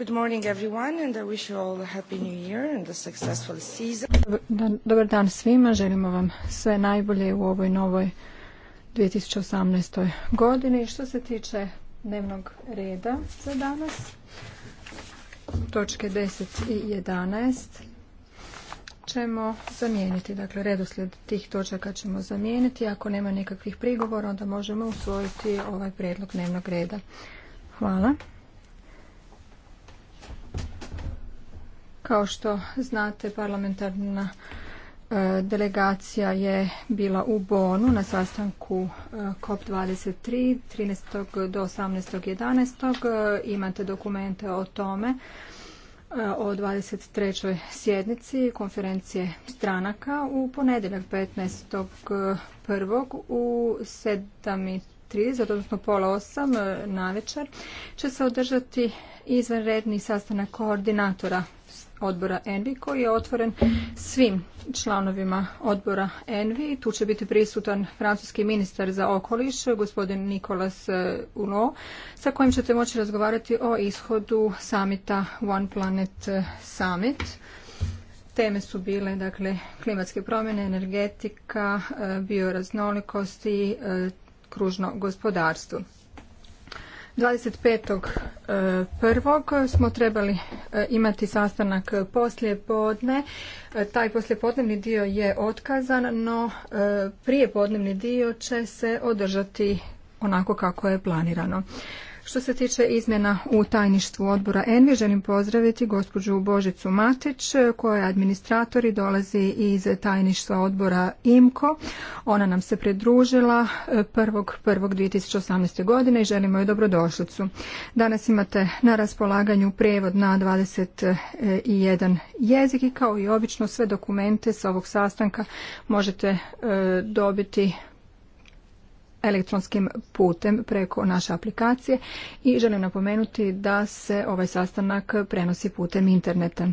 Good morning everyone and I wish you all a happy new year and a successful season. Dobar dan svima, želimo vam sve najbolje u ovoj novoj 2018. godini. Što se tiče dnevnog reda za danas, točke 10 i 11 ćemo zamijeniti. Dakle, redoslijed tih točaka ćemo zamijeniti. Ako nema nikakvih prigovora, onda možemo usvojiti ovaj prijedlog dnevnog reda. Hvala. Kao što znate, parlamentarna e, delegacija je bila u Bonu na sastanku e, COP23 13. do 11. E, imate dokumente o tome o 23. sjednici konferencije stranaka u ponedjeljak 15.1. u 7.30, odnosno pola osam na večer, će se održati izvanredni sastanak koordinatora odbora Envi koji je otvoren svim članovima odbora Envi. Tu će biti prisutan francuski ministar za okoliš, gospodin Nikolas eh, Uno, sa kojim ćete moći razgovarati o ishodu samita One Planet eh, Summit. Teme su bile dakle, klimatske promjene, energetika, eh, bioraznolikosti, kružno gospodarstvo. 25.1. E, smo trebali e, imati sastanak poslije podne. E, taj poslijepodnevni dio je otkazan, no prije podnevni dio će se održati onako kako je planirano. Što se tiče izmjena u tajništvu odbora Envi, želim pozdraviti gospođu Božicu Matić, koja je administrator i dolazi iz tajništva odbora IMKO. Ona nam se pridružila 1.1.2018. E, godine i želimo joj dobrodošlicu. Danas imate na raspolaganju prevod na 21 jezik i kao i obično sve dokumente sa ovog sastanka možete e, dobiti elektronskim putem preko naše aplikacije i želim napomenuti da se ovaj sastanak prenosi putem interneta.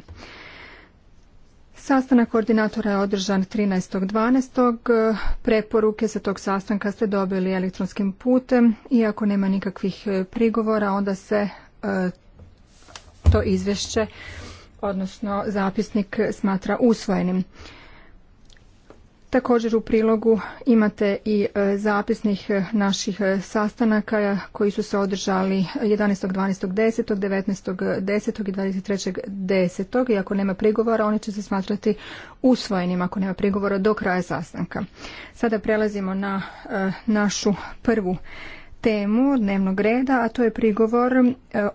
Sastanak koordinatora je održan 13.12. Preporuke sa tog sastanka ste dobili elektronskim putem i ako nema nikakvih e, prigovora onda se e, to izvješće, odnosno zapisnik smatra usvojenim. Također u prilogu imate i e, zapisnih e, naših e, sastanaka koji su se održali jedanaestdvanaestdeset devetnaestdeset i trideset I ako nema prigovora, oni će se smatrati usvojenim ako nema prigovora do kraja sastanka. Sada prelazimo na našu prvu temu dnevnog reda, a to je prigovor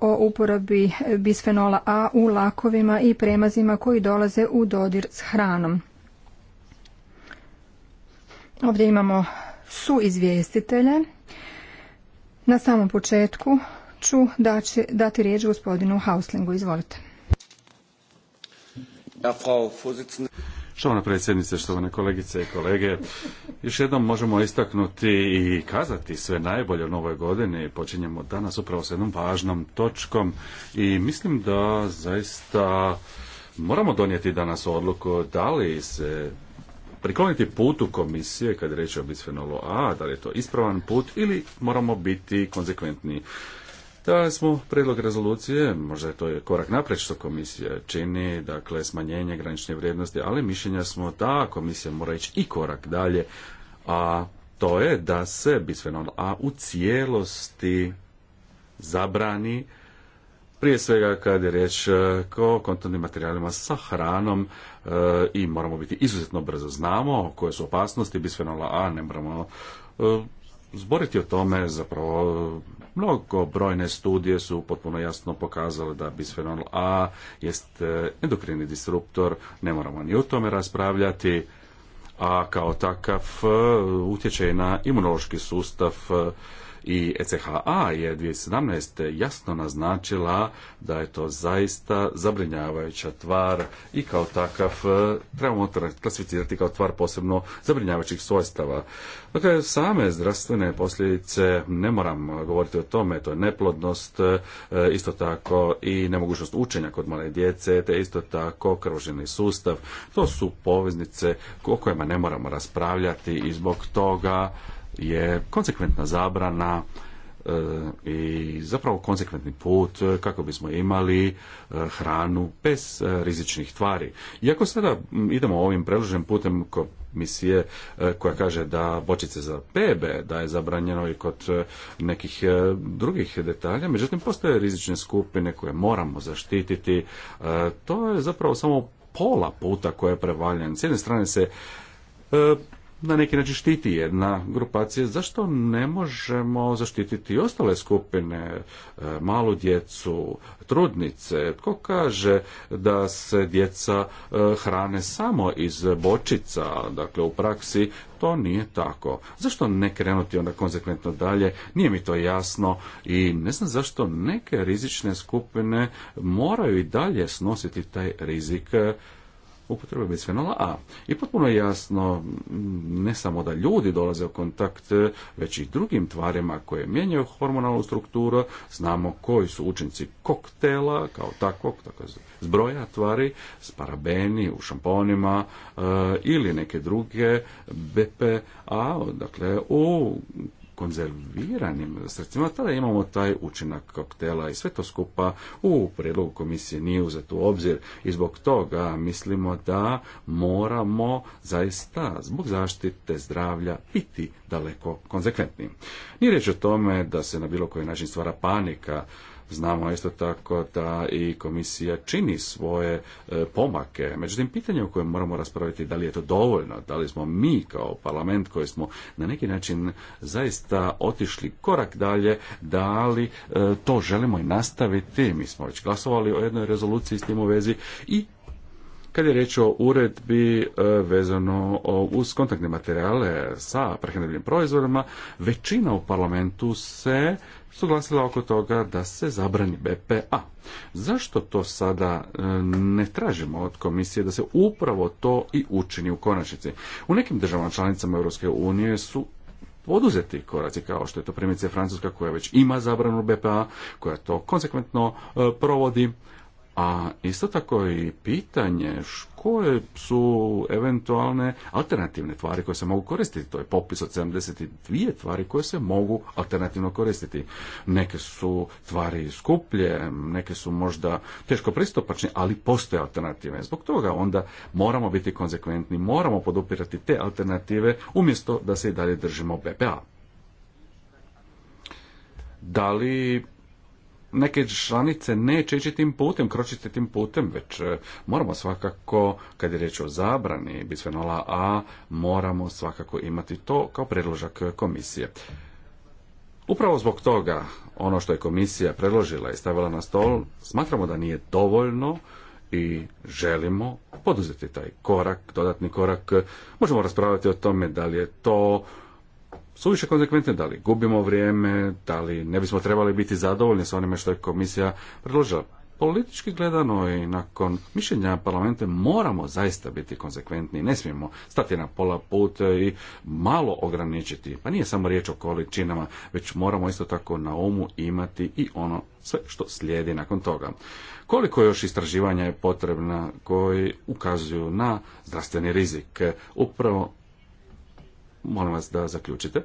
o uporabi bisfenola A u lakovima i premazima koji dolaze u dodir s hranom. Ovdje imamo suizvjestitelje. Na samom početku ću dati riječ gospodinu Hauslingu. Izvolite. Ja, frau Štovana predsjednice, štovane kolegice i kolege, još jednom možemo istaknuti i kazati sve najbolje u novoj godini. Počinjemo danas upravo s jednom važnom točkom i mislim da zaista moramo donijeti danas odluku da li se prikloniti putu komisije kad je riječ o bisfenolu A, da li je to ispravan put ili moramo biti konsekventni. Da smo predlog rezolucije, možda je to korak naprijed što komisija čini, dakle smanjenje granične vrijednosti, ali mišljenja smo da komisija mora ići i korak dalje, a to je da se bisfenol A u cijelosti zabrani prije svega kad je riječ o kontrolnim materijalima sa hranom, i moramo biti izuzetno brzo. Znamo koje su opasnosti bisfenola A, ne moramo e, zboriti o tome, zapravo mnogo brojne studije su potpuno jasno pokazale da bisfenol A jest e, endokrini disruptor, ne moramo ni o tome raspravljati, a kao takav e, utječe na imunološki sustav i ECHA je 2017. jasno naznačila da je to zaista zabrinjavajuća tvar i kao takav e, trebamo klasificirati kao tvar posebno zabrinjavajućih svojstava. Dakle, same zdravstvene posljedice ne moram govoriti o tome, to je neplodnost, e, isto tako i nemogućnost učenja kod male djece, te isto tako krvoženi sustav. To su poveznice o kojima ne moramo raspravljati i zbog toga je konsekventna zabrana e, i zapravo konsekventni put kako bismo imali e, hranu bez e, rizičnih tvari. Iako sada idemo ovim predloženim putem komisije koja kaže da bočice za bebe da je zabranjeno i kod nekih drugih detalja, međutim postoje rizične skupine koje moramo zaštititi. To je zapravo samo pola puta koja je prevaljen. S jedne strane se na neki način štiti jedna grupacija, zašto ne možemo zaštititi ostale skupine, e, malu djecu, trudnice? Tko kaže da se djeca e, hrane samo iz bočica? Dakle, u praksi to nije tako. Zašto ne krenuti onda konsekventno dalje? Nije mi to jasno i ne znam zašto neke rizične skupine moraju i dalje snositi taj rizik upotrebe bisfenola A. I potpuno je jasno, mm, ne samo da ljudi dolaze u kontakt, eh, već i drugim tvarima koje mijenjaju hormonalnu strukturu, znamo koji su učinci koktela, kao takvog, tako zbroja tvari, parabeni u šamponima eh, ili neke druge BPA, dakle u konzerviranim srcima, tada imamo taj učinak koktela i sve to skupa u prijedlogu komisije nije uzet u obzir i zbog toga mislimo da moramo zaista zbog zaštite zdravlja biti daleko konzekventni. Nije reč o tome da se na bilo koji način stvara panika, Znamo isto tako da i komisija čini svoje e, pomake. Međutim, pitanje o kojem moramo raspraviti da li je to dovoljno, da li smo mi kao parlament koji smo na neki način zaista otišli korak dalje, da li e, to želimo i nastaviti. Mi smo već glasovali o jednoj rezoluciji s tim u vezi i kad je riječ o uredbi e, vezano uz kontaktne materijale sa prehrambenim proizvodima, većina u parlamentu se suglasila oko toga da se zabrani BPA. Zašto to sada e, ne tražimo od komisije da se upravo to i učini u konačnici? U nekim državama članicama Europske unije su poduzeti koraci kao što je to primjerice Francuska koja već ima zabranu BPA, koja to konsekventno e, provodi a isto tako i pitanje koje su eventualne alternativne tvari koje se mogu koristiti. To je popis od 72 tvari koje se mogu alternativno koristiti. Neke su tvari skuplje, neke su možda teško pristupačne, ali postoje alternative. Zbog toga onda moramo biti konsekventni, moramo podupirati te alternative umjesto da se i dalje držimo BPA. Da li neke članice neće ići tim putem, kročiti tim putem, već e, moramo svakako, kad je riječ o zabrani bisfenola A, moramo svakako imati to kao predložak komisije. Upravo zbog toga, ono što je komisija predložila i stavila na stol, smatramo da nije dovoljno i želimo poduzeti taj korak, dodatni korak. Možemo raspravljati o tome da li je to više konsekventni, da li gubimo vrijeme, da li ne bismo trebali biti zadovoljni sa onime što je komisija predložila. Politički gledano i nakon mišljenja parlamenta moramo zaista biti konsekventni, ne smijemo stati na pola puta i malo ograničiti. Pa nije samo riječ o količinama, već moramo isto tako na umu imati i ono sve što slijedi nakon toga. Koliko još istraživanja je potrebna koji ukazuju na zdravstveni rizik? Upravo Molim vas da zaključite.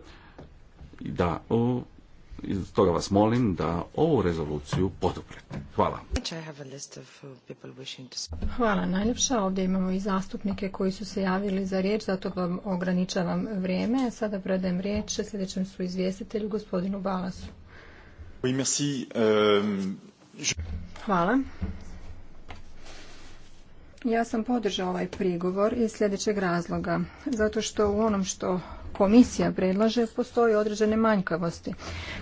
Da, o, toga vas molim da ovu rezoluciju poduprete. Hvala. Hvala najljepša. Ovdje imamo i zastupnike koji su se javili za riječ, zato vam ograničavam vrijeme. Sada predajem riječ sljedećem su izvjestitelju gospodinu Balasu. Euh, Hvala. Ja sam podržao ovaj prigovor iz sljedećeg razloga. Zato što u onom što komisija predlaže postoji određene manjkavosti.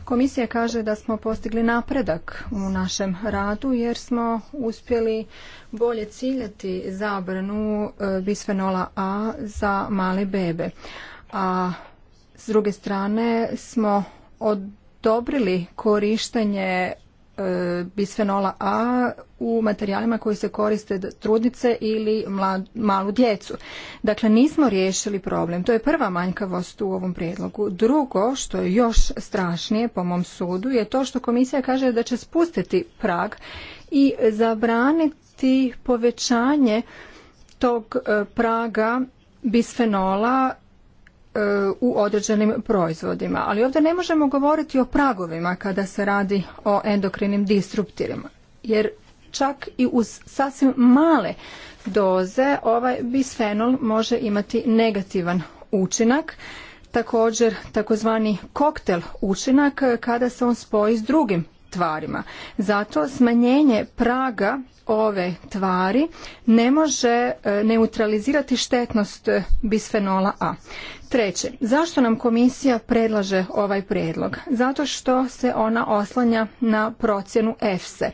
Komisija kaže da smo postigli napredak u našem radu jer smo uspjeli bolje ciljati zabranu e, bisfenola A za male bebe. A s druge strane smo odobrili korištenje E, bisfenola A u materijalima koji se koriste trudnice ili malu djecu. Dakle, nismo riješili problem. To je prva manjkavost u ovom prijedlogu. Drugo, što je još strašnije po mom sudu, je to što komisija kaže da će spustiti prag i zabraniti povećanje tog e, praga bisfenola E, u određenim proizvodima. Ali ovdje ne možemo govoriti o pragovima kada se radi o endokrinim disruptirima. Jer čak i uz sasvim male doze ovaj bisfenol može imati negativan učinak. Također takozvani koktel učinak e, kada se on spoji s drugim tvarima. Zato smanjenje praga ove tvari ne može e, neutralizirati štetnost e, bisfenola A. Treće, zašto nam komisija predlaže ovaj prijedlog? Zato što se ona oslanja na procjenu EFSE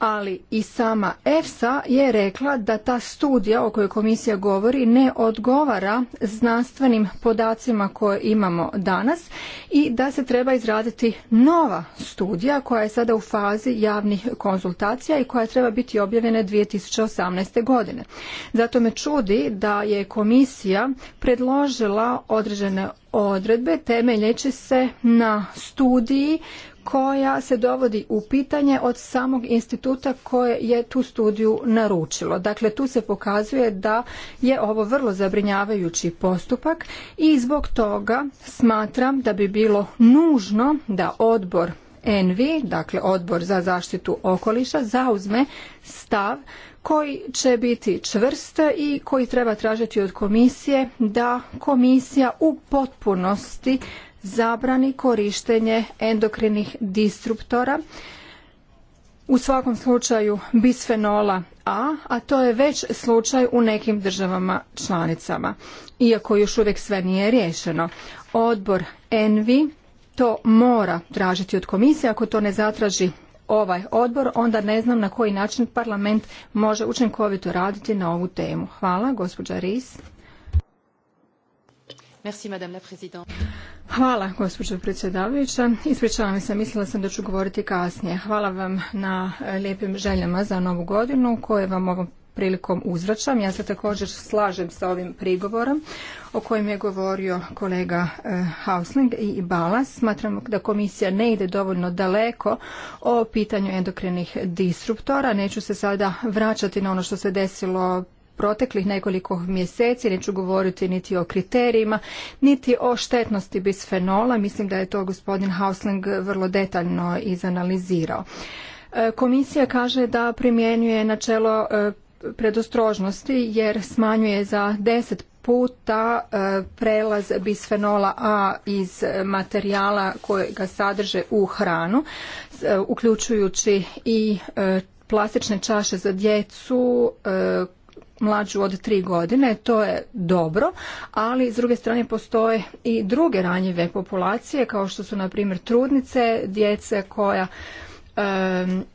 ali i sama EFSA je rekla da ta studija o kojoj komisija govori ne odgovara znanstvenim podacima koje imamo danas i da se treba izraditi nova studija koja je sada u fazi javnih konzultacija i koja treba biti objavljena 2018. godine. Zato me čudi da je komisija predložila određene odredbe temeljeći se na studiji koja se dovodi u pitanje od samog instituta koje je tu studiju naručilo. Dakle, tu se pokazuje da je ovo vrlo zabrinjavajući postupak i zbog toga smatram da bi bilo nužno da odbor ENVI, dakle odbor za zaštitu okoliša, zauzme stav koji će biti čvrst i koji treba tražiti od komisije da komisija u potpunosti zabrani korištenje endokrinih disruptora u svakom slučaju bisfenola A, a to je već slučaj u nekim državama članicama, iako još uvijek sve nije riješeno. Odbor ENVI to mora tražiti od komisije, ako to ne zatraži ovaj odbor, onda ne znam na koji način parlament može učinkovito raditi na ovu temu. Hvala, gospođa Ris. Merci, madame Hvala, gospođo predsjedavajuća. Ispričavam se, mislila sam da ću govoriti kasnije. Hvala vam na e, lijepim željama za novu godinu koje vam ovom prilikom uzvraćam. Ja se također slažem sa ovim prigovorom o kojem je govorio kolega e, Hausling i Balas. Smatramo da komisija ne ide dovoljno daleko o pitanju endokrinih disruptora. Neću se sada vraćati na ono što se desilo proteklih nekoliko mjeseci, neću govoriti niti o kriterijima, niti o štetnosti bisfenola. Mislim da je to gospodin Hausling vrlo detaljno izanalizirao. E, komisija kaže da primjenjuje načelo e, predostrožnosti jer smanjuje za 10 puta e, prelaz bisfenola A iz materijala koje ga sadrže u hranu, uključujući i plastične čaše za djecu mlađu od tri godine, to je dobro, ali s druge strane postoje i druge ranjive populacije kao što su na primjer trudnice, djece koja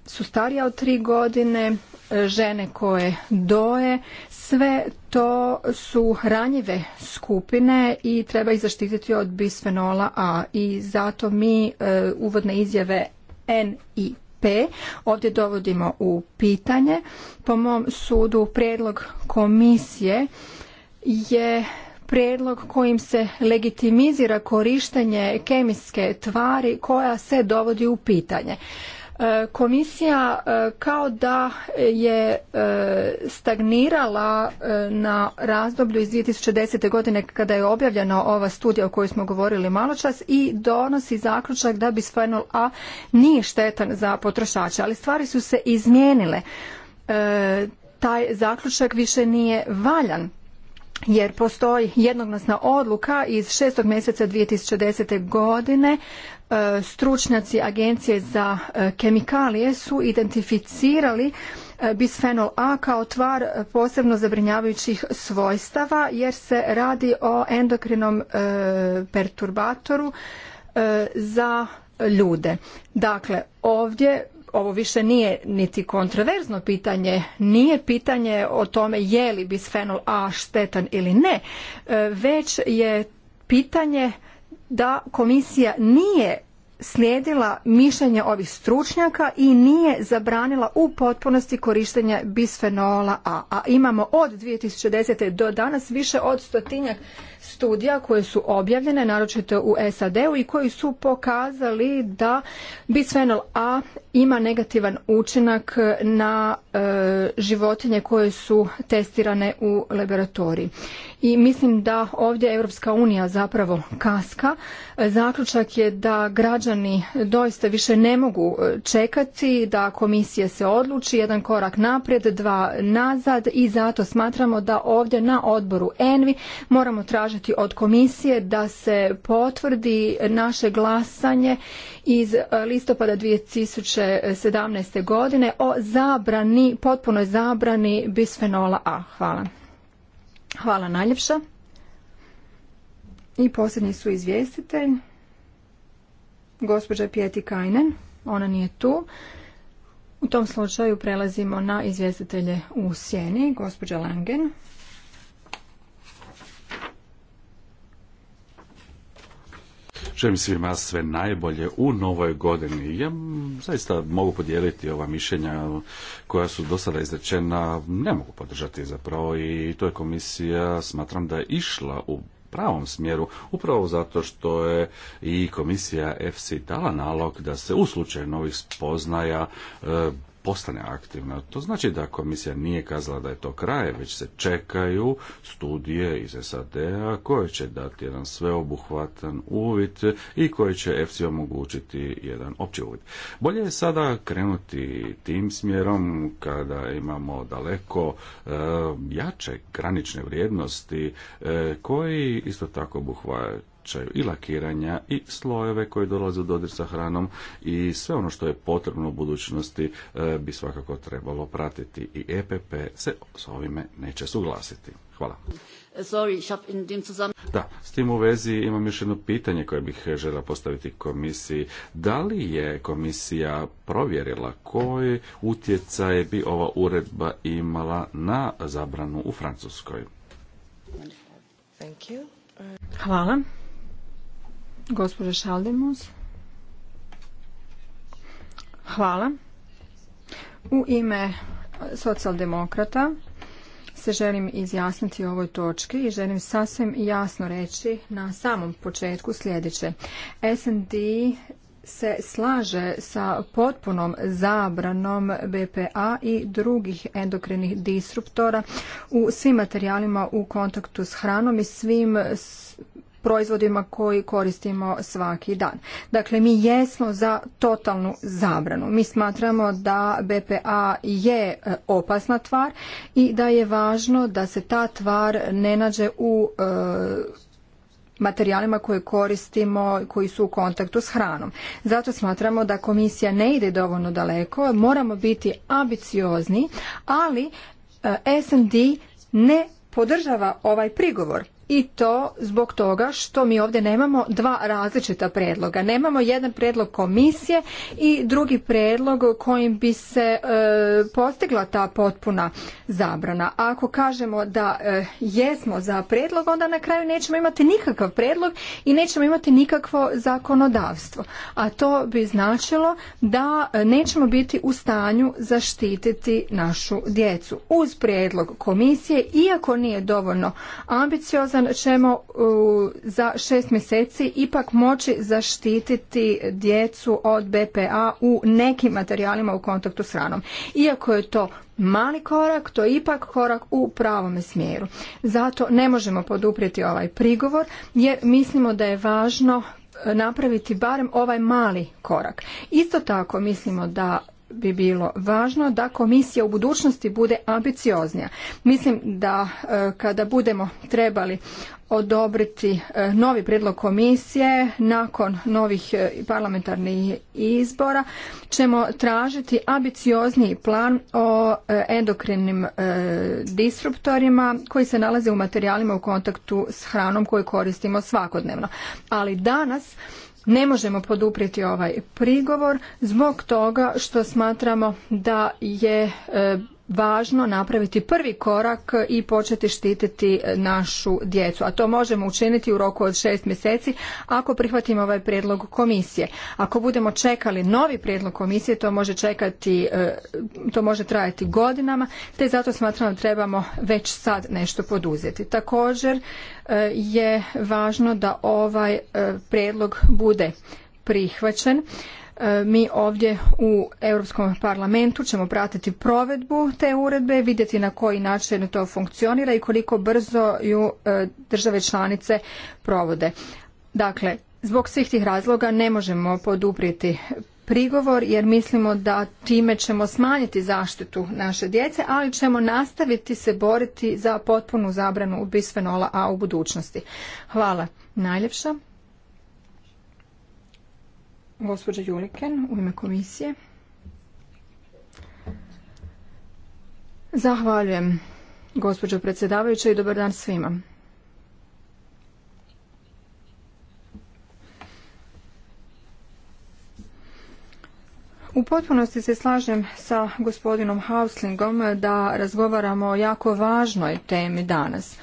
su starija od tri godine, žene koje doje, sve to su ranjive skupine i treba ih zaštititi od bisfenola A i zato mi uvodne izjave N i P ovdje dovodimo u pitanje. Po mom sudu prijedlog komisije je prijedlog kojim se legitimizira korištenje kemijske tvari koja se dovodi u pitanje. E, komisija e, kao da je e, stagnirala na razdoblju iz 2010. godine kada je objavljena ova studija o kojoj smo govorili maločas i donosi zaključak da bisfenol A nije štetan za potrošače, ali stvari su se izmijenile. Taj zaključak više nije valjan jer postoji jednoglasna odluka iz 6. mjeseca 2010. godine E, stručnjaci Agencije za e, kemikalije su identificirali e, bisfenol A kao tvar posebno zabrinjavajućih svojstava jer se radi o endokrinom perturbatoru za ljude. Dakle, ovdje ovo više nije niti kontroverzno pitanje, nije pitanje o tome je li bisfenol A štetan ili ne, već je pitanje da komisija nije slijedila mišljenje ovih stručnjaka i nije zabranila u potpunosti korištenje bisfenola A. A imamo od 2010. do danas više od stotinjak studija koje su objavljene, naročito u SAD-u i koji su pokazali da bisfenol A ima negativan učinak na e, životinje koje su testirane u laboratoriji. I mislim da ovdje Europska unija zapravo kaska. Zaključak je da građani doista više ne mogu e, čekati da komisije se odluči jedan korak naprijed, dva nazad i zato smatramo da ovdje na odboru ENVI moramo tražiti od komisije da se potvrdi naše glasanje iz listopada 2000 2017. godine o zabrani, potpunoj zabrani bisfenola A. Hvala. Hvala najljepša. I posljednji su izvjestitelj. Gospođa Pjeti Kajnen. Ona nije tu. U tom slučaju prelazimo na izvjestitelje u sjeni. Gospođa Langen. Želim svima sve najbolje u novoj godini. Ja zaista mogu podijeliti ova mišljenja koja su do sada izrečena. Ne mogu podržati zapravo i to je komisija, smatram da je išla u pravom smjeru, upravo zato što je i komisija FC dala nalog da se u slučaju novih spoznaja e, postane aktivna. To znači da komisija nije kazala da je to kraj, već se čekaju studije iz SAD-a koje će dati jedan sveobuhvatan uvid i koje će FC omogućiti jedan opći uvid. Bolje je sada krenuti tim smjerom kada imamo daleko e, jače granične vrijednosti e, koji isto tako obuhvaju značaju i lakiranja i slojeve koji dolaze u dodir sa hranom i sve ono što je potrebno u budućnosti e, bi svakako trebalo pratiti i EPP se s ovime neće suglasiti. Hvala. Da, s tim u vezi imam još jedno pitanje koje bih e, žela postaviti komisiji. Da li je komisija provjerila koji utjecaj bi ova uredba imala na zabranu u Francuskoj? Hvala. Gospođa Šaldemus. Hvala. U ime socijaldemokrata se želim izjasniti o ovoj točki i želim sasvim jasno reći na samom početku sljedeće. SND se slaže sa potpunom zabranom BPA i drugih endokrinih disruptora u svim materijalima u kontaktu s hranom i svim proizvodima koji koristimo svaki dan. Dakle, mi jesmo za totalnu zabranu. Mi smatramo da BPA je e, opasna tvar i da je važno da se ta tvar ne nađe u e, materijalima koje koristimo koji su u kontaktu s hranom. Zato smatramo da komisija ne ide dovoljno daleko, moramo biti ambiciozni, ali e, SND ne podržava ovaj prigovor i to zbog toga što mi ovdje nemamo dva različita predloga. Nemamo jedan predlog komisije i drugi predlog kojim bi se e, postigla ta potpuna zabrana. ako kažemo da e, jesmo za predlog, onda na kraju nećemo imati nikakav predlog i nećemo imati nikakvo zakonodavstvo. A to bi značilo da e, nećemo biti u stanju zaštititi našu djecu. Uz predlog komisije, iako nije dovoljno ambiciozan, Partizan ćemo za šest mjeseci ipak moći zaštititi djecu od BPA u nekim materijalima u kontaktu s hranom. Iako je to mali korak, to je ipak korak u pravome smjeru. Zato ne možemo poduprijeti ovaj prigovor jer mislimo da je važno e, napraviti barem ovaj mali korak. Isto tako mislimo da bi bilo važno da komisija u budućnosti bude ambicioznija. Mislim da e, kada budemo trebali odobriti e, novi prijedlog komisije nakon novih e, parlamentarnih izbora ćemo tražiti ambiciozniji plan o endokrinim disruptorima koji se nalaze u materijalima u kontaktu s hranom koju koristimo svakodnevno. Ali danas ne možemo poduprijeti ovaj prigovor zbog toga što smatramo da je e, važno napraviti prvi korak i početi štititi našu djecu. A to možemo učiniti u roku od šest mjeseci ako prihvatimo ovaj prijedlog komisije. Ako budemo čekali novi prijedlog komisije, to može čekati, e, to može trajati godinama, te zato smatramo da trebamo već sad nešto poduzeti. Također e, je važno da ovaj e, prijedlog bude prihvaćen E, mi ovdje u Europskom parlamentu ćemo pratiti provedbu te uredbe, vidjeti na koji način to funkcionira i koliko brzo ju e, države članice provode. Dakle, zbog svih tih razloga ne možemo poduprijeti prigovor jer mislimo da time ćemo smanjiti zaštitu naše djece, ali ćemo nastaviti se boriti za potpunu zabranu bisfenola A u budućnosti. Hvala najljepša gospođa Juliken u ime komisije. Zahvaljujem gospođo predsjedavajuća i dobar dan svima. U potpunosti se slažem sa gospodinom Hauslingom da razgovaramo o jako važnoj temi danas.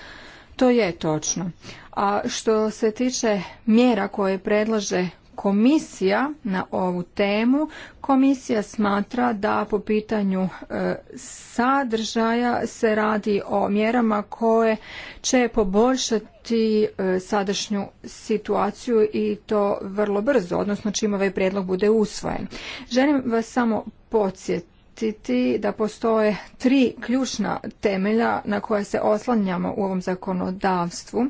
To je točno. A što se tiče mjera koje predlaže komisija na ovu temu. Komisija smatra da po pitanju e, sadržaja se radi o mjerama koje će poboljšati e, sadašnju situaciju i to vrlo brzo, odnosno čim ovaj prijedlog bude usvojen. Želim vas samo podsjetiti da postoje tri ključna temelja na koje se oslanjamo u ovom zakonodavstvu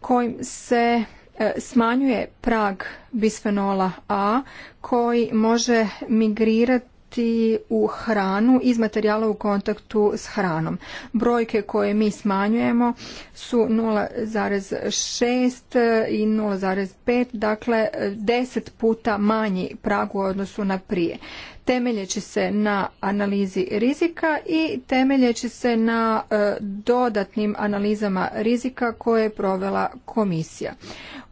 kojim se E, smanjuje prag bisfenola A koji može migrirati u hranu iz materijala u kontaktu s hranom. Brojke koje mi smanjujemo su 0,6 i 0,5, dakle 10 puta manji prag u odnosu na prije temeljeći se na analizi rizika i temeljeći se na e, dodatnim analizama rizika koje je provela komisija.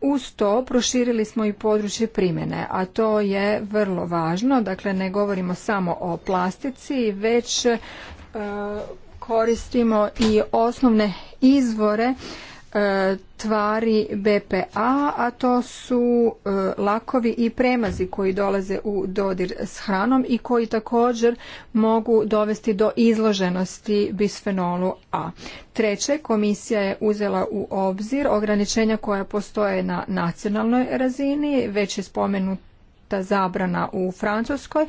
Uz to proširili smo i područje primjene, a to je vrlo važno, dakle ne govorimo samo o plastici, već e, koristimo i osnovne izvore E, tvari BPA, a to su e, lakovi i premazi koji dolaze u dodir s hranom i koji također mogu dovesti do izloženosti bisfenolu A. Treće, komisija je uzela u obzir ograničenja koja postoje na nacionalnoj razini, već je spomenut ta zabrana u Francuskoj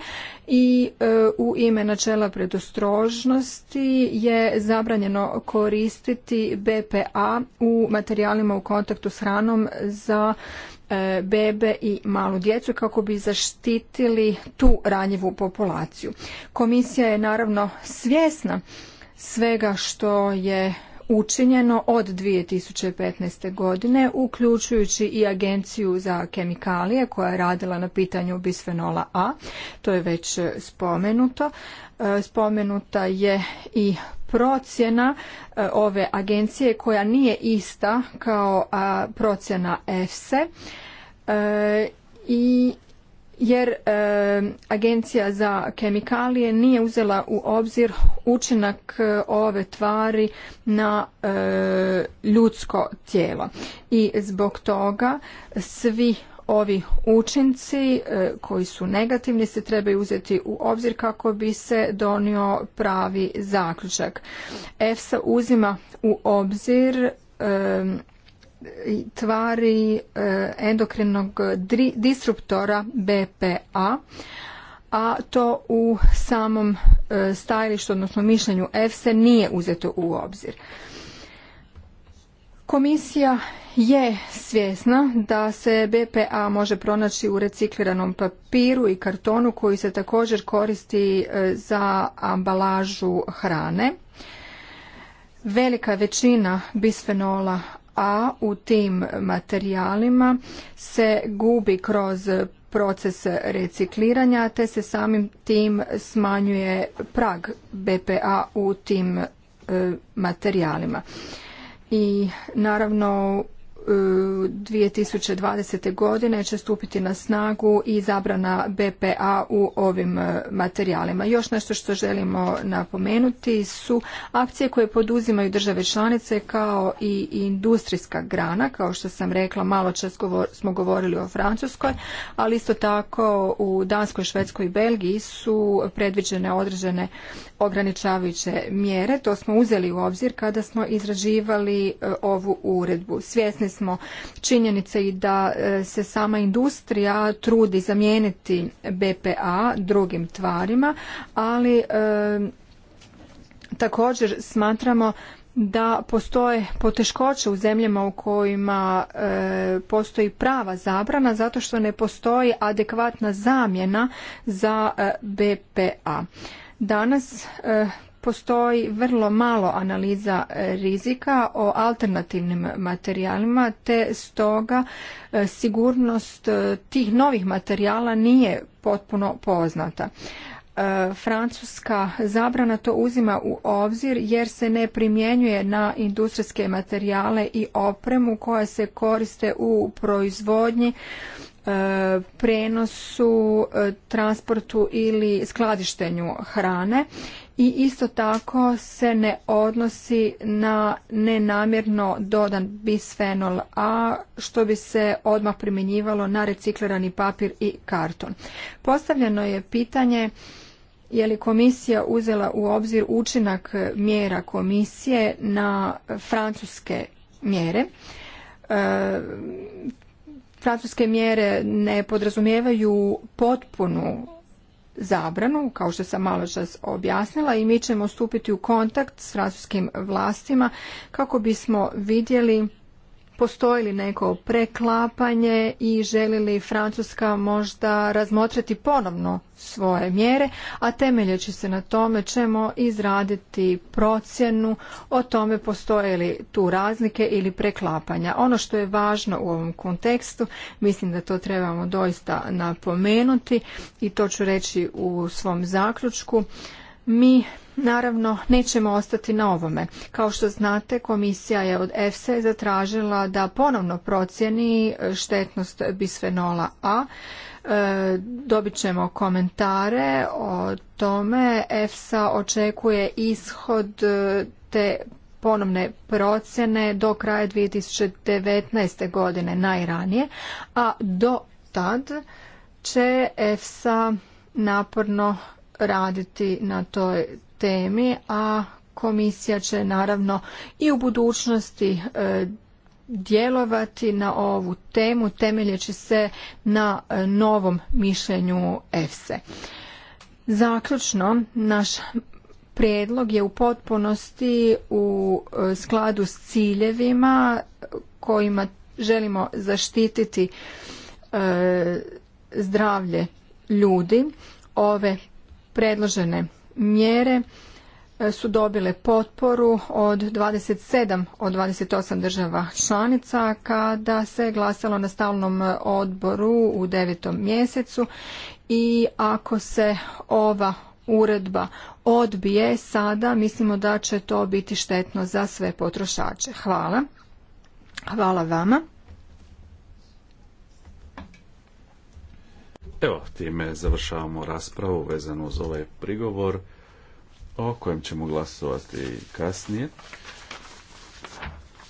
i e, u ime načela predostrožnosti je zabranjeno koristiti BPA u materijalima u kontaktu s hranom za e, bebe i malu djecu kako bi zaštitili tu ranjivu populaciju. Komisija je naravno svjesna svega što je učinjeno od 2015. godine, uključujući i Agenciju za kemikalije koja je radila na pitanju bisfenola A, to je već e, spomenuto. E, spomenuta je i procjena e, ove agencije koja nije ista kao procjena EFSE i jer e, agencija za kemikalije nije uzela u obzir učinak e, ove tvari na e, ljudsko tijelo i zbog toga svi ovi učinci koji su negativni se trebaju uzeti u obzir kako bi se donio pravi zaključak. EFSA uzima u obzir tvari eh, endokrinog disruptora BPA a to u samom eh, stajalištu odnosno mišljenju EFSE nije uzeto u obzir. Komisija je svjesna da se BPA može pronaći u recikliranom papiru i kartonu koji se također koristi eh, za ambalažu hrane. Velika većina bisfenola a u tim materijalima se gubi kroz proces recikliranja te se samim tim smanjuje prag BPA u tim e, materijalima. I naravno 2020. E, godine će stupiti na snagu i zabrana BPA u ovim e, materijalima. Još nešto što želimo napomenuti su akcije koje poduzimaju države članice kao i industrijska grana. Kao što sam rekla, malo čas smo govorili o Francuskoj, ali isto tako u Danskoj, Švedskoj i Belgiji su predviđene određene ograničavajuće mjere. To smo uzeli u obzir kada smo izrađivali e, ovu uredbu. Svjesni smo činjenice i da e, se sama industrija trudi zamijeniti BPA drugim tvarima, ali e, također smatramo da postoje poteškoće u zemljama u kojima postoji prava zabrana zato što ne postoji adekvatna zamjena za BPA. Danas e, postoji vrlo malo analiza rizika o alternativnim materijalima, te stoga e, sigurnost e, tih novih materijala nije potpuno poznata. Francuska zabrana to uzima u obzir jer se ne primjenjuje na industrijske materijale i opremu koja se koriste u proizvodnji E, prenosu, e, transportu ili skladištenju hrane i isto tako se ne odnosi na nenamjerno dodan bisfenol A što bi se odmah primjenjivalo na reciklirani papir i karton. Postavljeno je pitanje je li komisija uzela u obzir učinak mjera komisije na francuske mjere. E, francuske mjere ne podrazumijevaju potpunu zabranu, kao što sam malo čas objasnila i mi ćemo stupiti u kontakt s francuskim vlastima kako bismo vidjeli postoji li neko preklapanje i želi li Francuska možda razmotriti ponovno svoje mjere, a temeljeći se na tome ćemo izraditi procjenu o tome postoje li tu razlike ili preklapanja. Ono što je važno u ovom kontekstu, mislim da to trebamo doista napomenuti i to ću reći u svom zaključku, mi Naravno, nećemo ostati na ovome. Kao što znate, komisija je od EFSA zatražila da ponovno procjeni e, štetnost bisfenola A. E, dobit ćemo komentare o tome. EFSA očekuje ishod e, te ponovne procjene do kraja 2019. godine najranije, a do tad će EFSA naporno raditi na toj temi, a komisija će naravno i u budućnosti e, djelovati na ovu temu temeljeći se na e, novom mišljenju EFSE. Zaključno, naš prijedlog je u potpunosti u e, skladu s ciljevima kojima želimo zaštititi zdravlje ljudi. Ove predložene mjere e, su dobile potporu od 27 od 28 država članica kada se glasalo na stalnom odboru u devetom mjesecu i ako se ova uredba odbije sada mislimo da će to biti štetno za sve potrošače. Hvala. Hvala vama. Evo, time završavamo raspravu vezanu uz ovaj prigovor o kojem ćemo glasovati kasnije.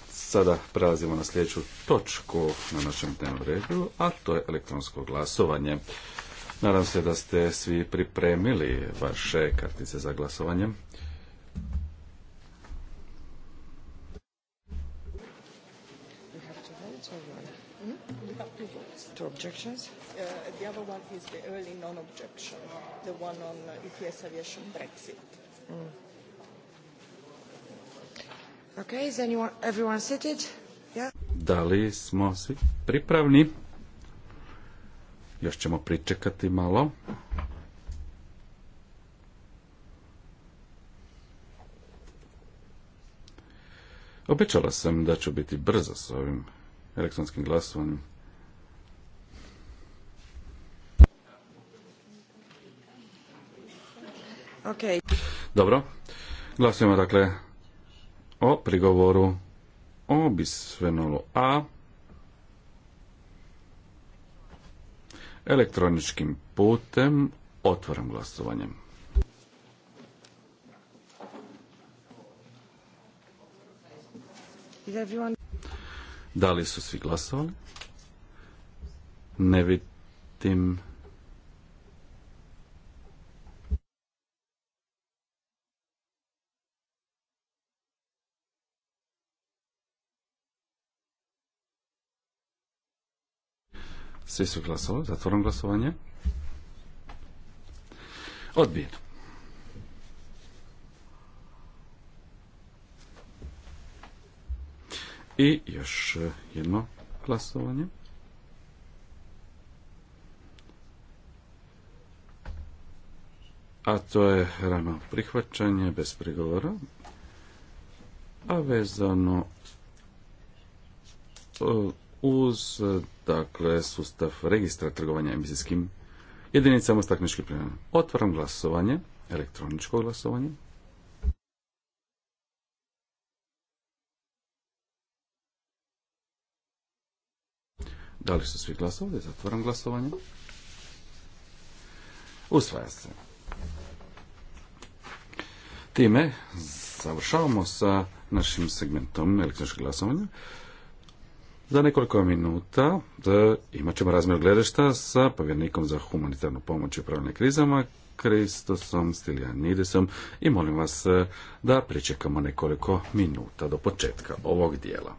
Sada prelazimo na sljedeću točku na našem dnevnom redu, a to je elektronsko glasovanje. Nadam se da ste svi pripremili vaše kartice za glasovanje. Uh, the other one is the early non-objection, the one on uh, ETS aviation Brexit. Mm. Okay, is anyone, everyone seated? Da li smo svi pripravni? Još ćemo pričekati malo. Obećala sam da ću biti brzo s ovim elektronskim glasovanjem. ok Dobro. Glasujemo dakle o prigovoru o bisfenolu A elektroničkim putem otvaram glasovanjem. Da li su svi glasovali? Ne vidim Svi su glasovali. Zatvoram glasovanje. Odbijeno. I još e, jedno glasovanje. A to je rano prihvaćanje bez prigovora. A vezano e, uz dakle sustav registra trgovanja emisijskim jedinicama stakleničkih plinova. Otvaram glasovanje, elektroničko glasovanje. Da li su svi glasovali? Zatvaram glasovanje. Usvaja se. Time završavamo sa našim segmentom elektroničkog glasovanja. Za nekoliko minuta da imat ćemo razmjer gledešta sa povjernikom za humanitarnu pomoć i upravljanje krizama, Kristosom Stiljanidisom i molim vas eh, da pričekamo nekoliko minuta do početka ovog dijela.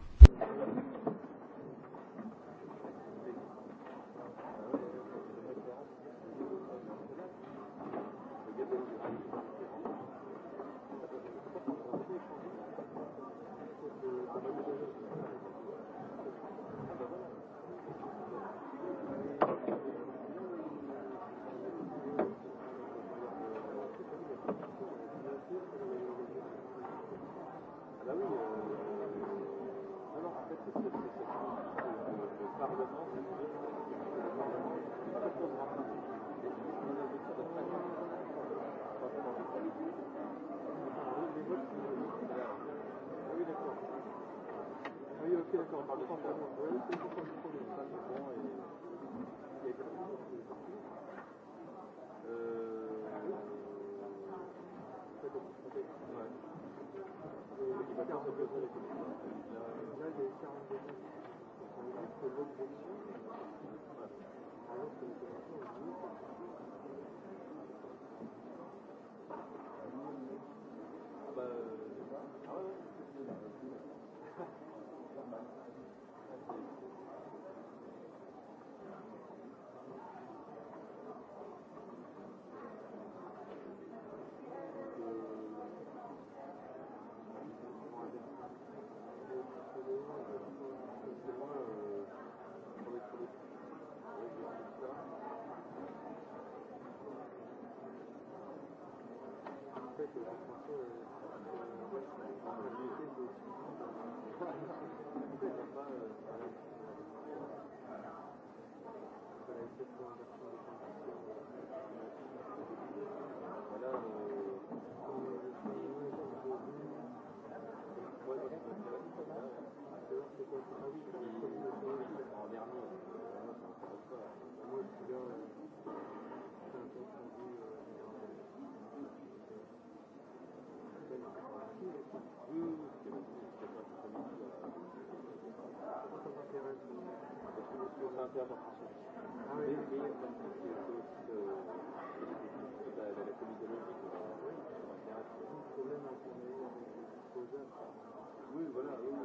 Oui, voilà, oui.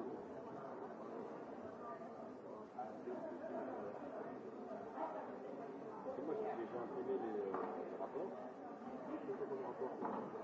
C'est moi les rapports. Je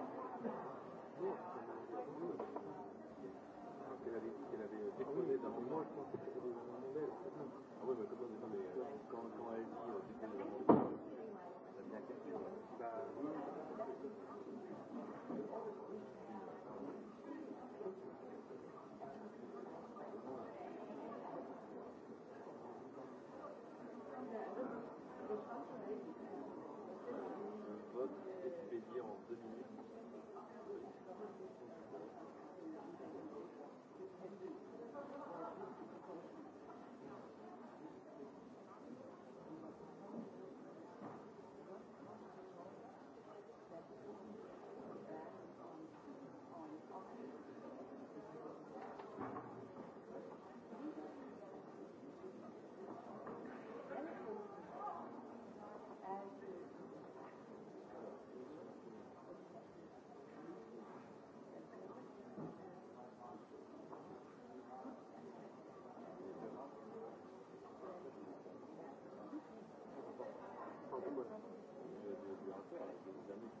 Thank you. to je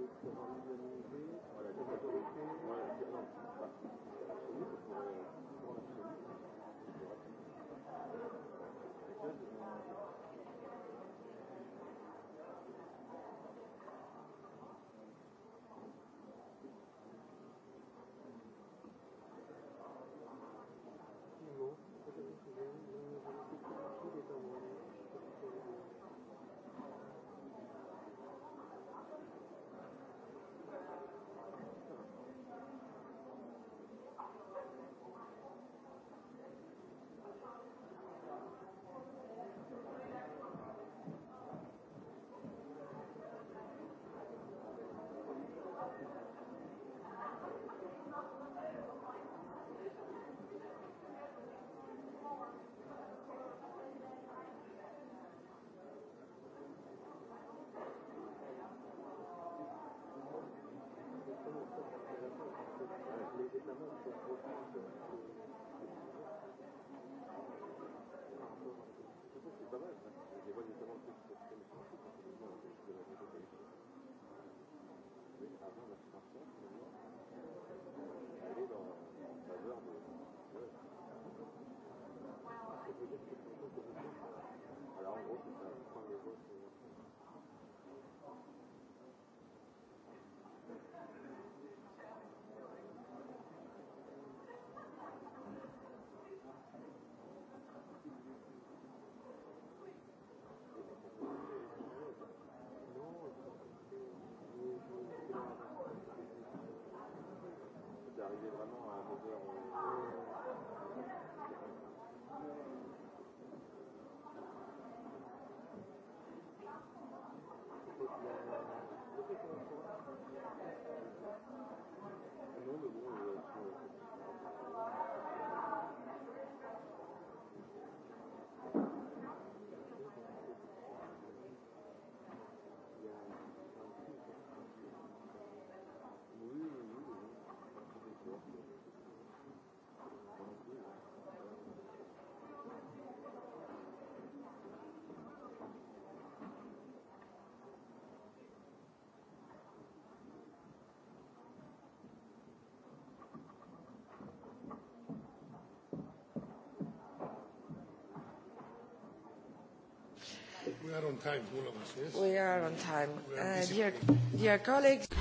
Hvala Hvala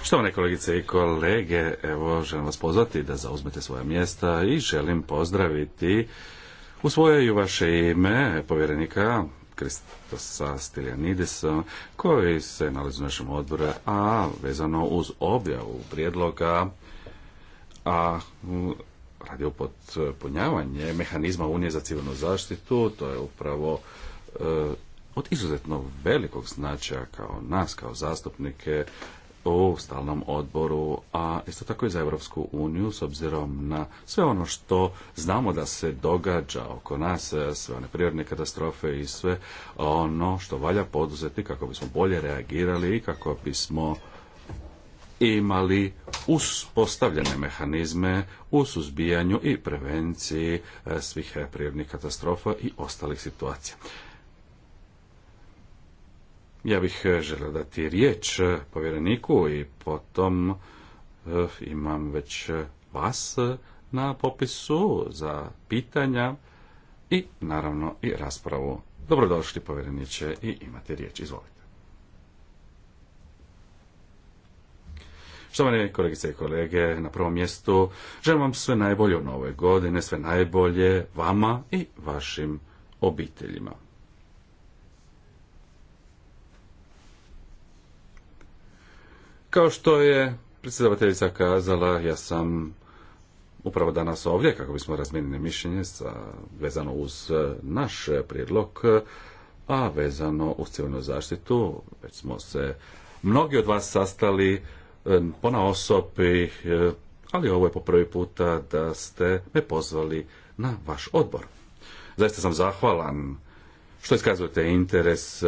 Štovane kolegice i kolege, evo želim vas pozvati da zauzmete svoja mjesta i želim pozdraviti u svoje i vaše ime povjerenika Kristosa Stiljanidisa koji se nalazi u našem odboru, a vezano uz objavu prijedloga a radi o potpunjavanje mehanizma Unije za civilnu zaštitu, to je upravo e, od izuzetno velikog značaja kao nas, kao zastupnike u stalnom odboru, a isto tako i za Europsku uniju, s obzirom na sve ono što znamo da se događa oko nas, sve one prirodne katastrofe i sve ono što valja poduzeti kako bismo bolje reagirali i kako bismo imali uspostavljene mehanizme u suzbijanju i prevenciji eh, svih eh, prirodnih katastrofa i ostalih situacija. Ja bih e, želio dati riječ e, povjereniku i potom e, imam već vas na popisu za pitanja i naravno i raspravu. Dobrodošli povjereniče i imate riječ. Izvolite. Štovane kolegice i kolege, na prvom mjestu želim vam sve najbolje u nove godine, sve najbolje vama i vašim obiteljima. Kao što je predsjedavateljica kazala, ja sam upravo danas ovdje kako bismo razmijenili mišljenje vezano uz e, naš prijedlog, a vezano uz civilnu zaštitu. Već smo se mnogi od vas sastali e, pona osobi, e, ali ovo je po prvi puta da ste me pozvali na vaš odbor. Zaista sam zahvalan što iskazujete interes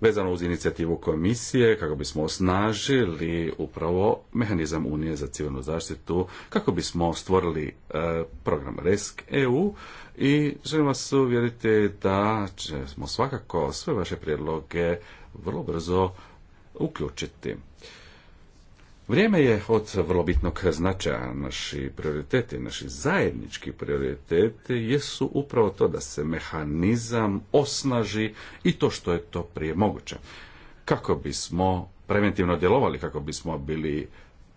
vezano uz inicijativu komisije kako bismo osnažili upravo mehanizam Unije za civilnu zaštitu, kako bismo stvorili e, program Resk EU i želim vas uvjeriti da ćemo svakako sve vaše prijedloge vrlo brzo uključiti. Vrijeme je od vrlo bitnog značaja. Naši prioriteti, naši zajednički prioriteti jesu upravo to da se mehanizam osnaži i to što je to prije moguće. Kako bismo preventivno djelovali, kako bismo bili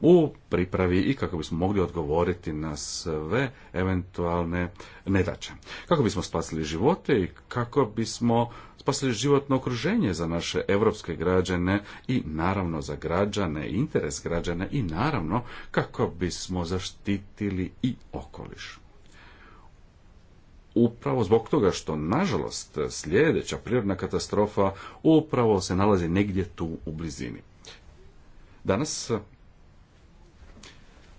u pripravi i kako bismo mogli odgovoriti na sve eventualne nedaće. Kako bismo spasili živote i kako bismo spasili životno okruženje za naše europske građane i naravno za građane, interes građana i naravno kako bismo zaštitili i okoliš. Upravo zbog toga što, nažalost, sljedeća prirodna katastrofa upravo se nalazi negdje tu u blizini. Danas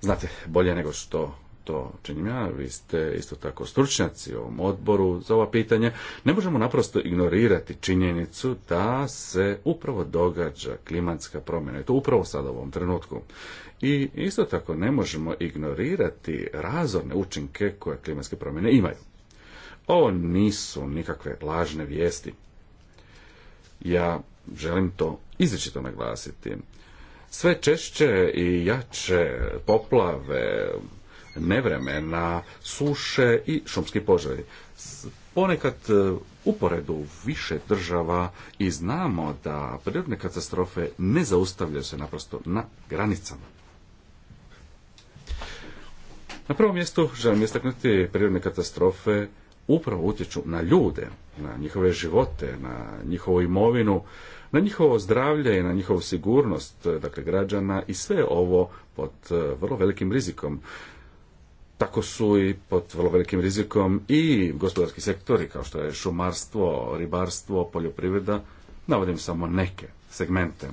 znate bolje nego što to činim ja, vi ste isto tako stručnjaci u ovom odboru za ova pitanja, ne možemo naprosto ignorirati činjenicu da se upravo događa klimatska promjena i to upravo sada u ovom trenutku. I isto tako ne možemo ignorirati razorne učinke koje klimatske promjene imaju. Ovo nisu nikakve lažne vijesti. Ja želim to izričito naglasiti sve češće i jače poplave, nevremena, suše i šumski požari. Ponekad e, uporedu više država i znamo da prirodne katastrofe ne zaustavljaju se naprosto na granicama. Na prvom mjestu želim istaknuti prirodne katastrofe upravo utječu na ljude, na njihove živote, na njihovu imovinu, na njihovo zdravlje i na njihovu sigurnost e, dakle, građana i sve ovo pod e, vrlo velikim rizikom. Tako su i pod vrlo velikim rizikom i gospodarski sektori kao što je šumarstvo, ribarstvo, poljoprivreda, navodim samo neke segmente.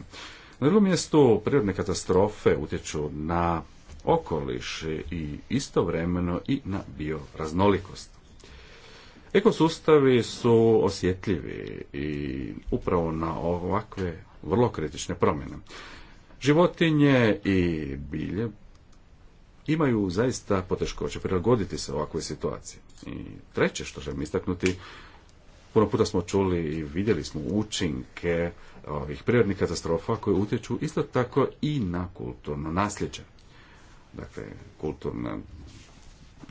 Na drugom mjestu prirodne katastrofe utječu na okoliš i istovremeno i na bioraznolikost. Ekosustavi su osjetljivi i upravo na ovakve vrlo kritične promjene. Životinje i bilje imaju zaista poteškoće prilagoditi se ovakvoj situaciji. I treće što želim istaknuti, puno puta smo čuli i vidjeli smo učinke ovih prirodnih katastrofa koje utječu isto tako i na kulturno nasljeđe. Dakle, kulturne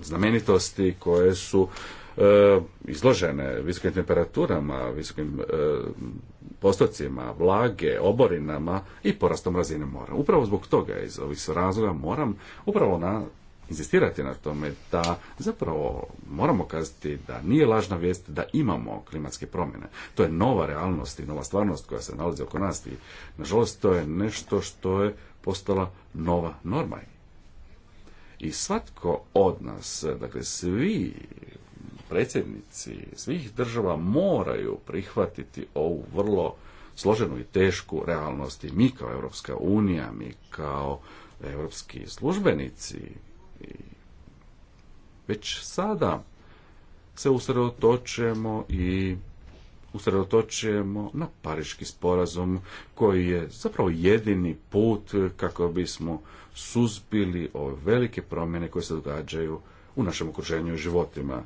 znamenitosti koje su E, izložene visokim temperaturama, visokim e, postocima, vlage, oborinama i porastom razine mora. Upravo zbog toga, iz ovih razloga, moram upravo na inzistirati na tome da zapravo moramo kazati da nije lažna vijest da imamo klimatske promjene. To je nova realnost i nova stvarnost koja se nalazi oko nas i nažalost to je nešto što je postala nova norma. I svatko od nas, dakle svi predsjednici svih država moraju prihvatiti ovu vrlo složenu i tešku realnost i mi kao Europska unija, mi kao europski službenici i već sada se usredotočujemo i usredotočujemo na Pariški sporazum koji je zapravo jedini put kako bismo suzbili ove velike promjene koje se događaju u našem okruženju i životima.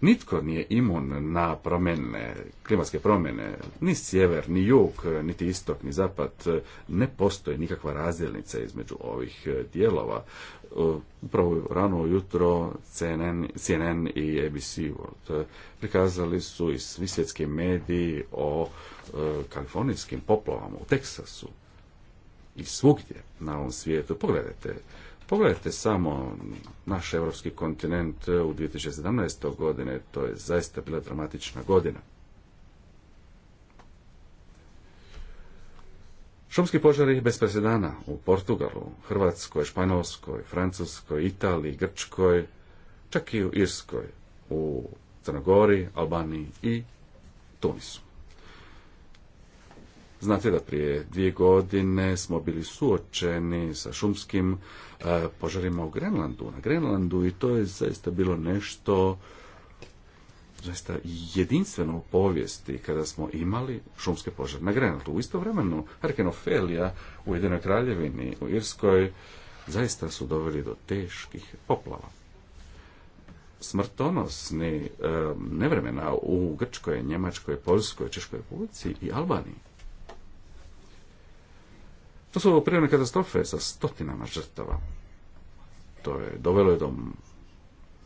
Nitko nije imun na promjene, klimatske promjene, ni sjever, ni jug, niti istok, ni zapad. Ne postoji nikakva razdjelnica između ovih e, dijelova. E, upravo rano ujutro CNN, CNN i ABC World e, prikazali su i svi svjetski mediji o kalifornijskim poplavama u Teksasu i svugdje na ovom svijetu. Pogledajte, Pogledajte samo naš evropski kontinent e, u 2017. godine, to je zaista bila dramatična godina. Šumski požari bez presedana u Portugalu, Hrvatskoj, Španjolskoj, Francuskoj, Italiji, Grčkoj, čak i u Irskoj, u Crnogori, Albaniji i Tunisu. Znate da prije dvije godine smo bili suočeni sa šumskim e, požarima u Grenlandu, na Grenlandu i to je zaista bilo nešto zaista jedinstveno u povijesti kada smo imali šumske požare na Grenlandu. U vremenu Harkenofelija u Jedinoj Kraljevini, u Irskoj, zaista su doveli do teških poplava smrtonosni e, nevremena u Grčkoj, Njemačkoj, Poljskoj, Češkoj republici i Albaniji. To su prirodne katastrofe sa stotinama žrtava. To je dovelo je do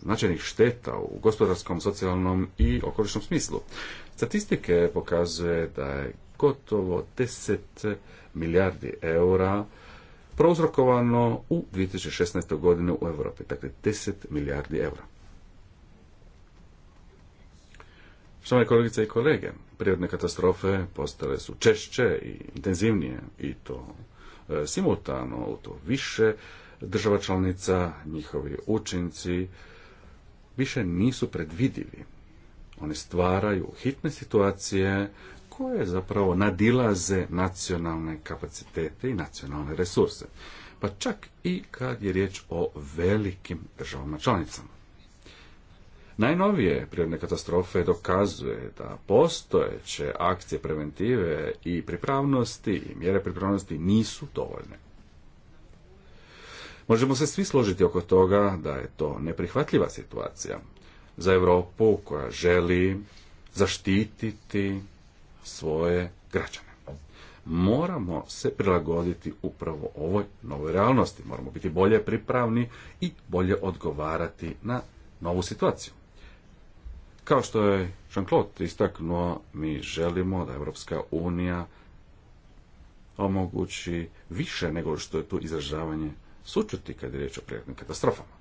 značajnih šteta u gospodarskom, socijalnom i okolišnom smislu. Statistike pokazuje da je gotovo 10 milijardi eura prouzrokovano u 2016. godini u Europi. Dakle, 10 milijardi eura. Štovane kolegice i kolege, prirodne katastrofe postale su češće i intenzivnije i to E, simultano u to više država članica, njihovi učinci više nisu predvidivi. Oni stvaraju hitne situacije koje zapravo nadilaze nacionalne kapacitete i nacionalne resurse. Pa čak i kad je riječ o velikim državama članicama. Najnovije prirodne katastrofe dokazuje da postojeće akcije preventive i pripravnosti i mjere pripravnosti nisu dovoljne. Možemo se svi složiti oko toga da je to neprihvatljiva situacija za Europu koja želi zaštititi svoje građane. Moramo se prilagoditi upravo ovoj novoj realnosti. Moramo biti bolje pripravni i bolje odgovarati na novu situaciju. Kao što je Jean-Claude istaknuo, mi želimo da Europska unija omogući više nego što je tu izražavanje sučuti kad je riječ o prirodnim katastrofama.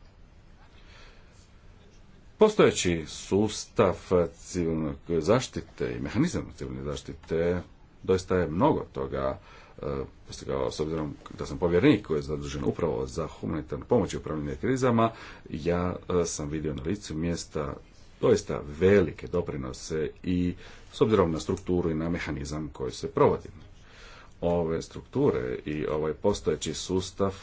Postojeći sustav civilne zaštite i mehanizam civilne zaštite doista je mnogo toga e, postigao s obzirom da sam povjerenik koji je zadužen upravo za humanitarnu pomoć i upravljanje krizama, ja e, sam vidio na licu mjesta doista velike doprinose i s obzirom na strukturu i na mehanizam koji se provodi ove strukture i ovaj postojeći sustav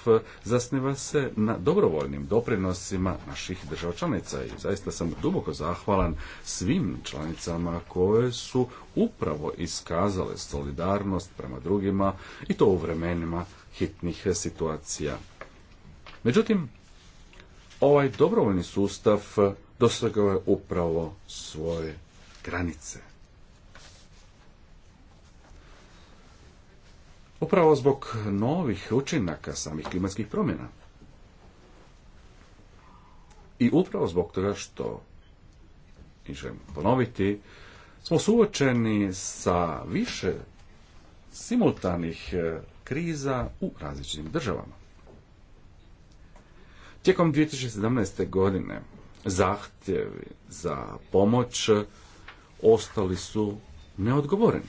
zasniva se na dobrovoljnim doprinosima naših država članica i zaista sam duboko zahvalan svim članicama koje su upravo iskazale solidarnost prema drugima i to u vremenima hitnih situacija. Međutim, ovaj dobrovoljni sustav dosegao je upravo svoje granice. Upravo zbog novih učinaka samih klimatskih promjena. I upravo zbog toga što, i želim ponoviti, smo suočeni sa više simultanih e, kriza u različitim državama. Tijekom 2017. godine zahtjevi za pomoć ostali su neodgovoreni.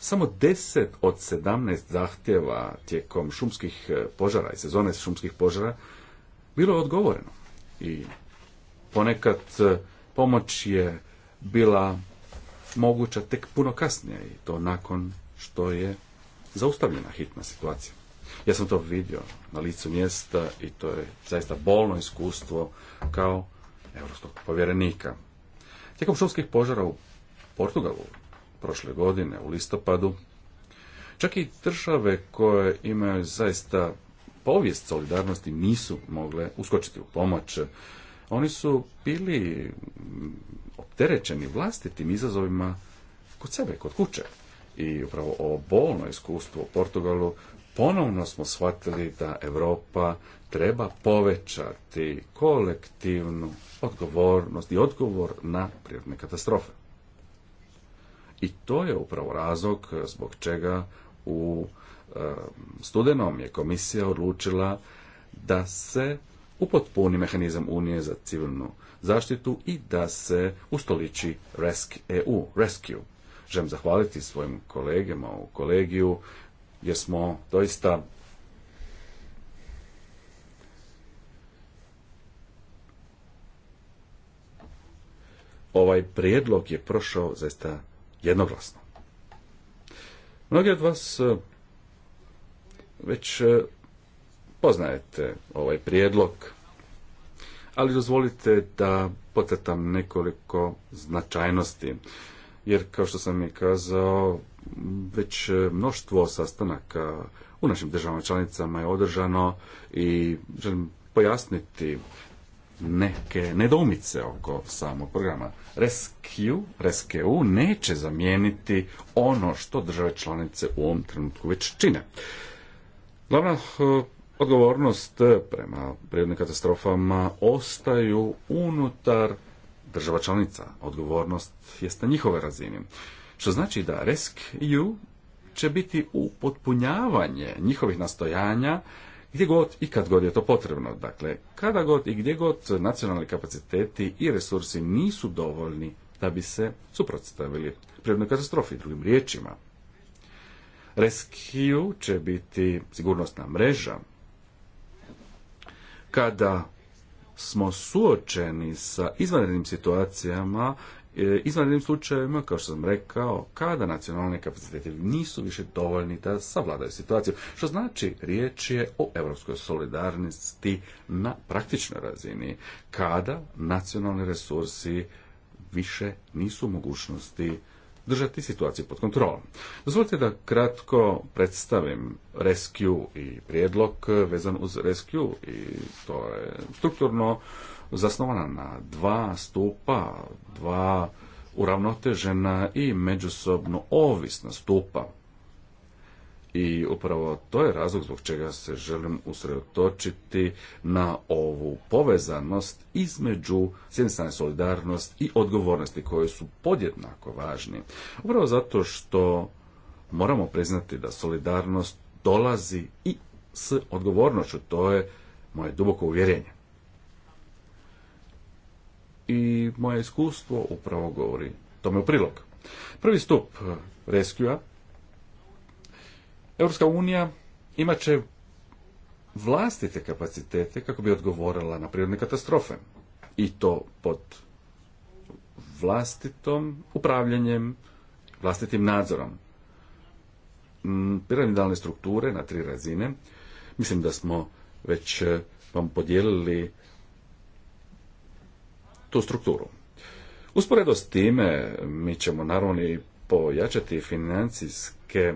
Samo 10 od 17 zahtjeva tijekom šumskih e, požara i sezone šumskih požara bilo je odgovoreno. I ponekad e, pomoć je bila moguća tek puno kasnije i to nakon što je zaustavljena hitna situacija. Ja sam to vidio na licu mjesta i to je zaista bolno iskustvo kao europskog povjerenika. Tijekom šumskih požara u Portugalu prošle godine u listopadu, čak i države koje imaju zaista povijest solidarnosti nisu mogle uskočiti u pomoć. Oni su bili opterećeni vlastitim izazovima kod sebe, kod kuće. I upravo ovo bolno iskustvo u Portugalu ponovno smo shvatili da Europa treba povećati kolektivnu odgovornost i odgovor na prirodne katastrofe. I to je upravo razlog zbog čega u studenom je komisija odlučila da se upotpuni mehanizam Unije za civilnu zaštitu i da se ustoliči RESC EU, Rescue. Želim zahvaliti svojim kolegama u kolegiju jer smo doista ovaj prijedlog je prošao zaista jednoglasno. Mnogi od vas eh, već eh, poznajete ovaj prijedlog, ali dozvolite da podcrtam nekoliko značajnosti jer kao što sam i kazao, već e, mnoštvo sastanaka u našim državama članicama je održano i želim pojasniti neke nedoumice oko samog programa. Rescue, Rescue neće zamijeniti ono što države članice u ovom trenutku već čine. Glavna e, odgovornost prema prirodnim katastrofama ostaju unutar država članica. Odgovornost jest na njihove razini. Što znači da Rescue će biti u potpunjavanje njihovih nastojanja gdje god i kad god je to potrebno. Dakle, kada god i gdje god nacionalni kapaciteti i resursi nisu dovoljni da bi se suprotstavili prirodnoj katastrofi, drugim riječima. Rescue će biti sigurnosna mreža kada smo suočeni sa izvanrednim situacijama e, izvanrednim slučajevima, kao što sam rekao, kada nacionalni kapaciteti nisu više dovoljni da savladaju situaciju. Što znači, riječ je o europskoj solidarnosti na praktičnoj razini, kada nacionalni resursi više nisu mogućnosti držati situaciju pod kontrolom. Dozvolite da kratko predstavim Rescue i prijedlog vezan uz Rescue i to je strukturno zasnovana na dva stupa, dva uravnotežena i međusobno ovisna stupa i upravo to je razlog zbog čega se želim usredotočiti na ovu povezanost između s solidarnost i odgovornosti koje su podjednako važni. Upravo zato što moramo priznati da solidarnost dolazi i s odgovornošću. To je moje duboko uvjerenje. I moje iskustvo upravo govori tome u prilog. Prvi stup Rescue Europska unija imat će vlastite kapacitete kako bi odgovorila na prirodne katastrofe. I to pod vlastitom upravljanjem, vlastitim nadzorom. Mm, piramidalne strukture na tri razine. Mislim da smo već eh, vam podijelili tu strukturu. Usporedo s time mi ćemo naravno i pojačati financijske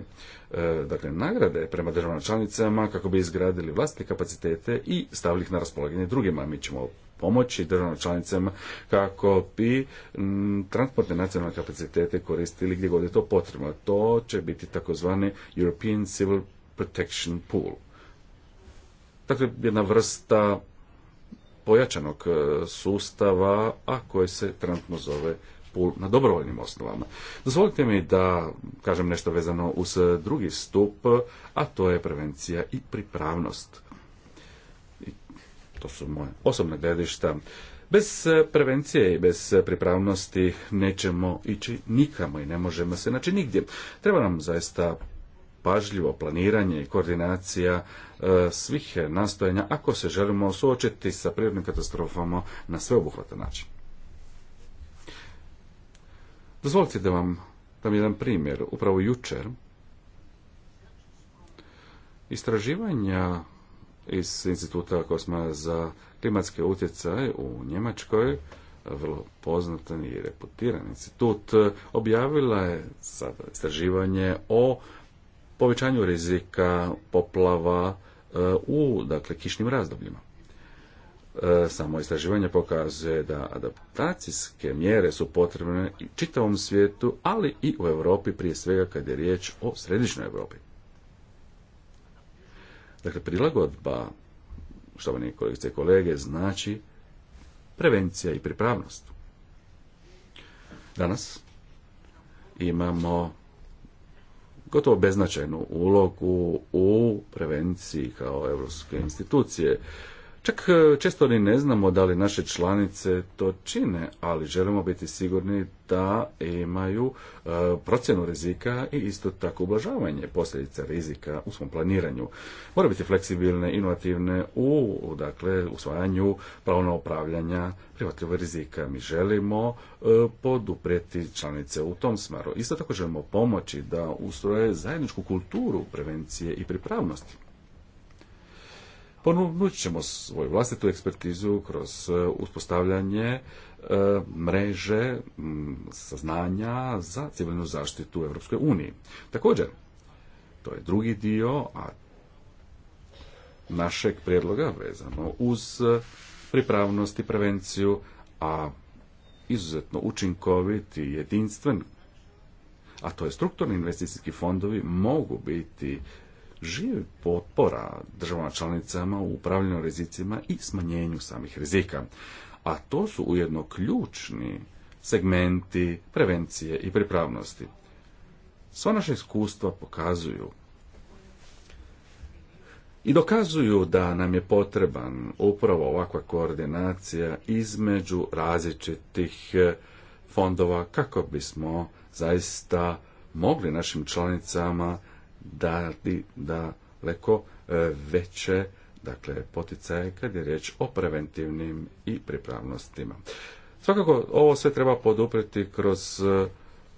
E, dakle, nagrade prema državama članicama kako bi izgradili vlastite kapacitete i stavili ih na raspolaganje drugima. Mi ćemo pomoći državama članicama kako bi transportne nacionalne kapacitete koristili gdje god je to potrebno. To će biti takozvani European Civil Protection Pool. Dakle, jedna vrsta pojačanog e, sustava, a koji se trenutno zove pool na dobrovoljnim osnovama. Dozvolite mi da kažem nešto vezano uz drugi stup, a to je prevencija i pripravnost. I to su moje osobne gledišta. Bez prevencije i bez pripravnosti nećemo ići nikamo i ne možemo se naći nigdje. Treba nam zaista pažljivo planiranje i koordinacija e, svih nastojanja ako se želimo suočiti sa prirodnim katastrofama na sveobuhvatan način. Dozvolite da vam dam jedan primjer. Upravo jučer istraživanja iz instituta Kosma za klimatske utjecaje u Njemačkoj, vrlo poznatan i reputiran institut, objavila je sada istraživanje o povećanju rizika poplava e, u dakle, kišnim razdobljima. E, samo istraživanje pokazuje da adaptacijske mjere su potrebne i čitavom svijetu, ali i u Europi prije svega kad je riječ o središnjoj Europi. Dakle, prilagodba, vam kolegice i kolege, znači prevencija i pripravnost. Danas imamo gotovo beznačajnu ulogu u prevenciji kao europske institucije. Čak e, često ni ne znamo da li naše članice to čine, ali želimo biti sigurni da imaju e, procjenu rizika i isto tako ublažavanje posljedica rizika u svom planiranju. Moraju biti fleksibilne, inovativne u dakle, usvajanju pravno upravljanja privatljiva rizika. Mi želimo e, poduprijeti članice u tom smaru. Isto tako želimo pomoći da ustroje zajedničku kulturu prevencije i pripravnosti. Ponudit ćemo svoju vlastitu ekspertizu kroz e, uspostavljanje e, mreže saznanja za civilnu zaštitu u Europskoj uniji. Također, to je drugi dio a našeg prijedloga vezano uz e, pripravnost i prevenciju, a izuzetno učinkovit i jedinstven, a to je strukturni investicijski fondovi mogu biti živi potpora državama članicama u upravljanju rizicima i smanjenju samih rizika. A to su ujedno ključni segmenti prevencije i pripravnosti. Sva naša iskustva pokazuju i dokazuju da nam je potreban upravo ovakva koordinacija između različitih e, fondova kako bismo zaista mogli našim članicama dati daleko e, veće dakle, poticaje kad je riječ o preventivnim i pripravnostima. Svakako, ovo sve treba podupriti kroz e,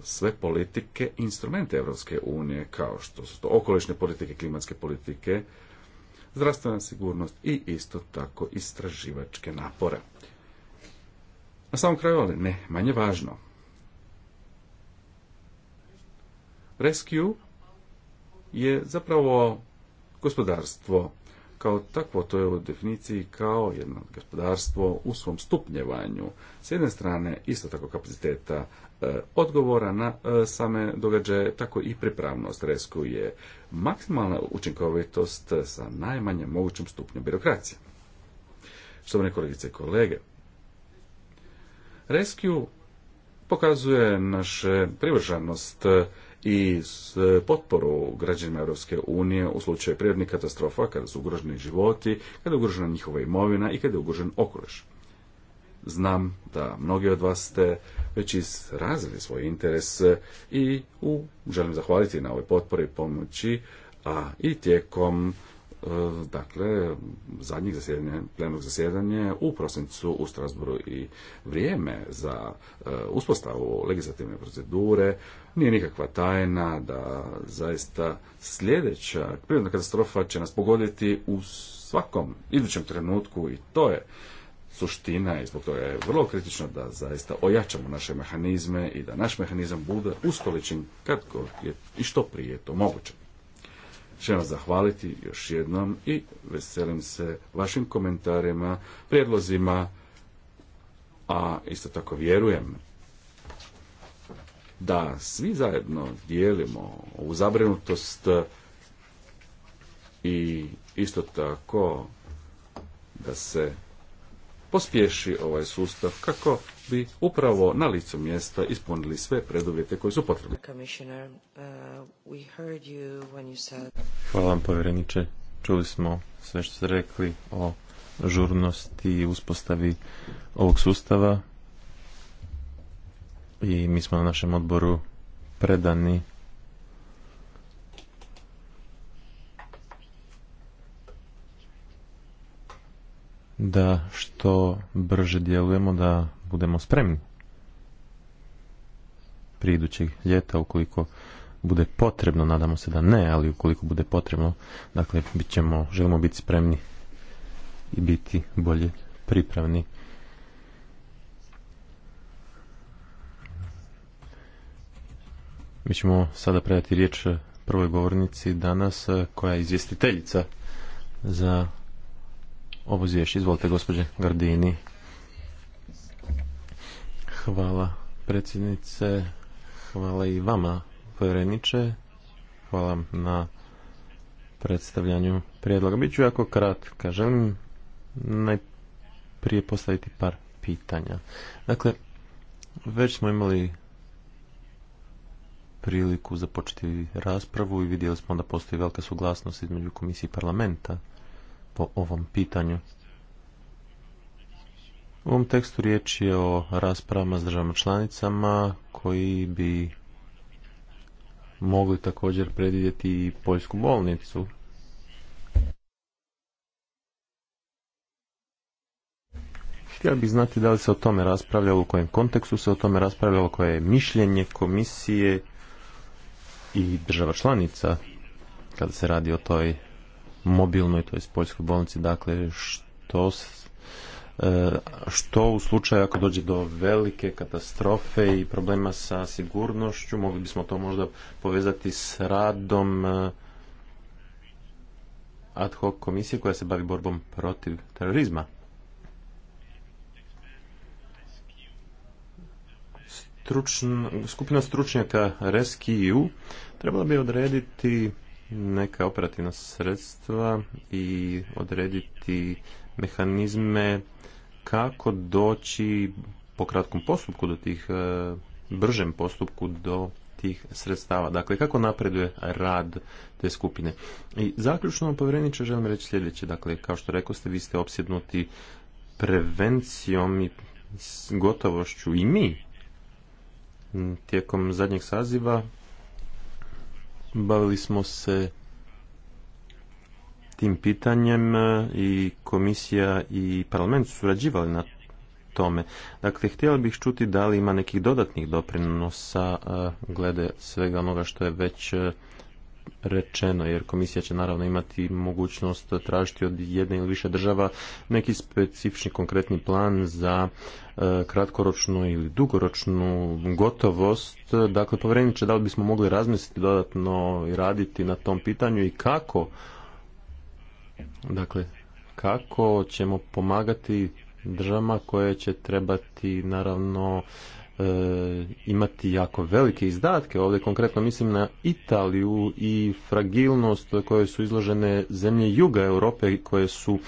sve politike i instrumente Europske unije, kao što su to okolišne politike, klimatske politike, zdravstvena sigurnost i isto tako istraživačke napore. Na samom kraju, ali ne, manje važno. Rescue je zapravo gospodarstvo kao takvo, to je u definiciji kao jedno gospodarstvo u svom stupnjevanju. S jedne strane, isto tako kapaciteta e, odgovora na e, same događaje, tako i pripravnost resku je maksimalna učinkovitost sa najmanje mogućim stupnjem birokracije. Štovane kolegice i kolege, Rescue pokazuje naše privržanost i s e, potporu građanima Europske unije u slučaju prirodnih katastrofa, kada su ugroženi životi, kada je ugrožena njihova imovina i kada je ugrožen okoliš. Znam da mnogi od vas ste već izrazili svoj interes e, i u, želim zahvaliti na ovoj potpori i pomoći, a i tijekom E, dakle, zadnjih zasjedanje, plenog zasjedanje u prosincu u Strasburu i vrijeme za e, uspostavu legislativne procedure nije nikakva tajna da zaista sljedeća prirodna katastrofa će nas pogoditi u svakom idućem trenutku i to je suština i zbog toga je vrlo kritično da zaista ojačamo naše mehanizme i da naš mehanizam bude uskoličen kako je i što prije to moguće želim zahvaliti još jednom i veselim se vašim komentarima, prijedlozima, a isto tako vjerujem da svi zajedno dijelimo ovu zabrinutost i isto tako da se pospješi ovaj sustav kako bi upravo na licu mjesta ispunili sve preduvjete koji su potrebni. Uh, Hvala vam povjereniče. Čuli smo sve što ste rekli o žurnosti i uspostavi ovog sustava i mi smo na našem odboru predani da što brže djelujemo da budemo spremni prije idućeg ljeta ukoliko bude potrebno, nadamo se da ne, ali ukoliko bude potrebno, dakle, bit ćemo, želimo biti spremni i biti bolje pripravni. Mi ćemo sada predati riječ prvoj govornici danas, koja je izvjestiteljica za ovo izvješće. Izvolite, gospođe Gardini. Hvala, predsjednice. Hvala i vama, povjereniče. Hvala na predstavljanju prijedloga. Biću jako krat, kažem, najprije postaviti par pitanja. Dakle, već smo imali priliku započeti raspravu i vidjeli smo da postoji velika suglasnost između komisije i parlamenta po ovom pitanju. U ovom tekstu riječ je o raspravama s državama članicama koji bi mogli također predvidjeti i poljsku bolnicu. Htio bih znati da li se o tome raspravljalo, u kojem kontekstu se o tome raspravljalo, koje je mišljenje komisije i država članica kada se radi o toj mobilnoj, to iz poljskoj bolnici, dakle što e, što u slučaju ako dođe do velike katastrofe i problema sa sigurnošću, mogli bismo to možda povezati s radom e, ad hoc komisije koja se bavi borbom protiv terorizma. Stručn, skupina stručnjaka Rescue trebala bi odrediti neka operativna sredstva i odrediti mehanizme kako doći po kratkom postupku do tih, e, bržem postupku do tih sredstava. Dakle, kako napreduje rad te skupine. I zaključno, povjereniče, želim reći sljedeće. Dakle, kao što rekao ste, vi ste opsjednuti prevencijom i gotovošću i mi tijekom zadnjeg saziva Bavili smo se tim pitanjem e, i komisija i parlament su surađivali na tome. Dakle, htjeli bih čuti da li ima nekih dodatnih doprinosa e, glede svega onoga što je već e, rečeno, jer komisija će naravno imati mogućnost tražiti od jedne ili više država neki specifični konkretni plan za e, kratkoročnu ili dugoročnu gotovost. Dakle, povjereniče, da li bismo mogli razmisliti dodatno i raditi na tom pitanju i kako, dakle, kako ćemo pomagati državama koje će trebati naravno E, imati jako velike izdatke. Ovdje konkretno mislim na Italiju i fragilnost koje su izložene zemlje juga Europe koje su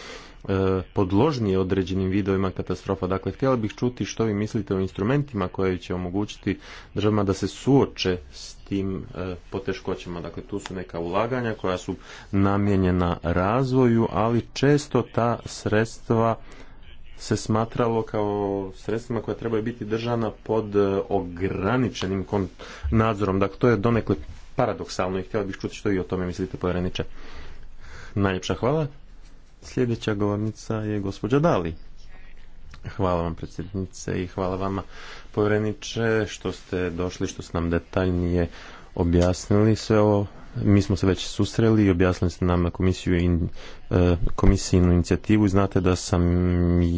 e, podložnije određenim vidovima katastrofa. Dakle, htjela bih čuti što vi mislite o instrumentima koje će omogućiti državama da se suoče s tim e, poteškoćama. Dakle, tu su neka ulaganja koja su namijenjena razvoju, ali često ta sredstva se smatralo kao sredstvima koja trebaju biti držana pod e, ograničenim nadzorom. Dakle, to je donekle paradoksalno i htjela bih čuti što i o tome mislite, povjereniče. Najljepša hvala. Sljedeća govornica je gospođa Dali. Hvala vam predsjednice i hvala vama povjereniče što ste došli, što ste nam detaljnije objasnili sve ovo mi smo se već susreli i objasnili ste nam komisiju i e, komisijnu inicijativu i znate da sam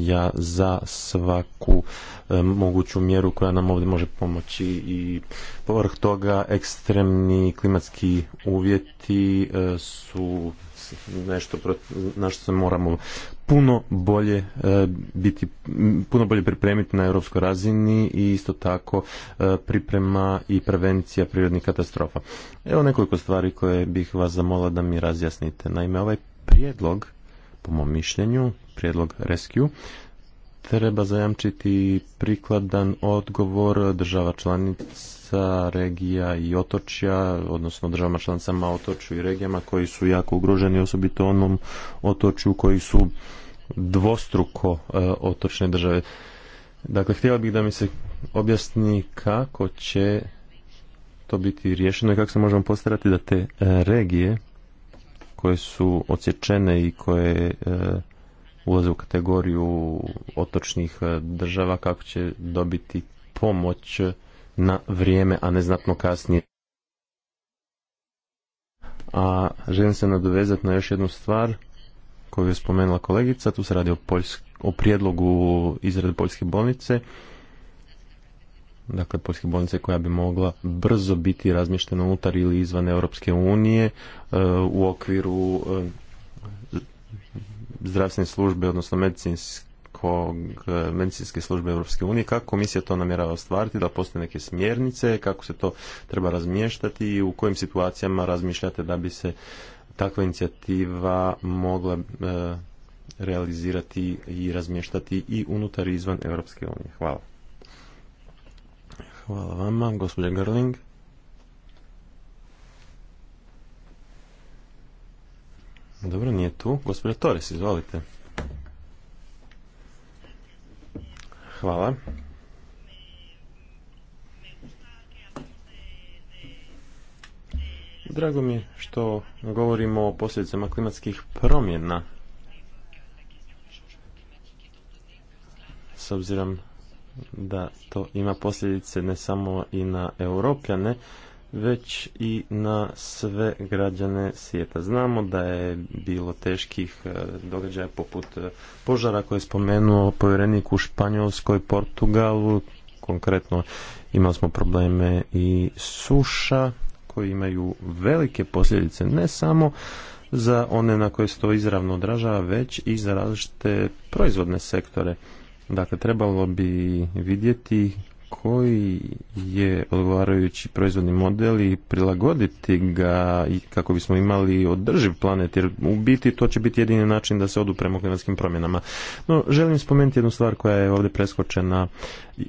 ja za svaku e, moguću mjeru koja nam ovdje može pomoći i povrh toga ekstremni klimatski uvjeti e, su nešto na što se moramo puno bolje e, biti, puno bolje pripremiti na europskoj razini i isto tako e, priprema i prevencija prirodnih katastrofa. Evo nekoliko stvari koje bih vas zamolila da mi razjasnite. Naime, ovaj prijedlog, po mom mišljenju, prijedlog Rescue, treba zajamčiti prikladan odgovor država članica članica, regija i otočja, odnosno državama članicama otočju i regijama koji su jako ugroženi, osobito onom otočju koji su dvostruko e, otočne države. Dakle, htjela bih da mi se objasni kako će to biti riješeno i kako se možemo postarati da te e, regije koje su odsječene i koje e, ulaze u kategoriju otočnih e, država kako će dobiti pomoć na vrijeme, a ne znatno kasnije. A želim se nadovezati na još jednu stvar koju je spomenula kolegica, tu se radi o, o prijedlogu izrade poljske bolnice, dakle poljske bolnice koja bi mogla brzo biti razmještena unutar ili izvan Europske unije e, u okviru e, zdravstvene službe, odnosno medicinske kog e, medicinske službe Europske unije, kako komisija to namjerava ostvariti, da postoje neke smjernice, kako se to treba razmještati i u kojim situacijama razmišljate da bi se takva inicijativa mogla e, realizirati i razmještati i unutar i izvan Europske unije. Hvala. Hvala vama, gospođa Garling. Dobro, nije tu. Gospodin Torres, izvolite. Hvala. Drago mi je što govorimo o posljedicama klimatskih promjena. S obzirom da to ima posljedice ne samo i na europljane, već i na sve građane svijeta. Znamo da je bilo teških e, događaja poput e, požara koje je spomenuo povjerenik u Španjolskoj, Portugalu, konkretno imali smo probleme i suša koji imaju velike posljedice ne samo za one na koje se to izravno odražava, već i za različite proizvodne sektore. Dakle, trebalo bi vidjeti koji je odgovarajući proizvodni model i prilagoditi ga i kako bismo imali održiv planet jer u biti to će biti jedini način da se odupremo klimatskim promjenama. No, želim spomenuti jednu stvar koja je ovdje preskočena.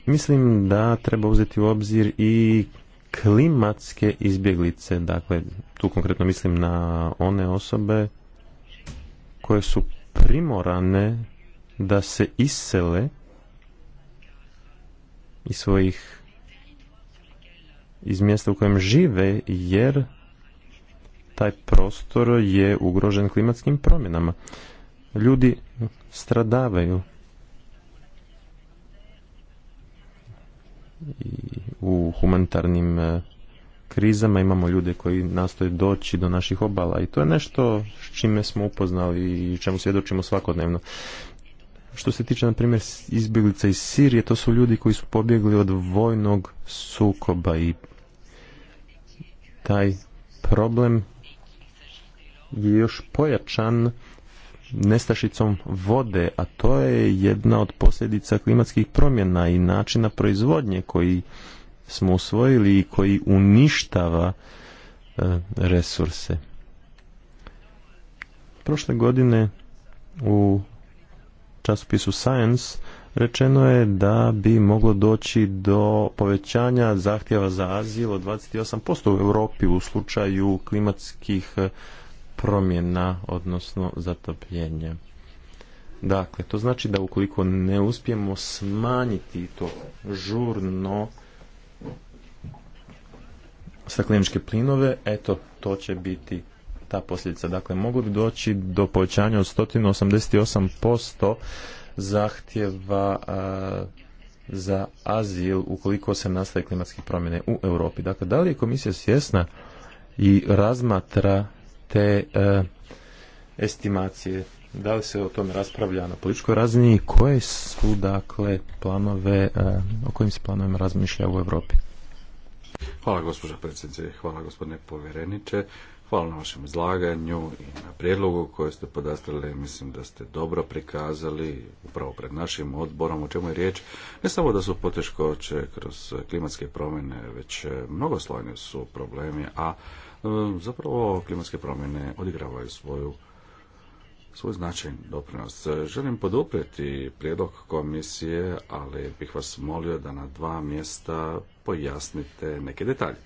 Mislim da treba uzeti u obzir i klimatske izbjeglice. Dakle, tu konkretno mislim na one osobe koje su primorane da se isele iz svojih iz mjesta u kojem žive jer taj prostor je ugrožen klimatskim promjenama. Ljudi stradavaju I u humanitarnim e, krizama imamo ljude koji nastoje doći do naših obala i to je nešto s čime smo upoznali i čemu svjedočimo svakodnevno što se tiče, na primjer, izbjeglica iz Sirije, to su ljudi koji su pobjegli od vojnog sukoba i taj problem je još pojačan nestašicom vode, a to je jedna od posljedica klimatskih promjena i načina proizvodnje koji smo usvojili i koji uništava e, resurse. Prošle godine u časopisu Science rečeno je da bi moglo doći do povećanja zahtjeva za azil od 28% u Europi u slučaju klimatskih eh, promjena, odnosno zatopljenja. Dakle, to znači da ukoliko ne uspijemo smanjiti to žurno stakleničke plinove, eto, to će biti ta posljedica. Dakle, mogu doći do povećanja od 188% zahtjeva za azil ukoliko se nastaje klimatske promjene u Europi. Dakle, da li je komisija svjesna i razmatra te e, estimacije? Da li se o tome raspravlja na političkoj razini i koje su dakle planove, e, o kojim se planovima razmišlja u Europi? Hvala gospođa predsjednice, hvala gospodine povjereniče. Hvala na vašem izlaganju i na prijedlogu koje ste podastrali. Mislim da ste dobro prikazali upravo pred našim odborom o čemu je riječ. Ne samo da su poteškoće kroz klimatske promjene, već mnogoslojni su problemi, a e, zapravo klimatske promjene odigravaju svoju svoj značajan doprinos. Želim poduprijeti prijedlog komisije, ali bih vas molio da na dva mjesta pojasnite neke detalje.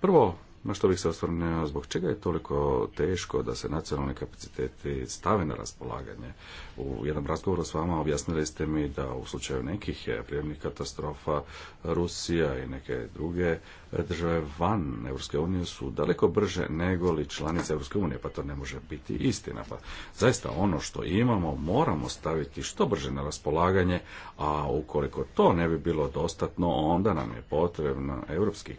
Prvo, na što bih se osvrnuo, zbog čega je toliko teško da se nacionalni kapaciteti stave na raspolaganje. U jednom razgovoru s vama objasnili ste mi da u slučaju nekih prijemnih katastrofa Rusija i neke druge države van Europske unije su daleko brže nego li članice Europske unije, pa to ne može biti istina. Pa zaista ono što imamo moramo staviti što brže na raspolaganje, a ukoliko to ne bi bilo dostatno, onda nam je potrebno europski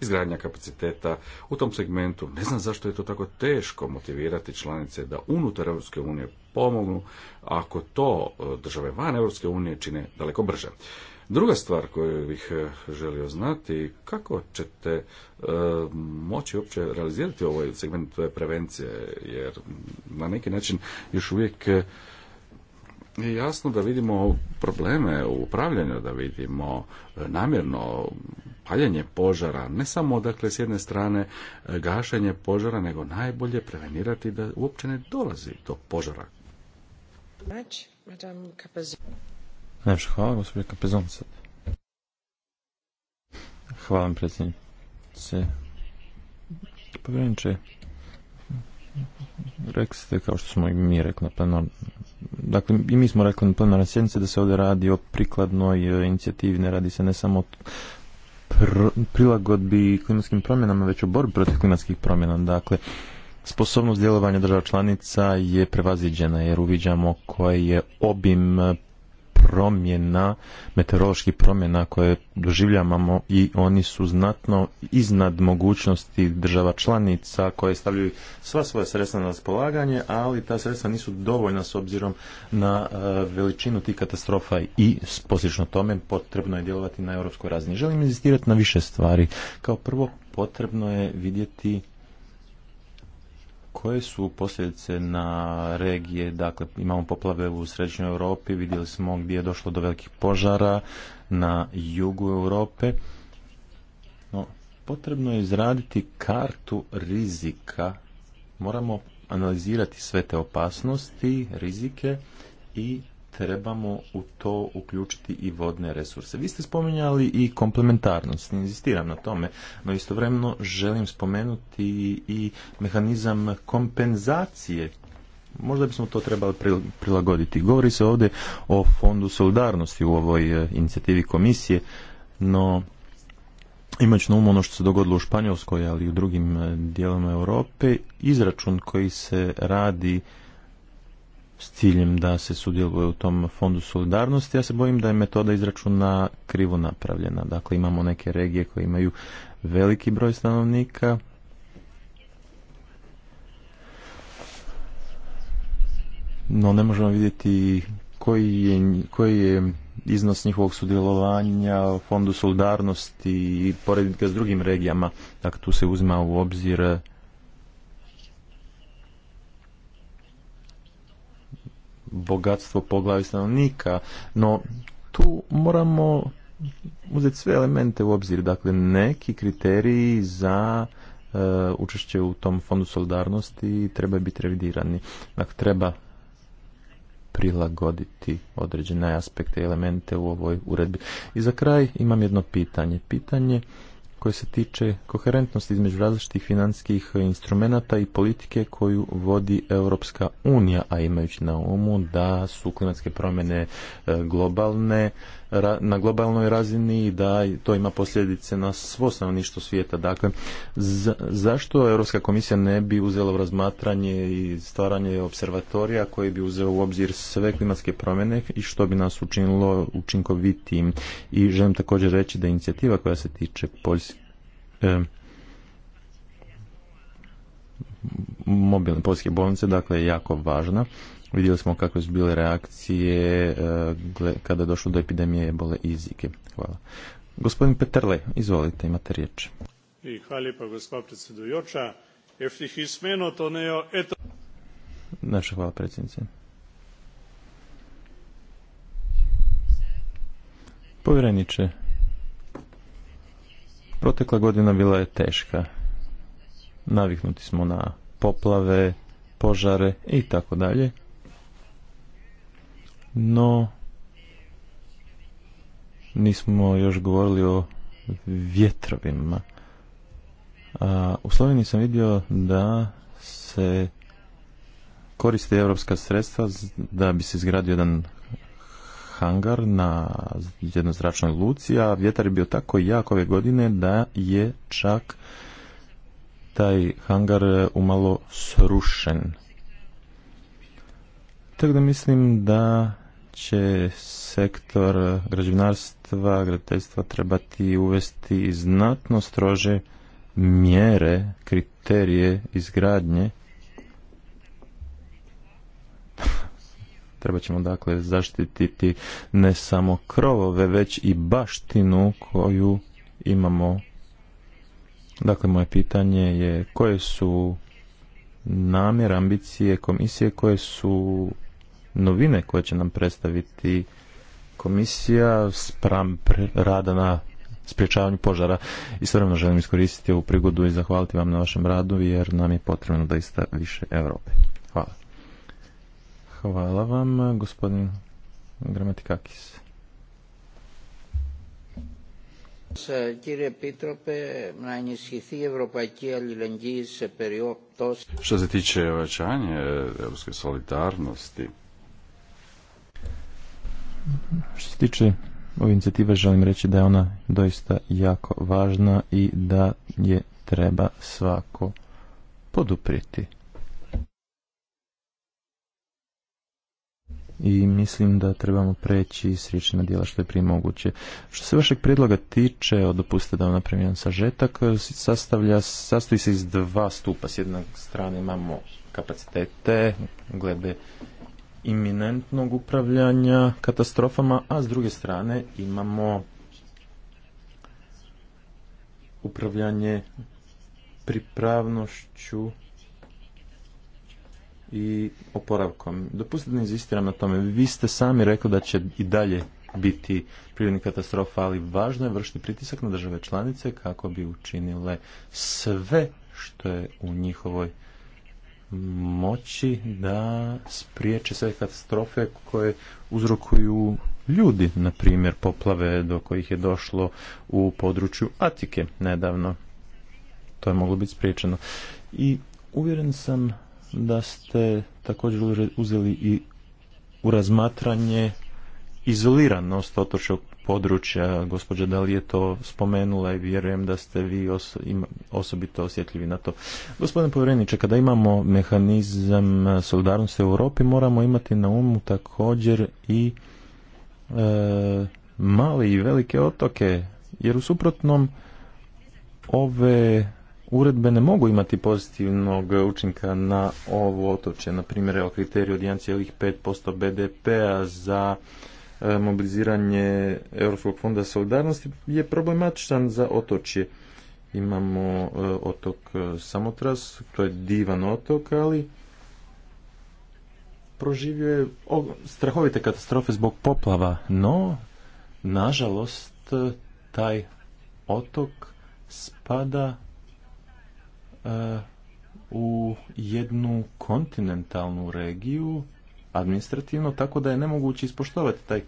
izgradnja kapaciteta u tom segmentu. Ne znam zašto je to tako teško motivirati članice da unutar Europske unije pomognu, ako to e, države van Europske unije čine daleko brže. Druga stvar koju bih e, želio znati, kako ćete e, moći uopće realizirati ovaj segment prevencije, jer na neki način još uvijek je jasno da vidimo probleme u upravljanju, da vidimo namjerno paljenje požara, ne samo dakle s jedne strane e, gašenje požara, nego najbolje prevenirati da uopće ne dolazi do požara. Najpša hvala, gospođa Kapezon Hvala vam, predsjednice. povjerenče rekli ste, kao što smo i mi rekli na plenar... dakle i mi smo rekli na plenarnoj sjednici da se ovdje radi o prikladnoj e, inicijativi, ne radi se ne samo o prilagodbi klimatskim promjenama, već o borbi protiv klimatskih promjena. Dakle, sposobnost djelovanja država članica je prevaziđena jer uviđamo koji je obim promjena, meteoroloških promjena koje doživljavamo i oni su znatno iznad mogućnosti država članica koje stavljaju sva svoja sredstva na raspolaganje, ali ta sredstva nisu dovoljna s obzirom na e, veličinu tih katastrofa i poslično tome potrebno je djelovati na europskoj razini. Želim inzistirati na više stvari. Kao prvo potrebno je vidjeti koje su posljedice na regije, dakle imamo poplave u srednjoj Europi, vidjeli smo gdje je došlo do velikih požara na jugu Europe. No, potrebno je izraditi kartu rizika. Moramo analizirati sve te opasnosti, rizike i trebamo u to uključiti i vodne resurse. Vi ste spominjali i komplementarnost, inzistiram na tome, no istovremeno želim spomenuti i mehanizam kompenzacije možda bismo to trebali prilagoditi. Govori se ovdje o fondu solidarnosti u ovoj e, inicijativi komisije, no imajući na umu ono što se dogodilo u Španjolskoj, ali i u drugim e, dijelama Europe, izračun koji se radi s ciljem da se sudjeluje u tom fondu solidarnosti. Ja se bojim da je metoda izračuna krivo napravljena. Dakle, imamo neke regije koje imaju veliki broj stanovnika, no ne možemo vidjeti koji je, koji je iznos njihovog sudjelovanja u fondu solidarnosti i porediti ga s drugim regijama. Dakle, tu se uzima u obzir bogatstvo po glavi stanovnika, no tu moramo uzeti sve elemente u obzir, dakle neki kriteriji za e, učešće u tom fondu solidarnosti treba biti revidirani. Dakle, treba prilagoditi određene aspekte i elemente u ovoj uredbi. I za kraj imam jedno pitanje. Pitanje koje se tiče koherentnosti između različitih financijskih instrumenata i politike koju vodi Europska unija, a imajući na umu da su klimatske promjene e, globalne, na globalnoj razini i da to ima posljedice na svo stanovništvo svijeta. Dakle, zašto Europska komisija ne bi uzela u razmatranje i stvaranje observatorija koji bi uzeo u obzir sve klimatske promjene i što bi nas učinilo učinkovitim. I želim također reći da inicijativa koja se tiče Poljske e, mobilne poljske bolnice, dakle, je jako važna. Vidjeli smo kakve su bile reakcije e, kada je došlo do epidemije ebole i zike. Hvala. Gospodin Petrle, izvolite, imate riječ. I hvala lijepa, gospod predsjedujoča. Eftih ismeno to neo eto... Naša hvala predsjednice. Povjereniče, protekla godina bila je teška. Naviknuti smo na poplave, požare i tako dalje no nismo još govorili o vjetrovima. A, u Sloveniji sam vidio da se koriste europska sredstva da bi se izgradio jedan hangar na jednoj zračnoj luci, a vjetar je bio tako jak ove godine da je čak taj hangar e, umalo srušen. Tako da mislim da će sektor građevinarstva, graditeljstva trebati uvesti znatno strože mjere, kriterije izgradnje. Treba ćemo dakle zaštititi ne samo krovove, već i baštinu koju imamo. Dakle, moje pitanje je koje su namjer, ambicije komisije koje su novine koje će nam predstaviti komisija spram rada na sprječavanju požara. Istovremeno želim iskoristiti ovu prigodu i zahvaliti vam na vašem radu jer nam je potrebno da ista više Europe. Hvala. Hvala vam, gospodin Gramatikakis. Što se tiče ovačanje europske solidarnosti, što se tiče ove inicijative, želim reći da je ona doista jako važna i da je treba svako poduprijeti. i mislim da trebamo preći s riječi na djela što je prije moguće. Što se vašeg prijedloga tiče, dopustite da vam napravim jedan sažetak, sastavlja, sastoji se iz dva stupa. S jedne strane imamo kapacitete glede iminentnog upravljanja katastrofama, a s druge strane imamo upravljanje pripravnošću i oporavkom. Dopustite da inzistiram na tome. Vi ste sami rekli da će i dalje biti prirodnih katastrofa, ali važno je vršiti pritisak na države članice kako bi učinile sve što je u njihovoj moći da spriječe sve katastrofe koje uzrokuju ljudi, na primjer poplave do kojih je došlo u području Atike nedavno. To je moglo biti spriječeno. I uvjeren sam da ste također uzeli i u razmatranje izoliranost otočnog područja. Gospođa, da li je to spomenula i vjerujem da ste vi osobito osjetljivi na to. Gospodine povjereniče, kada imamo mehanizam solidarnosti u Europi, moramo imati na umu također i e, male i velike otoke, jer u suprotnom ove uredbe ne mogu imati pozitivnog učinka na ovo otočje. Na primjer, kriterij od 1,5% BDP-a za E, mobiliziranje Europskog fonda solidarnosti je problematičan za otočje. Imamo e, otok e, Samotras, to je divan otok, ali proživio je strahovite katastrofe zbog poplava, no nažalost taj otok spada u jednu kontinentalnu regiju administrativno, tako da je nemoguće ispoštovati taj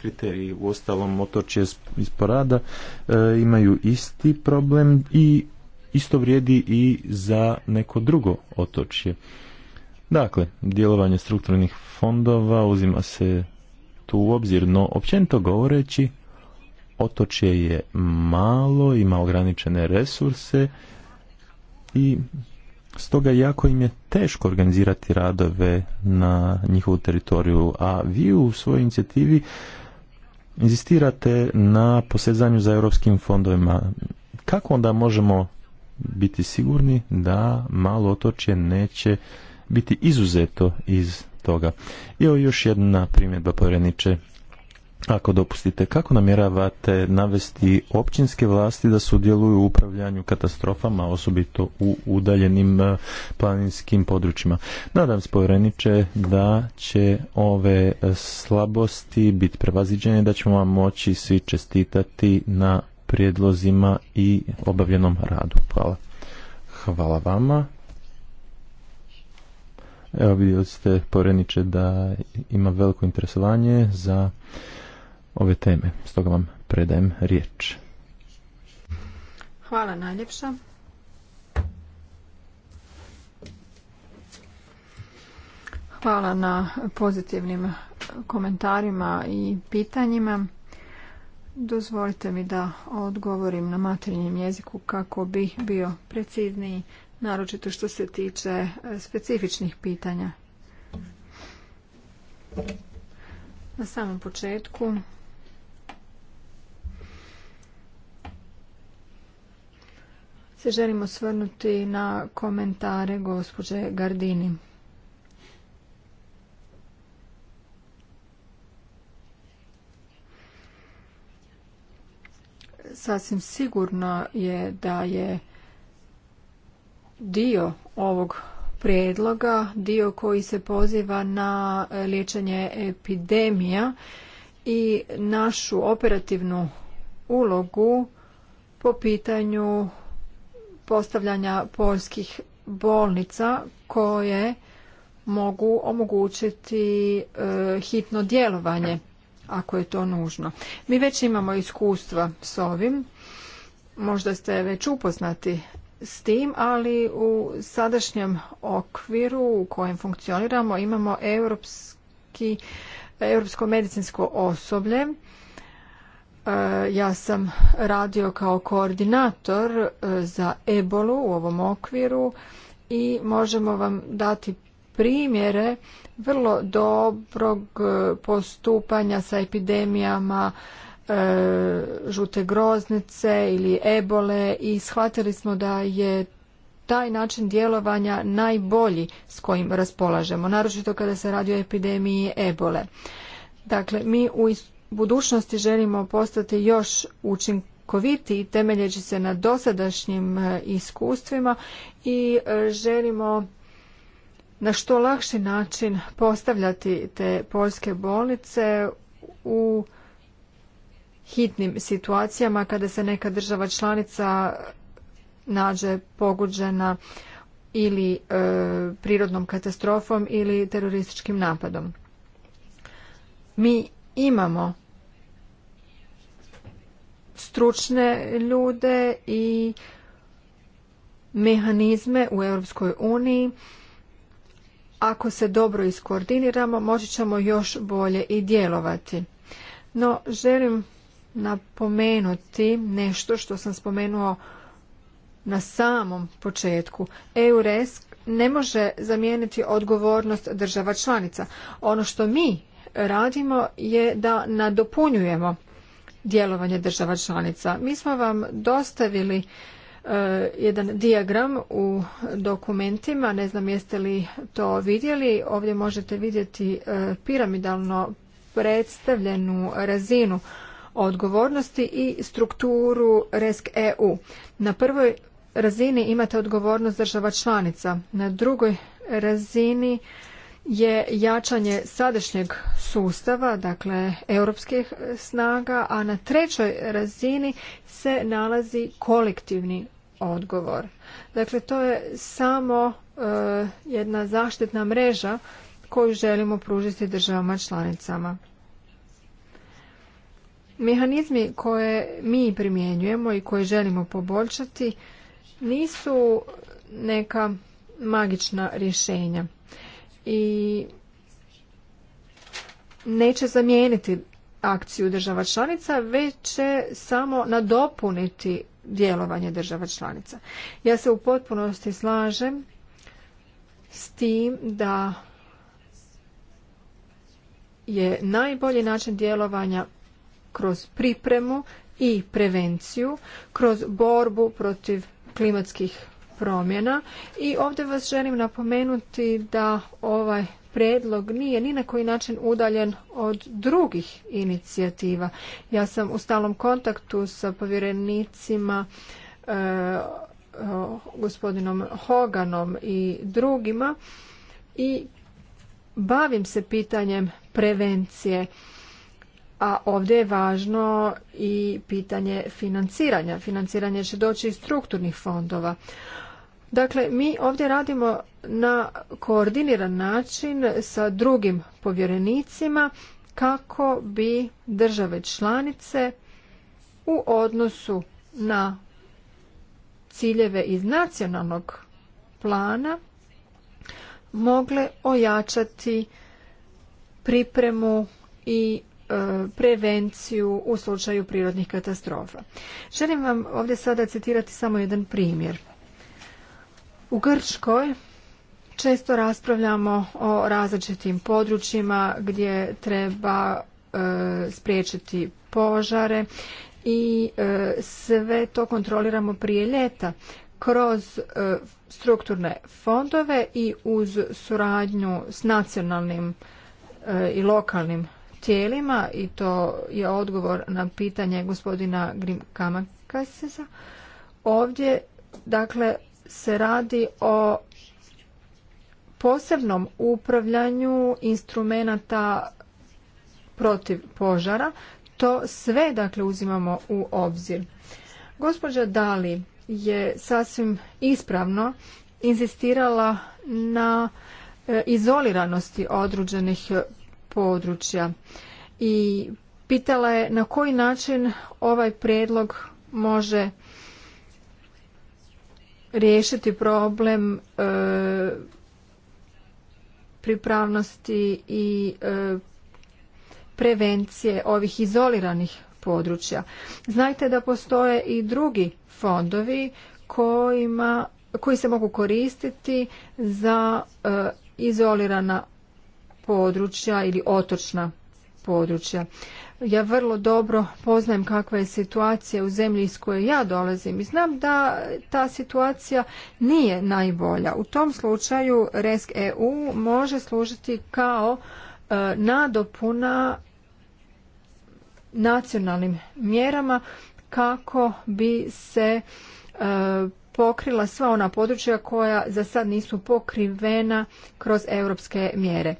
kriterij. U ostalom, će iz porada e, imaju isti problem i isto vrijedi i za neko drugo otočje. Dakle, djelovanje strukturnih fondova uzima se tu u obzir, no općenito govoreći, otočje je malo, ima ograničene resurse i Stoga jako im je teško organizirati radove na njihovu teritoriju, a vi u svojoj inicijativi inzistirate na posezanju za europskim fondovima. Kako onda možemo biti sigurni da malo otočje neće biti izuzeto iz toga? I evo još jedna primjedba povjereniče. Ako dopustite, kako namjeravate navesti općinske vlasti da sudjeluju u upravljanju katastrofama, osobito u udaljenim e, planinskim područjima? Nadam se, povjereniče, da će ove e, slabosti biti prevaziđene, da ćemo vam moći svi čestitati na prijedlozima i obavljenom radu. Hvala. Hvala vama. Evo vidjeli ste, povjereniče, da ima veliko interesovanje za ove teme. Stoga vam predajem riječ. Hvala najljepša. Hvala na pozitivnim komentarima i pitanjima. Dozvolite mi da odgovorim na materinjem jeziku kako bi bio precizniji, naročito što se tiče e, specifičnih pitanja. Na samom početku se želimo svrnuti na komentare gospođe Gardini. Sasvim sigurno je da je dio ovog prijedloga, dio koji se poziva na liječenje epidemija i našu operativnu ulogu po pitanju postavljanja poljskih bolnica koje mogu omogućiti e, hitno djelovanje ako je to nužno. Mi već imamo iskustva s ovim, možda ste već upoznati s tim, ali u sadašnjem okviru u kojem funkcioniramo imamo europski, europsko medicinsko osoblje E, ja sam radio kao koordinator e, za ebolu u ovom okviru i možemo vam dati primjere vrlo dobrog e, postupanja sa epidemijama žute groznice ili ebole i shvatili smo da je taj način djelovanja najbolji s kojim raspolažemo, naročito kada se radi o epidemiji ebole. Dakle, mi u budućnosti želimo postati još učinkovitiji temeljeći se na dosadašnjim e, iskustvima i e, želimo na što lakši način postavljati te poljske bolnice u hitnim situacijama kada se neka država članica nađe poguđena ili e, prirodnom katastrofom ili terorističkim napadom. Mi imamo stručne ljude i mehanizme u Europskoj uniji. Ako se dobro iskoordiniramo, moći ćemo još bolje i djelovati. No, želim napomenuti nešto što sam spomenuo na samom početku. EURES ne može zamijeniti odgovornost država članica. Ono što mi radimo je da nadopunjujemo djelovanje država članica. Mi smo vam dostavili e, jedan dijagram u dokumentima, ne znam jeste li to vidjeli, ovdje možete vidjeti e, piramidalno predstavljenu razinu odgovornosti i strukturu RESC EU. Na prvoj razini imate odgovornost država članica, na drugoj razini je jačanje sadašnjeg sustava, dakle europskih snaga, a na trećoj razini se nalazi kolektivni odgovor. Dakle, to je samo e, jedna zaštitna mreža koju želimo pružiti državama članicama. Mehanizmi koje mi primjenjujemo i koje želimo poboljšati nisu neka magična rješenja i neće zamijeniti akciju država članica, već će samo nadopuniti djelovanje država članica. Ja se u potpunosti slažem s tim da je najbolji način djelovanja kroz pripremu i prevenciju, kroz borbu protiv klimatskih promjena i ovdje vas želim napomenuti da ovaj predlog nije ni na koji način udaljen od drugih inicijativa. Ja sam u stalnom kontaktu sa povjerenicima e, gospodinom Hoganom i drugima i bavim se pitanjem prevencije a ovdje je važno i pitanje financiranja. Financiranje će doći iz strukturnih fondova. Dakle, mi ovdje radimo na koordiniran način sa drugim povjerenicima kako bi države članice u odnosu na ciljeve iz nacionalnog plana mogle ojačati pripremu i e, prevenciju u slučaju prirodnih katastrofa. Želim vam ovdje sada citirati samo jedan primjer. U Grčkoj često raspravljamo o različitim područjima gdje treba e, spriječiti požare i e, sve to kontroliramo prije ljeta kroz e, strukturne fondove i uz suradnju s nacionalnim i lokalnim tijelima i to je odgovor na pitanje gospodina Grimkama Ovdje dakle se radi o posebnom upravljanju instrumenta protiv požara. To sve dakle uzimamo u obzir. Gospođa Dali je sasvim ispravno inzistirala na e, izoliranosti određenih područja i pitala je na koji način ovaj prijedlog može riješiti problem e, pripravnosti i e, prevencije ovih izoliranih područja. Znajte da postoje i drugi fondovi kojima, koji se mogu koristiti za e, izolirana područja ili otočna područja ja vrlo dobro poznajem kakva je situacija u zemlji iz koje ja dolazim i znam da ta situacija nije najbolja. U tom slučaju RESK EU može služiti kao e, nadopuna nacionalnim mjerama kako bi se e, pokrila sva ona područja koja za sad nisu pokrivena kroz europske mjere.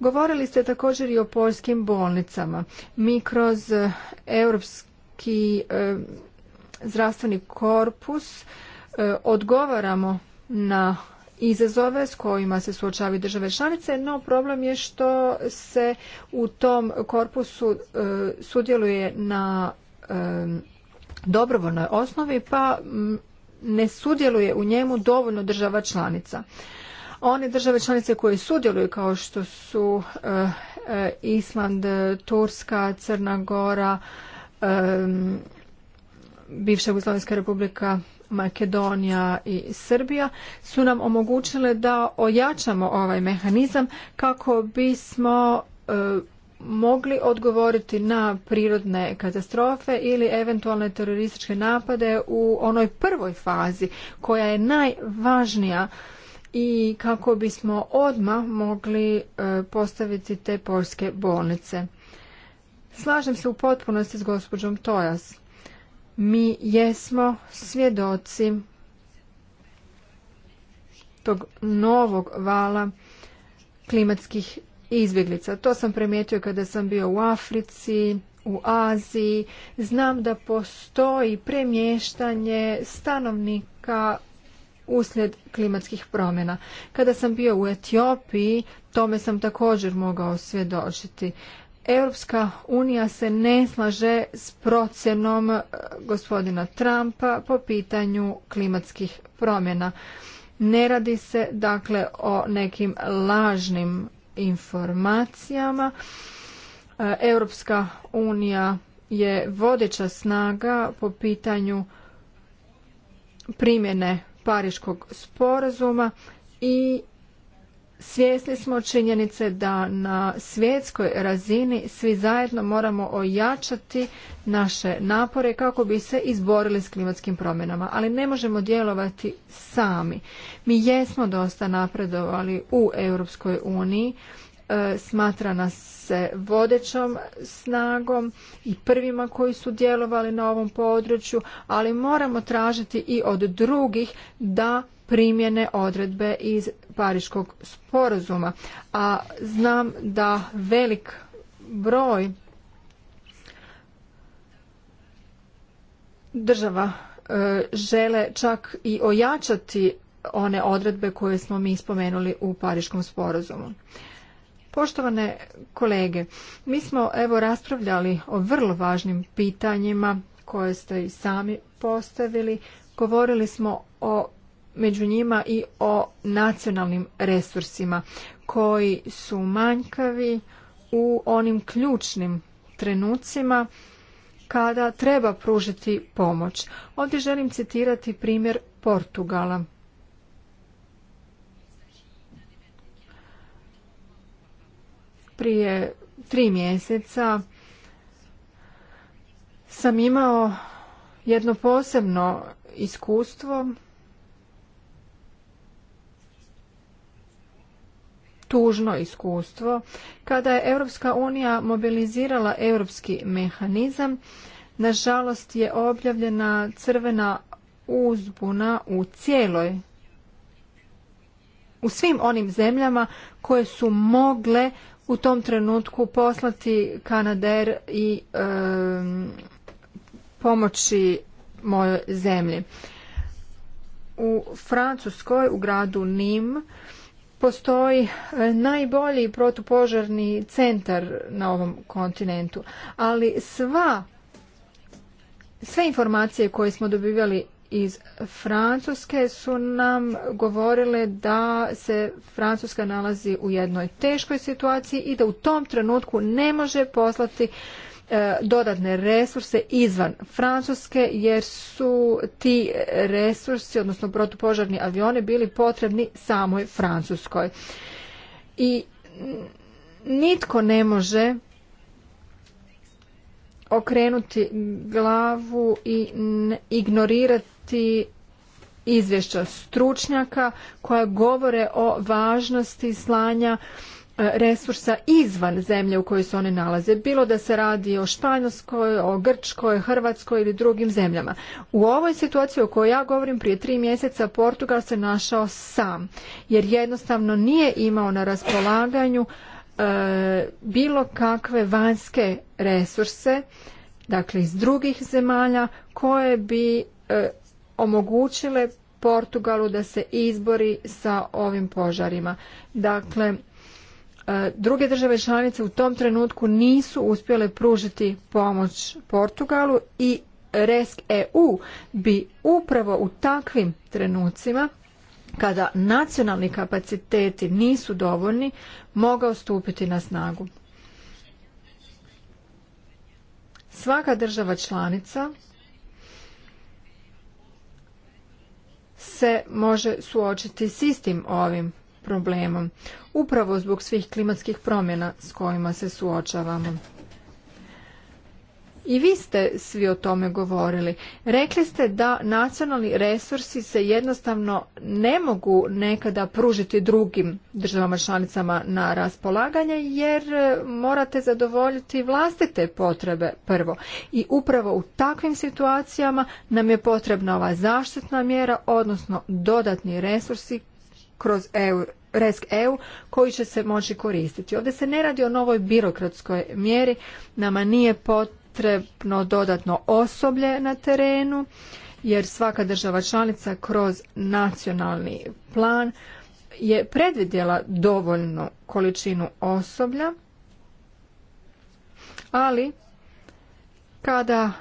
Govorili ste također i o poljskim bolnicama. Mi kroz e, europski e, zdravstveni korpus e, odgovaramo na izazove s kojima se suočavaju države članice, no problem je što se u tom korpusu sudjeluje na dobrovoljnoj osnovi, pa ne sudjeluje u njemu dovoljno država članica. One države članice koje sudjeluju kao što su eh, eh, Island, Turska, Crna Gora, bivša jugoslavenska republika Makedonija i Srbija su nam omogućile da ojačamo ovaj mehanizam kako bismo eh, mogli odgovoriti na prirodne katastrofe ili eventualne terorističke napade u onoj prvoj fazi koja je najvažnija i kako bismo odmah mogli e, postaviti te poljske bolnice. Slažem se u potpunosti s gospođom Tojas. Mi jesmo svjedoci tog novog vala klimatskih izbjeglica. To sam primijetio kada sam bio u Africi, u Aziji. Znam da postoji premještanje stanovnika uslijed klimatskih promjena. Kada sam bio u Etiopiji, tome sam također mogao svjedočiti. Europska unija se ne slaže s procjenom eh, gospodina Trumpa po pitanju klimatskih promjena. Ne radi se dakle o nekim lažnim informacijama. E, Europska unija je vodeća snaga po pitanju primjene Pariškog sporazuma i Svjesni smo činjenice da na svjetskoj razini svi zajedno moramo ojačati naše napore kako bi se izborili s klimatskim promjenama, ali ne možemo djelovati sami. Mi jesmo dosta napredovali u Europskoj uniji, e, smatra nas se vodećom snagom i prvima koji su djelovali na ovom području, ali moramo tražiti i od drugih da primjene odredbe iz Pariškog sporazuma. A znam da velik broj država e, žele čak i ojačati one odredbe koje smo mi spomenuli u Pariškom sporazumu. Poštovane kolege, mi smo evo raspravljali o vrlo važnim pitanjima koje ste i sami postavili. Govorili smo o među njima i o nacionalnim resursima koji su manjkavi u onim ključnim trenucima kada treba pružiti pomoć. Ovdje želim citirati primjer Portugala. Prije tri mjeseca sam imao jedno posebno iskustvo tužno iskustvo kada je Europska unija mobilizirala europski mehanizam. Nažalost je objavljena crvena uzbuna u cijeloj u svim onim zemljama koje su mogle u tom trenutku poslati Kanader i pomoći mojoj zemlji. U Francuskoj, u gradu Nim, postoji e, najbolji protupožarni centar na ovom kontinentu, ali sva sve informacije koje smo dobivali iz Francuske su nam govorile da se Francuska nalazi u jednoj teškoj situaciji i da u tom trenutku ne može poslati E, dodatne resurse izvan Francuske jer su ti resursi, odnosno protupožarni avioni bili potrebni samoj Francuskoj. I nitko ne može okrenuti glavu i ignorirati izvješća stručnjaka koja govore o važnosti slanja resursa izvan zemlje u kojoj se one nalaze, bilo da se radi o Španjolskoj, o Grčkoj, Hrvatskoj ili drugim zemljama. U ovoj situaciji o kojoj ja govorim prije tri mjeseca Portugal se našao sam, jer jednostavno nije imao na raspolaganju e, bilo kakve vanjske resurse, dakle iz drugih zemalja, koje bi e, omogućile Portugalu da se izbori sa ovim požarima. Dakle, E, druge države članice u tom trenutku nisu uspjele pružiti pomoć Portugalu i Resk EU bi upravo u takvim trenucima kada nacionalni kapaciteti nisu dovoljni mogao stupiti na snagu. Svaka država članica se može suočiti s istim ovim problemom upravo zbog svih klimatskih promjena s kojima se suočavamo. I vi ste svi o tome govorili. Rekli ste da nacionalni resursi se jednostavno ne mogu nekada pružiti drugim državama članicama na raspolaganje jer e, morate zadovoljiti vlastite potrebe prvo. I upravo u takvim situacijama nam je potrebna ova zaštitna mjera, odnosno dodatni resursi kroz EU, EU koji će se moći koristiti. Ovdje se ne radi o novoj birokratskoj mjeri, nama nije potrebno dodatno osoblje na terenu jer svaka država članica kroz nacionalni plan je predvidjela dovoljnu količinu osoblja, ali kada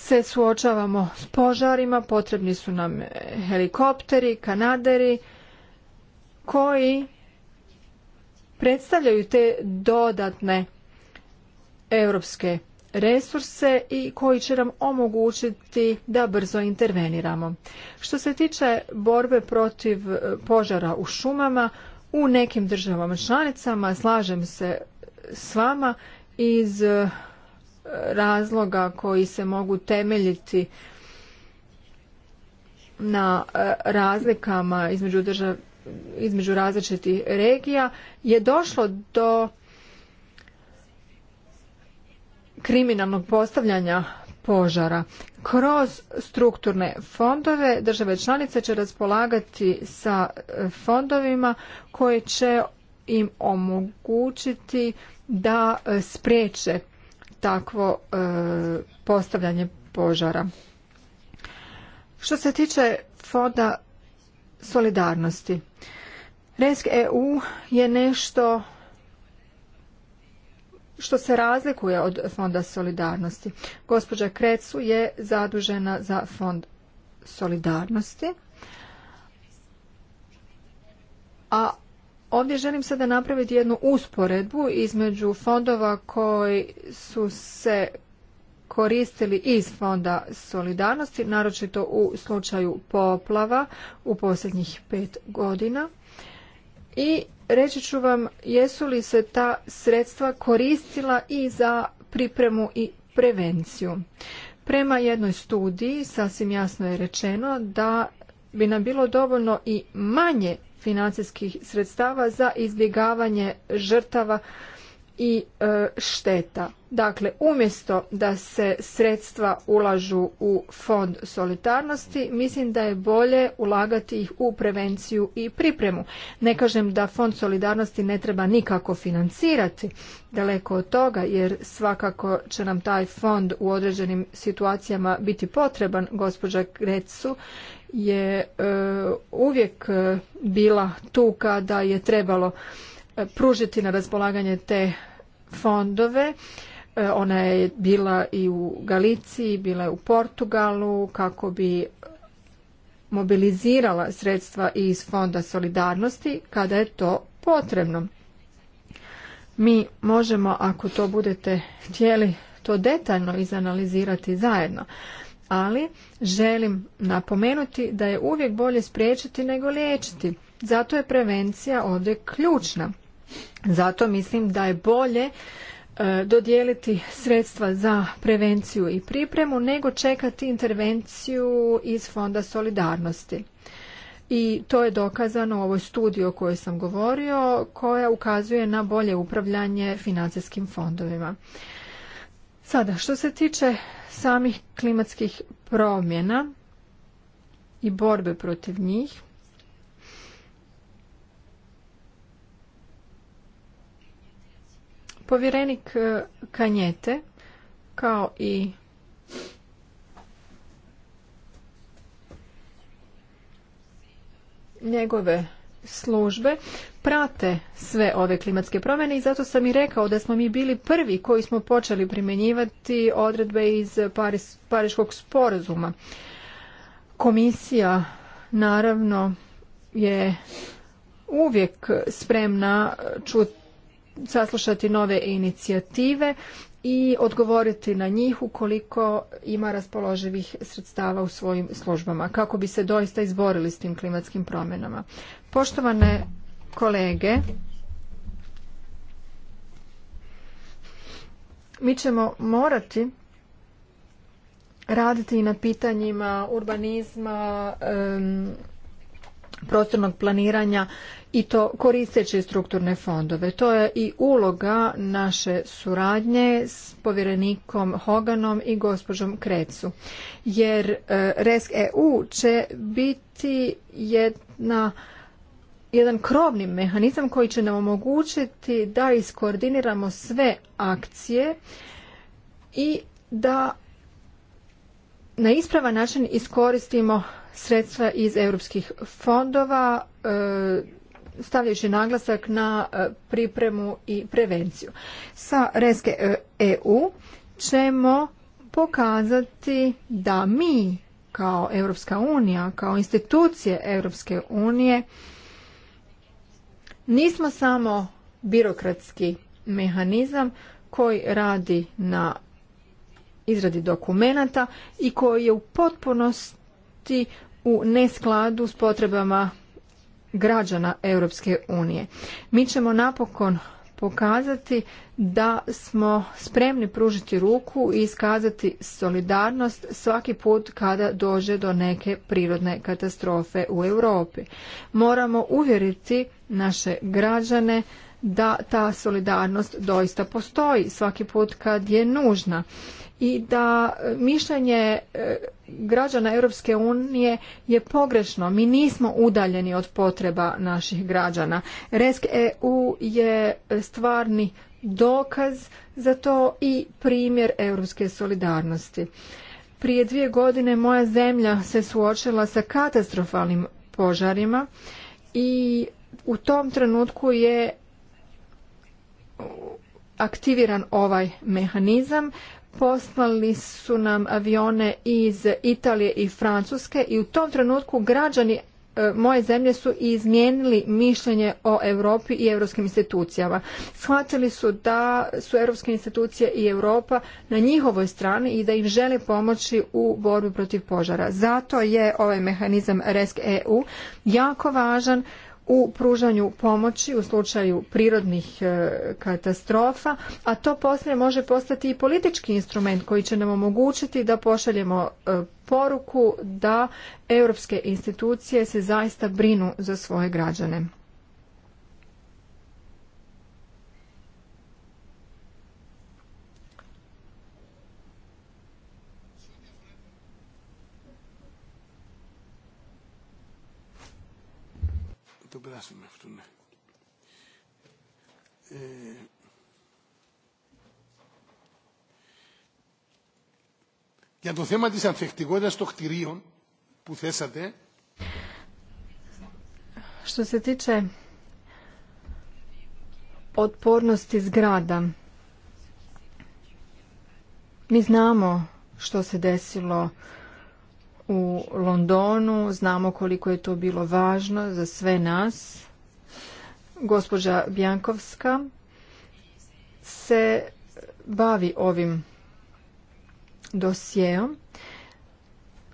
se suočavamo s požarima, potrebni su nam e, helikopteri, kanaderi koji predstavljaju te dodatne europske resurse i koji će nam omogućiti da brzo interveniramo. Što se tiče borbe protiv e, požara u šumama, u nekim državama članicama slažem se s vama iz e, razloga koji se mogu temeljiti na e, razlikama između, držav, između različitih regija je došlo do kriminalnog postavljanja požara. Kroz strukturne fondove države članice će raspolagati sa e, fondovima koje će im omogućiti da e, spriječe takvo e, postavljanje požara. Što se tiče fonda solidarnosti, Resk EU je nešto što se razlikuje od fonda solidarnosti. Gospođa Krecu je zadužena za fond solidarnosti, a Ovdje želim sada napraviti jednu usporedbu između fondova koji su se koristili iz fonda solidarnosti, naročito u slučaju poplava u posljednjih pet godina. I reći ću vam jesu li se ta sredstva koristila i za pripremu i prevenciju. Prema jednoj studiji sasvim jasno je rečeno da bi nam bilo dovoljno i manje financijskih sredstava za izbjegavanje žrtava i e, šteta. Dakle, umjesto da se sredstva ulažu u fond solidarnosti, mislim da je bolje ulagati ih u prevenciju i pripremu. Ne kažem da fond solidarnosti ne treba nikako financirati, daleko od toga, jer svakako će nam taj fond u određenim situacijama biti potreban. Gospođa Grecu je e, uvijek bila tu kada je trebalo e, pružiti na raspolaganje te fondove. E, ona je bila i u Galiciji, bila je u Portugalu kako bi mobilizirala sredstva iz Fonda solidarnosti kada je to potrebno. Mi možemo, ako to budete htjeli, to detaljno izanalizirati zajedno ali želim napomenuti da je uvijek bolje spriječiti nego liječiti. Zato je prevencija ovdje ključna. Zato mislim da je bolje e, dodijeliti sredstva za prevenciju i pripremu nego čekati intervenciju iz Fonda solidarnosti. I to je dokazano u ovoj studiji o kojoj sam govorio koja ukazuje na bolje upravljanje financijskim fondovima. Sada, što se tiče samih klimatskih promjena i borbe protiv njih, povjerenik e, Kanjete kao i njegove službe prate sve ove klimatske promjene i zato sam i rekao da smo mi bili prvi koji smo počeli primjenjivati odredbe iz Pariškog sporazuma. Komisija naravno je uvijek spremna čut, saslušati nove inicijative i odgovoriti na njih ukoliko ima raspoloživih sredstava u svojim službama kako bi se doista izborili s tim klimatskim promjenama. Poštovane kolege, mi ćemo morati raditi i na pitanjima urbanizma, prostornog planiranja i to koristeći strukturne fondove. To je i uloga naše suradnje s povjerenikom Hoganom i gospođom Krecu. Jer eh, RESK EU će biti jedna jedan krovni mehanizam koji će nam omogućiti da iskoordiniramo sve akcije i da na ispravan način iskoristimo sredstva iz europskih fondova e, stavljajući naglasak na e, pripremu i prevenciju. Sa Reske EU e ćemo pokazati da mi kao Europska unija, kao institucije Europske unije nismo samo birokratski mehanizam koji radi na izradi dokumenata i koji je u potpunosti u neskladu s potrebama građana Europske unije. Mi ćemo napokon pokazati da smo spremni pružiti ruku i iskazati solidarnost svaki put kada dođe do neke prirodne katastrofe u Europi. Moramo uvjeriti naše građane da ta solidarnost doista postoji svaki put kad je nužna i da e, mišljenje e, građana Europske unije je pogrešno. Mi nismo udaljeni od potreba naših građana. Resk EU je e, stvarni dokaz za to i primjer europske solidarnosti. Prije dvije godine moja zemlja se suočila sa katastrofalnim požarima i u tom trenutku je aktiviran ovaj mehanizam poslali su nam avione iz Italije i Francuske i u tom trenutku građani e, moje zemlje su i izmijenili mišljenje o Europi i europskim institucijama. Shvatili su da su europske institucije i Europa na njihovoj strani i da im žele pomoći u borbi protiv požara. Zato je ovaj mehanizam RESC EU jako važan u pružanju pomoći u slučaju prirodnih e, katastrofa, a to poslije može postati i politički instrument koji će nam omogućiti da pošaljemo e, poruku da europske institucije se zaista brinu za svoje građane. Για το θέμα της ανθεκτικότητας των κτηρίων Što se tiče otpornosti zgrada, mi znamo što se desilo u Londonu, znamo koliko je to bilo važno za sve nas. Gospođa Bjankovska se bavi ovim dosjeom.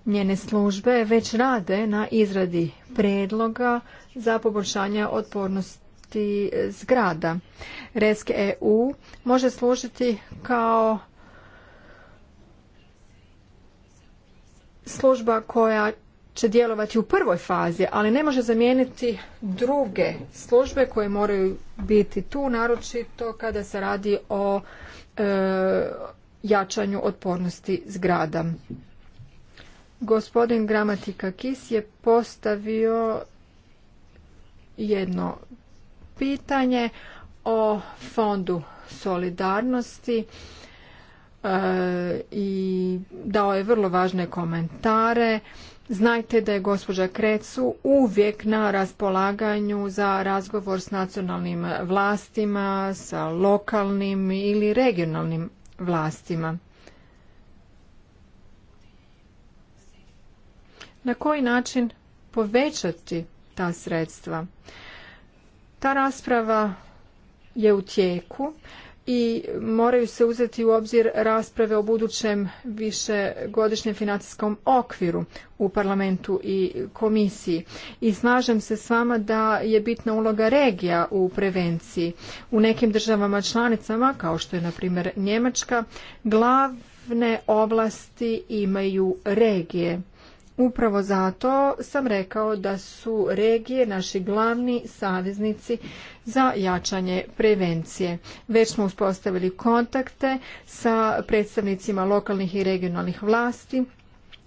Njene službe već rade na izradi predloga za poboljšanje otpornosti zgrada. Reske EU može služiti kao služba koja će djelovati u prvoj fazi, ali ne može zamijeniti druge službe koje moraju biti tu, naročito kada se radi o e, jačanju otpornosti zgrada. Gospodin Gramatika Kis je postavio jedno pitanje o fondu solidarnosti e, i dao je vrlo važne komentare. Znajte da je gospođa Krecu uvijek na raspolaganju za razgovor s nacionalnim vlastima, sa lokalnim ili regionalnim vlastima. Na koji način povećati ta sredstva? Ta rasprava je u tijeku i moraju se uzeti u obzir rasprave o budućem višegodišnjem financijskom okviru u parlamentu i komisiji. I slažem se s vama da je bitna uloga regija u prevenciji. U nekim državama članicama, kao što je na primjer Njemačka, glavne ovlasti imaju regije Upravo zato sam rekao da su regije naši glavni saveznici za jačanje prevencije. Već smo uspostavili kontakte sa predstavnicima lokalnih i regionalnih vlasti.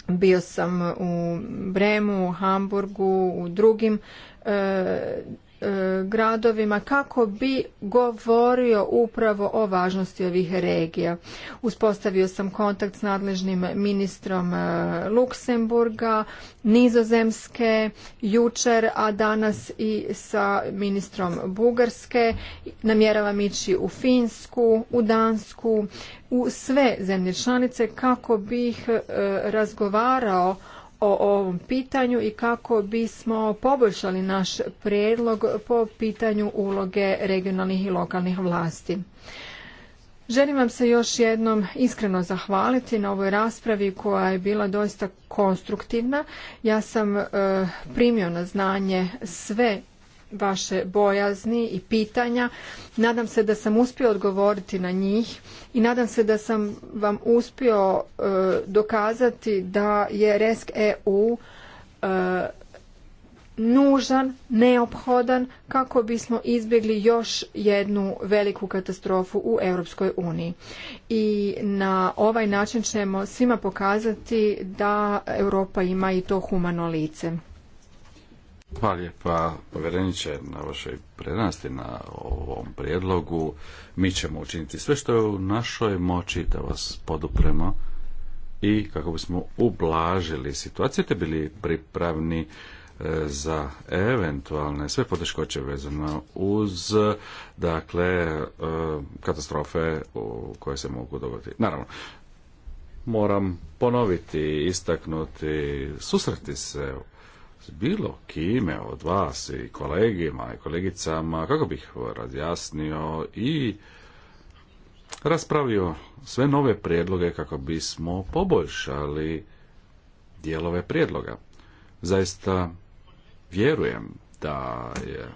Bio sam u Bremu, u Hamburgu, u drugim e, E, gradovima kako bi govorio upravo o važnosti ovih regija. Uspostavio sam kontakt s nadležnim ministrom e, Luksemburga, Nizozemske, jučer, a danas i sa ministrom Bugarske. Namjeravam ići u Finsku, u Dansku, u sve zemlje članice kako bih e, razgovarao o ovom pitanju i kako bismo poboljšali naš prijedlog po pitanju uloge regionalnih i lokalnih vlasti. Želim vam se još jednom iskreno zahvaliti na ovoj raspravi koja je bila doista konstruktivna. Ja sam e, primio na znanje sve vaše bojazni i pitanja. Nadam se da sam uspio odgovoriti na njih i nadam se da sam vam uspio e, dokazati da je RESK EU e, nužan, neophodan kako bismo izbjegli još jednu veliku katastrofu u Europskoj uniji. I na ovaj način ćemo svima pokazati da Europa ima i to humano lice. Hvala lijepa povjereniče na vašoj prednosti, na ovom prijedlogu. Mi ćemo učiniti sve što je u našoj moći da vas podupremo i kako bismo ublažili situaciju te bili pripravni e, za eventualne sve poteškoće vezano uz dakle e, katastrofe koje se mogu dogoditi. Naravno, moram ponoviti, istaknuti, susreti se bilo kime od vas i kolegima i kolegicama kako bih razjasnio i raspravio sve nove prijedloge kako bismo poboljšali dijelove prijedloga. Zaista vjerujem da je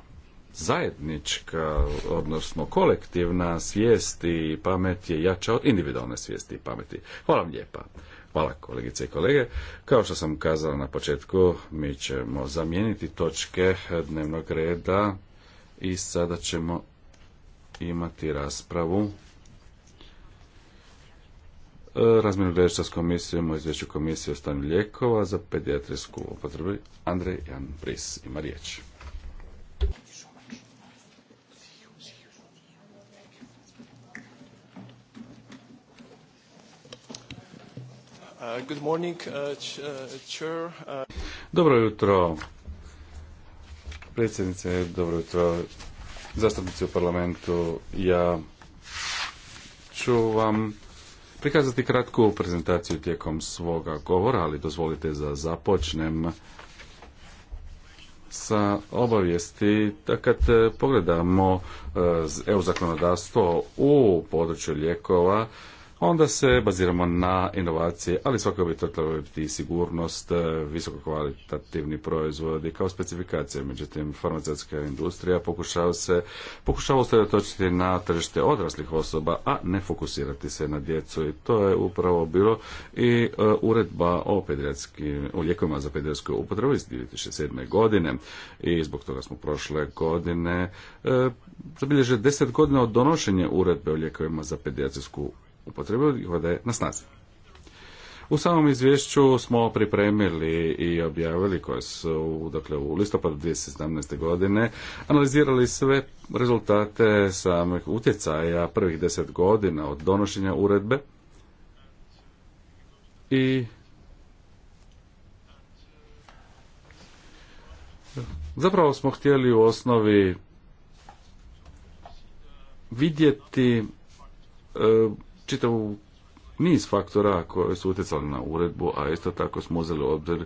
zajednička, odnosno kolektivna svijest i pamet je jača od individualne svijesti i pameti. Hvala vam lijepa. Hvala kolegice i kolege. Kao što sam kazala na početku, mi ćemo zamijeniti točke dnevnog reda i sada ćemo imati raspravu razmjenu gledišta s komisijom o izvješću komisije o stanju lijekova za pedijatrijsku upotrebu. Andrej Jan Pris ima riječ. Uh, good uh, uh, Dobro jutro, predsjednice, dobro jutro, zastupnici u parlamentu. Ja ću vam prikazati kratku prezentaciju tijekom svoga govora, ali dozvolite da započnem sa obavijesti da kad e, pogledamo e, EU zakonodavstvo u području lijekova, onda se baziramo na inovacije, ali svakako bi to trebalo biti sigurnost, e, visoko kvalitativni proizvodi kao specifikacije. Međutim, farmaceutska industrija pokušava se pokušava usredotočiti na tržište odraslih osoba, a ne fokusirati se na djecu i to je upravo bilo i e, uredba o o lijekovima za pedijatsku upotrebu iz 2007. godine i zbog toga smo prošle godine e, zabilježili 10 godina od donošenja uredbe o lijekovima za pedijatsku potrebu vode na snazi. U samom izvješću smo pripremili i objavili koje su dakle, u listopadu 2017. godine analizirali sve rezultate samih utjecaja prvih deset godina od donošenja uredbe i zapravo smo htjeli u osnovi vidjeti e, Čitav niz faktora koje su utjecali na uredbu, a isto tako smo uzeli u obzir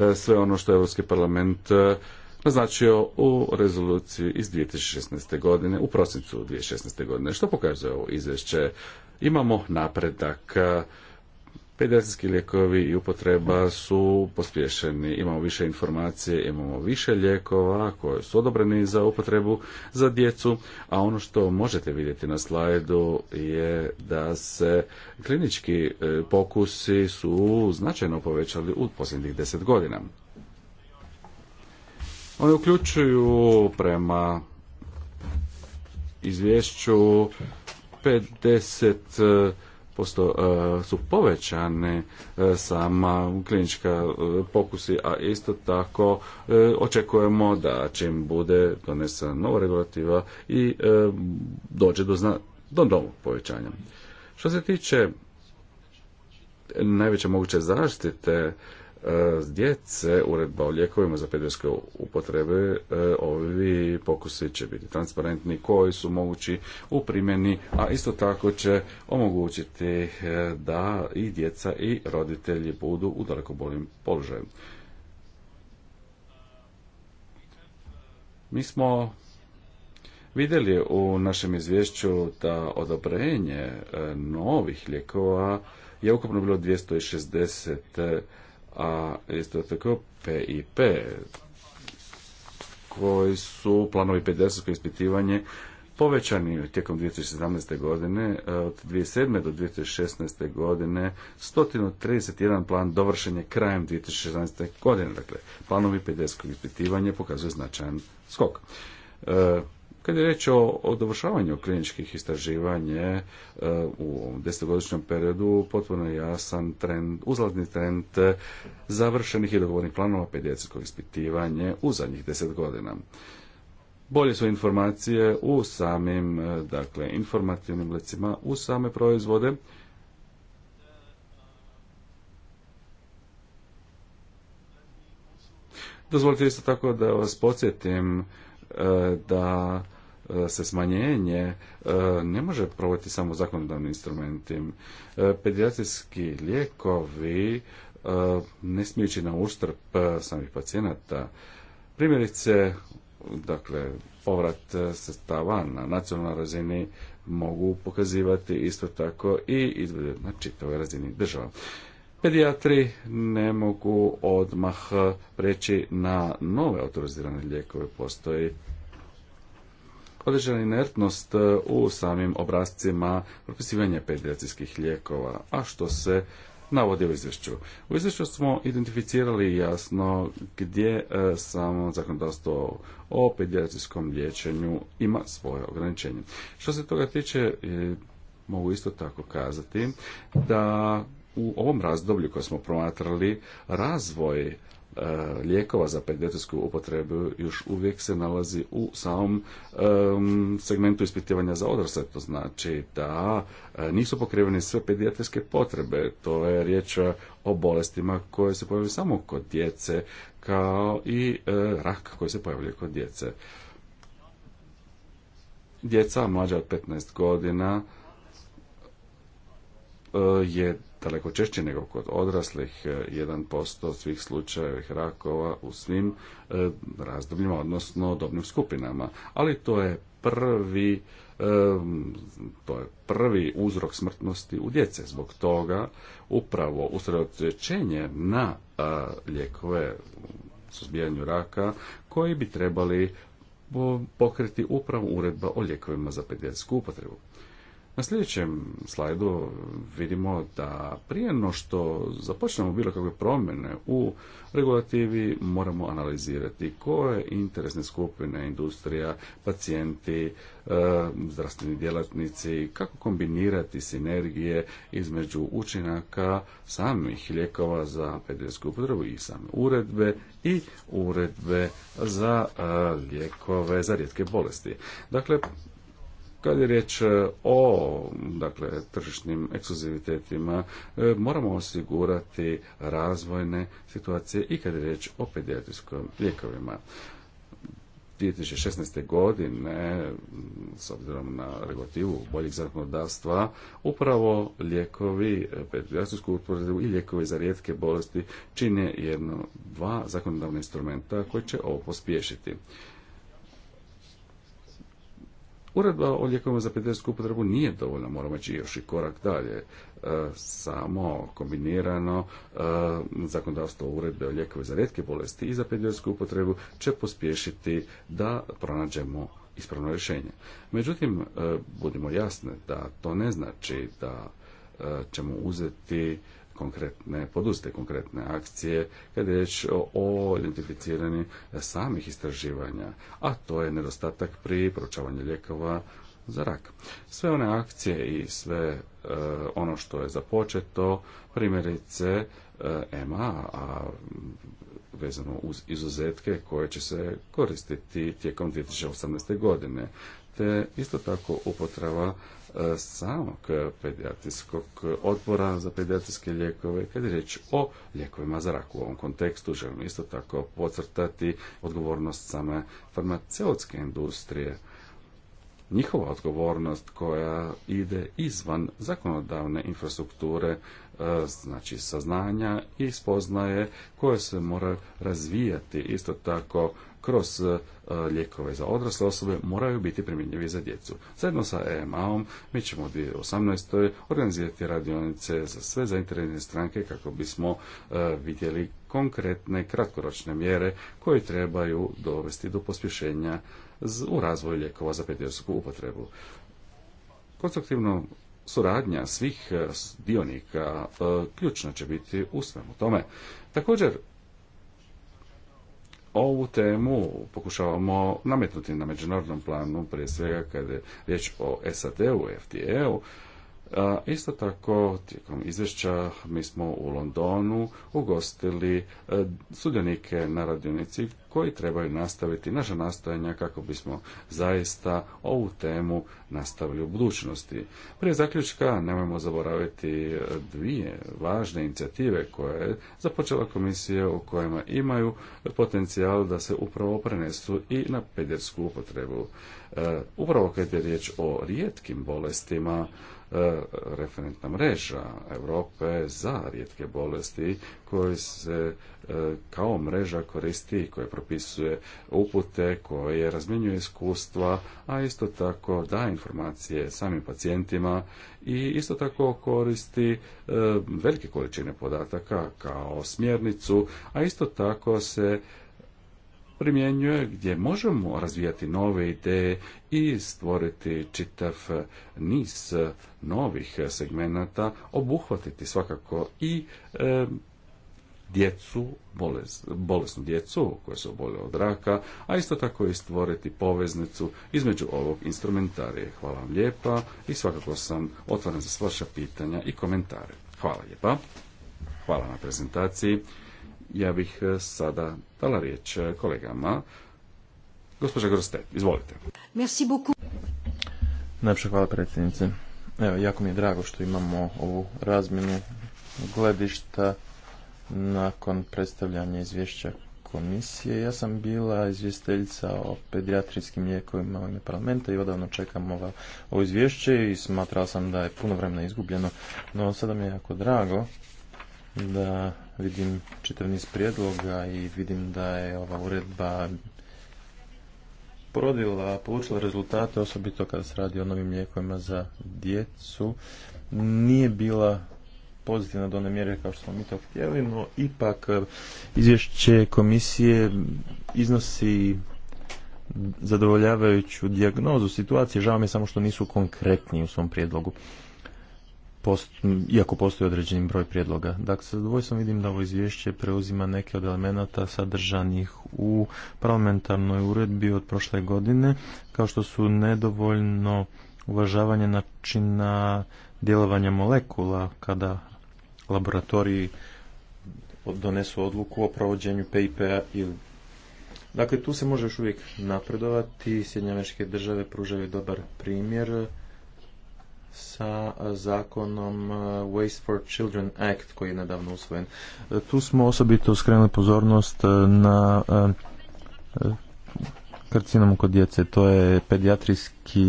e, sve ono što je Europski parlament e, naznačio u rezoluciji iz 2016. godine, u prosincu 2016. godine, što pokazuje ovo izvješće. Imamo napredak e, Pediatrijski lijekovi i upotreba su pospješeni. Imamo više informacije, imamo više lijekova koji su odobreni za upotrebu za djecu, a ono što možete vidjeti na slajdu je da se klinički e, pokusi su značajno povećali u posljednjih deset godina. Oni uključuju prema izvješću 50 posto e, su povećane e, sama klinička e, pokusi, a isto tako očekujemo da čim bude donesena nova regulativa i dođe do, do novog povećanja. Što se tiče najveće moguće zaštite E, djece, uredba o lijekovima za pedijatrijske upotrebe, e, ovi pokusi će biti transparentni, koji su mogući u primjeni, a isto tako će omogućiti e, da i djeca i roditelji budu u daleko boljim položaju. Mi smo vidjeli u našem izvješću da odobrenje novih lijekova je ukupno bilo 260 a isto tako PIP koji su planovi 50. ispitivanje povećani tijekom 2017. godine, e, od 2007. do 2016. godine, 131 plan dovršen je krajem 2016. godine. Dakle, planovi 50. ispitivanje pokazuje značajan skok. E, kad je reč o, dovršavanju kliničkih istraživanja e, u ovom desetogodišnjem periodu, potpuno jasan trend, uzlazni trend završenih i dogovornih planova pedijatrijskog ispitivanja u zadnjih deset godina. Bolje su informacije u samim, e, dakle, informativnim lecima, u same proizvode, Dozvolite isto tako da vas podsjetim e, da E, se smanjenje e, ne može provoditi samo zakonodavnim instrumentim e, Pediatrijski lijekovi ne smijući na uštrb samih pacijenata. Primjerice, dakle, povrat sredstava na nacionalnoj razini mogu pokazivati isto tako i izglede na čitavoj razini država. Pedijatri ne mogu odmah preći na nove autorizirane lijekove. Postoji određena inertnost e, u samim obrazcima propisivanja pediatrijskih lijekova, a što se navodi u izvješću. U izvješću smo identificirali jasno gdje e, samo zakonodavstvo o pedijatrijskom liječenju ima svoje ograničenje. Što se toga tiče, e, mogu isto tako kazati da u ovom razdoblju koje smo promatrali razvoj Eh, lijekova za pedijatrijsku upotrebu još uvijek se nalazi u samom segmentu ispitivanja za odrasle. To znači da eh, nisu pokrivene sve pedijatrijske potrebe. To je riječ o bolestima koje se pojavljuju samo kod djece, kao i eh, rak koji se pojavljuje kod djece. Djeca mlađa od 15 godina je daleko češće nego kod odraslih, 1% e, svih slučajevih rakova u svim e, razdobljima, odnosno dobnim skupinama. Ali to je prvi e, to je prvi uzrok smrtnosti u djece. Zbog toga upravo usredotrećenje na lijekove suzbijanju raka koji bi trebali pokriti upravo uredba o lijekovima za pedijatsku upotrebu. Na sljedećem slajdu vidimo da prije no što započnemo bilo kakve promjene u regulativi moramo analizirati koje interesne skupine, industrija, pacijenti, e, zdravstveni djelatnici, kako kombinirati sinergije između učinaka samih lijekova za pediatrijsku upotrebu i same uredbe i uredbe za e, lijekove za rijetke bolesti. Dakle, kad je riječ e, o dakle, tržišnim ekskluzivitetima, e, moramo osigurati razvojne situacije i kad je riječ o pedijatrijskim lijekovima. 2016. godine, s obzirom na regulativu boljih zakonodavstva, upravo lijekovi, e, pedijatrijsku utvrdu i lijekovi za rijetke bolesti čine jedno, dva zakonodavna instrumenta koji će ovo pospješiti. Uredba o lijekovima za pediatrijsku upotrebu nije dovoljna, moramo ići još i korak dalje. E, samo kombinirano e, zakonodavstvo uredbe o lijekovima za redke bolesti i za pediatrijsku upotrebu će pospješiti da pronađemo ispravno rješenje. Međutim, e, budimo jasni da to ne znači da ćemo uzeti konkretne, poduzete, konkretne akcije kad je riječ o identificiranju samih istraživanja, a to je nedostatak pri proučavanju lijekova za rak. Sve one akcije i sve e, ono što je započeto, primjerice e, EMA, a vezano uz izuzetke koje će se koristiti tijekom 2018. godine, te isto tako upotreba E, samog pedijatrijskog odbora za pedijatrijske lijekove, kad je riječ o lijekovima za rak. U ovom kontekstu želim isto tako pocrtati odgovornost same farmaceutske industrije njihova odgovornost koja ide izvan zakonodavne infrastrukture, e, znači saznanja i spoznaje koje se mora razvijati isto tako kroz e, lijekove za odrasle osobe moraju biti primjenjivi za djecu. Zajedno sa EMA-om mi ćemo u 2018. organizirati radionice za sve zainteresirane stranke kako bismo e, vidjeli konkretne kratkoročne mjere koje trebaju dovesti do pospješenja u razvoju lijekova za pedijsku upotrebu. Konstruktivno suradnja svih e, dionika ključna će biti u svemu tome. Također, ovu temu pokušavamo nametnuti na međunarodnom planu, prije svega kada je riječ o SAD-u, fte u a isto tako, tijekom izvješća mi smo u Londonu ugostili e, sudionike na radionici koji trebaju nastaviti naša nastojanja kako bismo zaista ovu temu nastavili u budućnosti. Prije zaključka nemojmo zaboraviti e, dvije važne inicijative koje je započela komisija u kojima imaju potencijal da se upravo prenesu i na pedersku upotrebu. E, upravo kad je riječ o rijetkim bolestima, E, referentna mreža Europe za rijetke bolesti koji se e, kao mreža koristi, koje propisuje upute, koje razmjenjuje iskustva, a isto tako daje informacije samim pacijentima i isto tako koristi e, velike količine podataka kao smjernicu, a isto tako se primjenjuje, gdje možemo razvijati nove ideje i stvoriti čitav niz novih segmenata, obuhvatiti svakako i djecu, bolesnu djecu koja su oboljela od raka, a isto tako i stvoriti poveznicu između ovog instrumentarije. Hvala vam lijepa i svakako sam otvoren za vaša pitanja i komentare. Hvala lijepa. Hvala na prezentaciji ja bih e, sada dala riječ e, kolegama. Gospođa Groste, izvolite. Merci beaucoup. hvala predsjednice. Evo, jako mi je drago što imamo ovu razminu gledišta nakon predstavljanja izvješća komisije. Ja sam bila izvjestiteljica o pedijatrijskim lijekovima u parlamenta i odavno čekam ovo izvješće i smatrao sam da je puno vremena izgubljeno. No sada mi je jako drago da Vidim čitav niz prijedloga i vidim da je ova uredba porodila, polučila rezultate, osobito kada se radi o novim lijekovima za djecu. Nije bila pozitivna do one mjere kao što smo mi to htjeli, no ipak eh, izvješće komisije iznosi zadovoljavajuću dijagnozu situacije. Žao mi je samo što nisu konkretni u svom prijedlogu post, iako postoji određeni broj prijedloga. Dakle, sa zadovoljstvom vidim da ovo izvješće preuzima neke od elemenata sadržanih u parlamentarnoj uredbi od prošle godine, kao što su nedovoljno uvažavanje načina djelovanja molekula kada laboratoriji donesu odluku o provođenju PIP-a ili Dakle, tu se može još uvijek napredovati. SAD države pružaju dobar primjer sa zakonom uh, Waste for Children Act koji je nedavno usvojen. Uh, tu smo osobito skrenuli pozornost uh, na karcinom kod djece. To je pedijatrijski,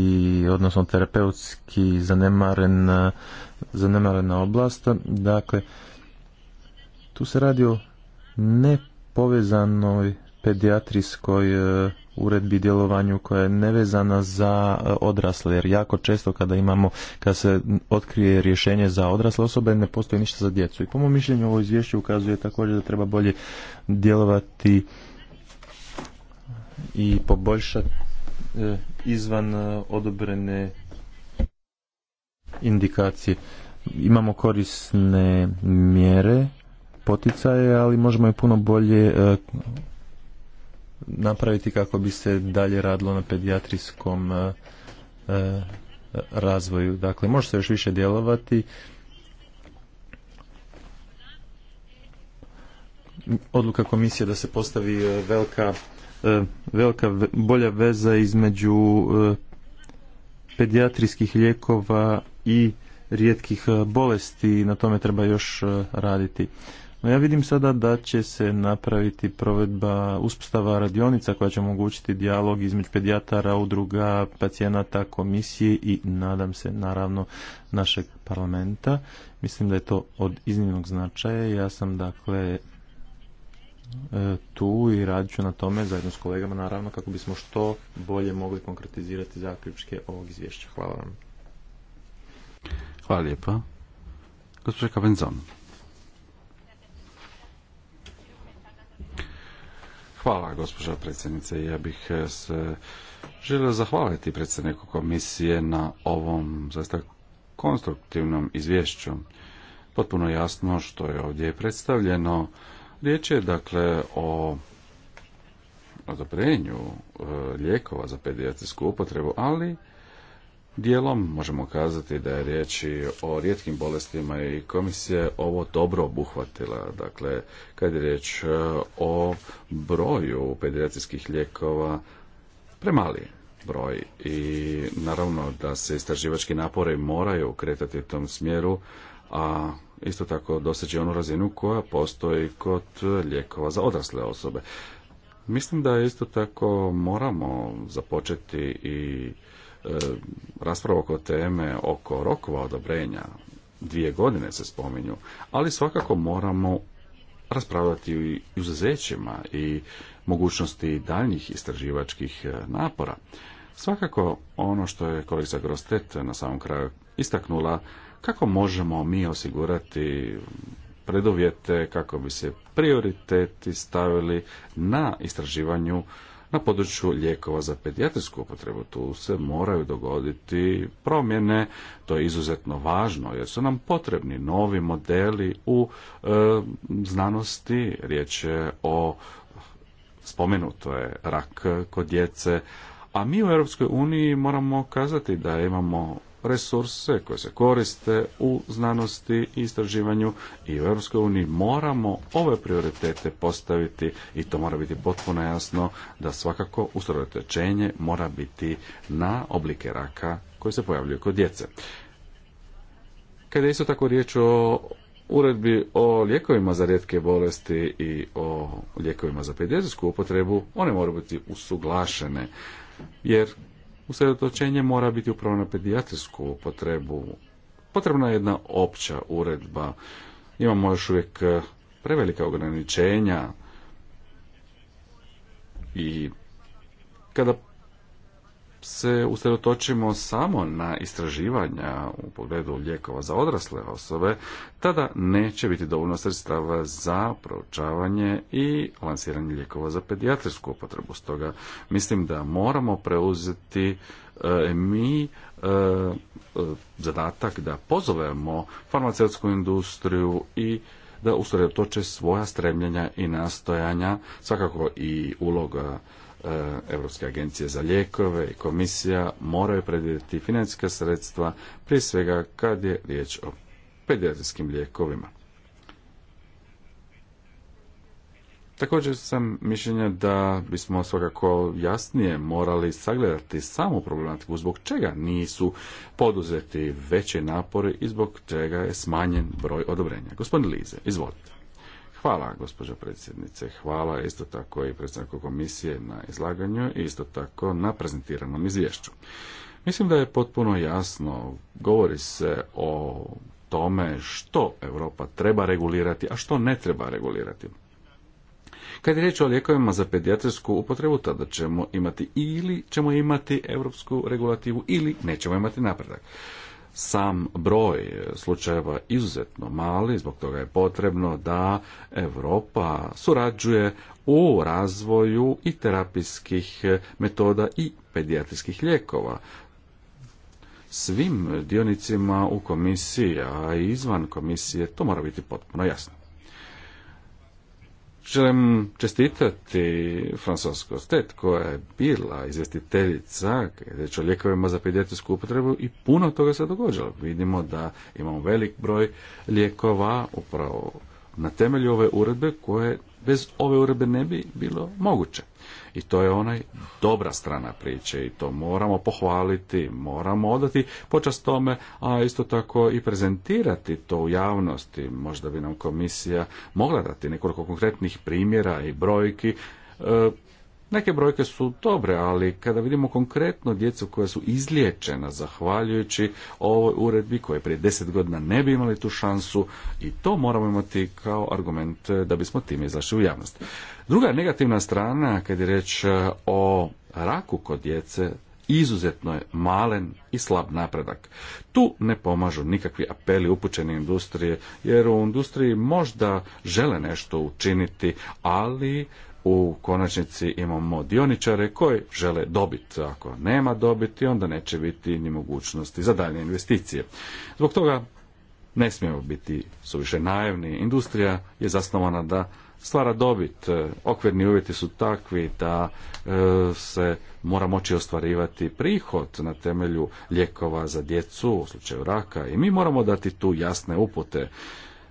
odnosno terapeutski zanemaren, zanemarena oblast. Dakle, tu se radi o nepovezanoj pedijatrijskoj uredbi djelovanju koja je nevezana za e, odrasle jer jako često kada imamo kada se otkrije rješenje za odrasle osobe ne postoji ništa za djecu i po mom mišljenju ovo izvješće ukazuje također da treba bolje djelovati i poboljšati e, izvan e, odobrene indikacije imamo korisne mjere poticaje ali možemo i puno bolje napraviti kako bi se dalje radilo na pedijatrijskom e, e, razvoju. Dakle, može se još više djelovati. Odluka komisije da se postavi e, velika, velika bolja veza između pedijatrijskih lijekova i rijetkih bolesti na tome treba još raditi. No ja vidim sada da će se napraviti provedba uspostava radionica koja će omogućiti dijalog između pedijatara, udruga, pacijenata, komisije i nadam se naravno našeg parlamenta. Mislim da je to od iznimnog značaja. Ja sam dakle e, tu i radit ću na tome zajedno s kolegama naravno kako bismo što bolje mogli konkretizirati zaključke ovog izvješća. Hvala vam. Hvala lijepa. Kapenzon. Hvala, gospođa predsjednice. Ja bih e, se želio zahvaliti predsjedniku komisije na ovom zaista konstruktivnom izvješću. Potpuno jasno što je ovdje predstavljeno. Riječ je dakle o odobrenju e, lijekova za pedijatrijsku upotrebu, ali Dijelom možemo kazati da je riječ o rijetkim bolestima i komisija ovo dobro obuhvatila. Dakle, kad je riječ e, o broju pediatrijskih lijekova, premali broj i naravno da se istraživački napore moraju kretati u tom smjeru, a isto tako doseći onu razinu koja postoji kod lijekova za odrasle osobe. Mislim da isto tako moramo započeti i E, rasprava oko teme oko rokova odobrenja dvije godine se spominju, ali svakako moramo raspravljati i izuzećima i mogućnosti daljnjih istraživačkih e, napora. Svakako ono što je kolegica Grostet na samom kraju istaknula, kako možemo mi osigurati preduvjete kako bi se prioriteti stavili na istraživanju na području lijekova za pedijatrijsku upotrebu tu se moraju dogoditi promjene, to je izuzetno važno jer su nam potrebni novi modeli u e, znanosti, riječ je o spomenuto je rak kod djece, a mi u Europskoj uniji moramo kazati da imamo resurse koje se koriste u znanosti i istraživanju i u Europskoj uniji moramo ove prioritete postaviti i to mora biti potpuno jasno da svakako ustrojotečenje mora biti na oblike raka koji se pojavljuju kod djece. Kada je isto tako riječ o uredbi o lijekovima za rijetke bolesti i o lijekovima za pedijatrijsku upotrebu, one moraju biti usuglašene jer usredotočenje mora biti upravo na pedijatrijsku potrebu. Potrebna je jedna opća uredba. Imamo još uvijek e, prevelika ograničenja i kada se usredotočimo samo na istraživanja u pogledu lijekova za odrasle osobe, tada neće biti dovoljno sredstava za proučavanje i lansiranje lijekova za pedijatrijsku upotrebu. Stoga mislim da moramo preuzeti e, mi e, e, zadatak da pozovemo farmaceutsku industriju i da usredotoče svoja stremljenja i nastojanja, svakako i uloga Europske agencije za lijekove i komisija moraju predvidjeti financijska sredstva, prije svega kad je riječ o pedijatrijskim lijekovima. Također sam mišljenja da bismo svakako jasnije morali sagledati samu problematiku zbog čega nisu poduzeti veće napori i zbog čega je smanjen broj odobrenja. Gospodin Lize, izvolite. Hvala, gospođo predsjednice. Hvala isto tako i predsjedniku komisije na izlaganju i isto tako na prezentiranom izvješću. Mislim da je potpuno jasno, govori se o tome što Europa treba regulirati, a što ne treba regulirati. Kad je riječ o lijekovima za pedijatrijsku upotrebu, tada ćemo imati ili ćemo imati europsku regulativu ili nećemo imati napredak sam broj slučajeva izuzetno mali, zbog toga je potrebno da Europa surađuje u razvoju i terapijskih metoda i pedijatrijskih lijekova svim dionicima u komisiji, a i izvan komisije, to mora biti potpuno jasno. Želim čestitati Francosko Stet koja je bila izvjestiteljica riječ o lijekovima za pedijatrijsku upotrebu i puno toga se događalo. Vidimo da imamo velik broj lijekova upravo na temelju ove uredbe koje bez ove uredbe ne bi bilo moguće. I to je onaj dobra strana priče i to moramo pohvaliti, moramo odati počast tome, a isto tako i prezentirati to u javnosti. Možda bi nam komisija mogla dati nekoliko konkretnih primjera i brojki e, Neke brojke su dobre, ali kada vidimo konkretno djecu koja su izliječena zahvaljujući ovoj uredbi koje prije deset godina ne bi imali tu šansu i to moramo imati kao argument da bismo time izašli u javnost. Druga negativna strana kad je reč e, o raku kod djece izuzetno je malen i slab napredak. Tu ne pomažu nikakvi apeli upućene industrije, jer u industriji možda žele nešto učiniti, ali u konačnici imamo dioničare koji žele dobit. Ako nema dobiti, onda neće biti ni mogućnosti za dalje investicije. Zbog toga ne smijemo biti suviše naivni. Industrija je zasnovana da stvara dobit. Okvirni uvjeti su takvi da e, se mora moći ostvarivati prihod na temelju lijekova za djecu u slučaju raka i mi moramo dati tu jasne upute.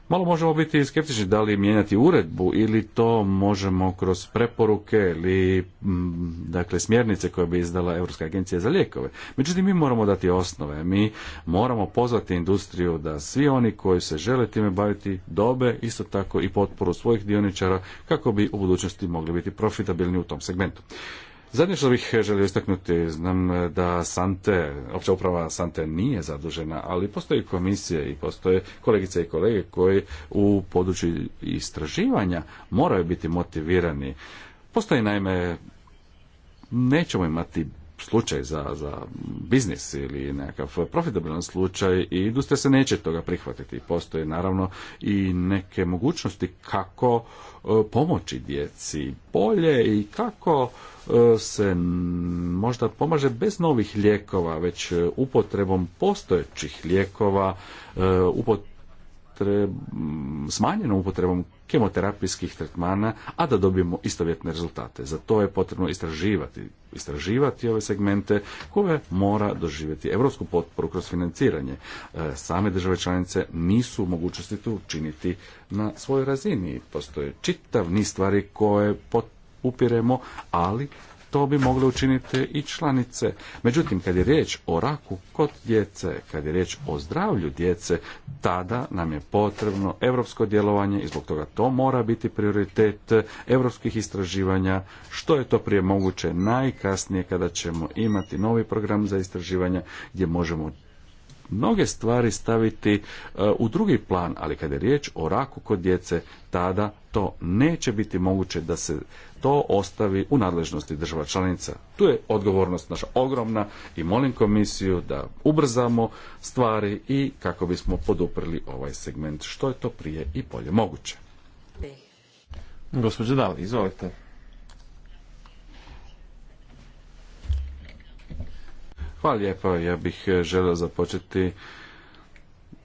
Malo možemo biti skeptični da li mijenjati uredbu ili to možemo kroz preporuke ili mm, dakle smjernice koje bi izdala Europska agencija za lijekove. Međutim, mi moramo dati osnove. Mi moramo pozvati industriju da svi oni koji se žele time baviti dobe isto tako i potporu svojih dioničara kako bi u budućnosti mogli biti profitabilni u tom segmentu. Zadnje što bih želio istaknuti, znam da Sante, opća uprava Sante nije zadužena, ali postoji komisije i postoje kolegice i kolege koji u području istraživanja moraju biti motivirani. Postoji naime nećemo imati slučaj za, za biznis ili nekakav profitabilan slučaj i industrija se neće toga prihvatiti. Postoje naravno i neke mogućnosti kako e, pomoći djeci bolje i kako e, se možda pomaže bez novih lijekova, već e, upotrebom postojećih lijekova, upotrebom Mm, smanjenom upotrebom kemoterapijskih tretmana, a da dobijemo istovjetne rezultate. Za to je potrebno istraživati, istraživati ove segmente koje mora doživjeti europsku potporu kroz financiranje. E, same države članice nisu u mogućnosti to učiniti na svojoj razini. Postoje čitav niz stvari koje upiremo, ali to bi mogle učiniti i članice. Međutim, kad je riječ o raku kod djece, kad je riječ o zdravlju djece, tada nam je potrebno europsko djelovanje i zbog toga to mora biti prioritet europskih istraživanja, što je to prije moguće najkasnije kada ćemo imati novi program za istraživanja gdje možemo mnoge stvari staviti e, u drugi plan, ali kada je riječ o raku kod djece, tada to neće biti moguće da se to ostavi u nadležnosti država članica. Tu je odgovornost naša ogromna i molim komisiju da ubrzamo stvari i kako bismo poduprli ovaj segment što je to prije i bolje moguće. Gospodin izvolite. Hvala lijepa Ja bih e, želio započeti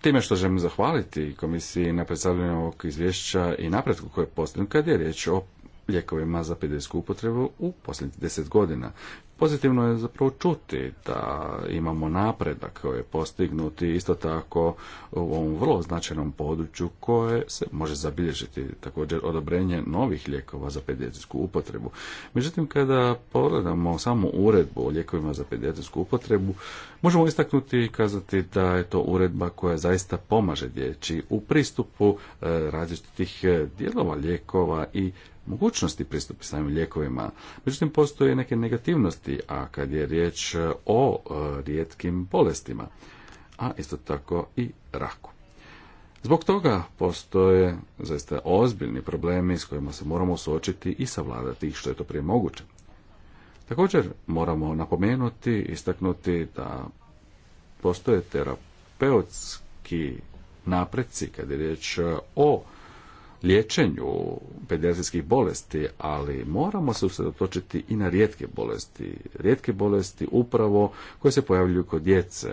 time što želim zahvaliti komisiji na predstavljanju ovog izvješća i napretku koje je kad je riječ o lijekovima za pedijsku upotrebu u posljednjih deset godina. Pozitivno je zapravo čuti da imamo napredak koji je postignuti isto tako u ovom vrlo značajnom području koje se može zabilježiti također odobrenje novih lijekova za pedijatrijsku upotrebu. Međutim, kada pogledamo samo uredbu o lijekovima za pedijatrijsku upotrebu, možemo istaknuti i kazati da je to uredba koja zaista pomaže dječi u pristupu e, različitih e, dijelova lijekova i mogućnosti pristupi samim lijekovima. Međutim, postoje neke negativnosti, a kad je riječ e, o e, rijetkim bolestima, a isto tako i raku. Zbog toga postoje zaista ozbiljni problemi s kojima se moramo suočiti i savladati ih što je to prije moguće. Također moramo napomenuti, istaknuti da postoje terapeutski napreci kad je riječ e, o liječenju pedijatrijskih bolesti, ali moramo se usredotočiti i na rijetke bolesti. Rijetke bolesti upravo koje se pojavljuju kod djece.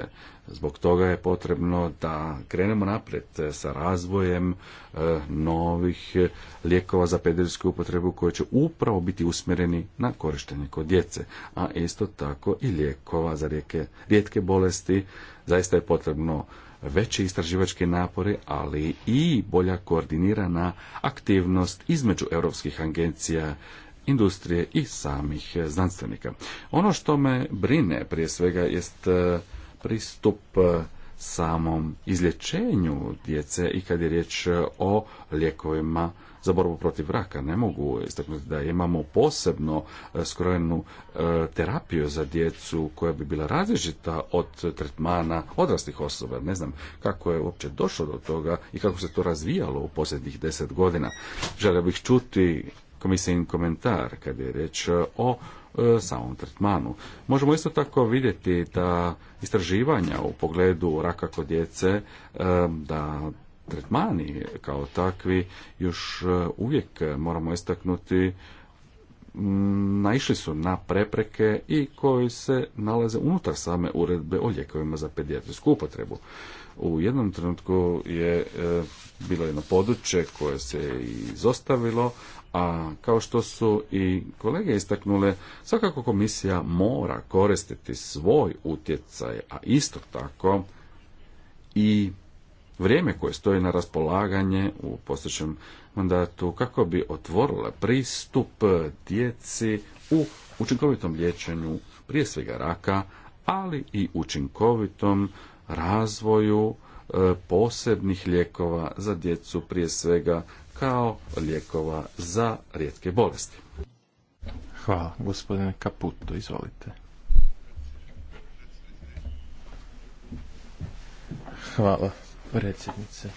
Zbog toga je potrebno da krenemo naprijed sa razvojem e, novih e, lijekova za pedijsku upotrebu koji će upravo biti usmjereni na korištenje kod djece, a isto tako i lijekova za rijeke, rijetke bolesti. Zaista je potrebno veće istraživačke napore, ali i bolja koordinirana aktivnost između europskih agencija industrije i samih e, znanstvenika. Ono što me brine prije svega jest pristup e, samom izlječenju djece i kad je riječ e, o lijekovima za borbu protiv raka. Ne mogu istaknuti da imamo posebno e, skrojenu terapiju za djecu koja bi bila različita od tretmana odraslih osoba. Ne znam kako je uopće došlo do toga i kako se to razvijalo u posljednjih deset godina. Želio bih čuti komisijin komentar kad je riječ o E, samom tretmanu. Možemo isto tako vidjeti da istraživanja u pogledu raka kod djece, e, da tretmani kao takvi još e, uvijek moramo istaknuti mm, naišli su na prepreke i koji se nalaze unutar same uredbe o ljekovima za pedijatrijsku upotrebu. U jednom trenutku je bilo jedno područje koje se izostavilo, a kao što su i kolege istaknule, svakako komisija mora koristiti svoj utjecaj, a isto tako i vrijeme koje stoji na raspolaganje u postojećem mandatu kako bi otvorila pristup djeci u učinkovitom liječenju prije svega raka, ali i učinkovitom razvoju e, posebnih lijekova za djecu prije svega kao lijekova za rijetke bolesti. Hvala, gospodine Kaputo, izvolite. Hvala, predsjednice.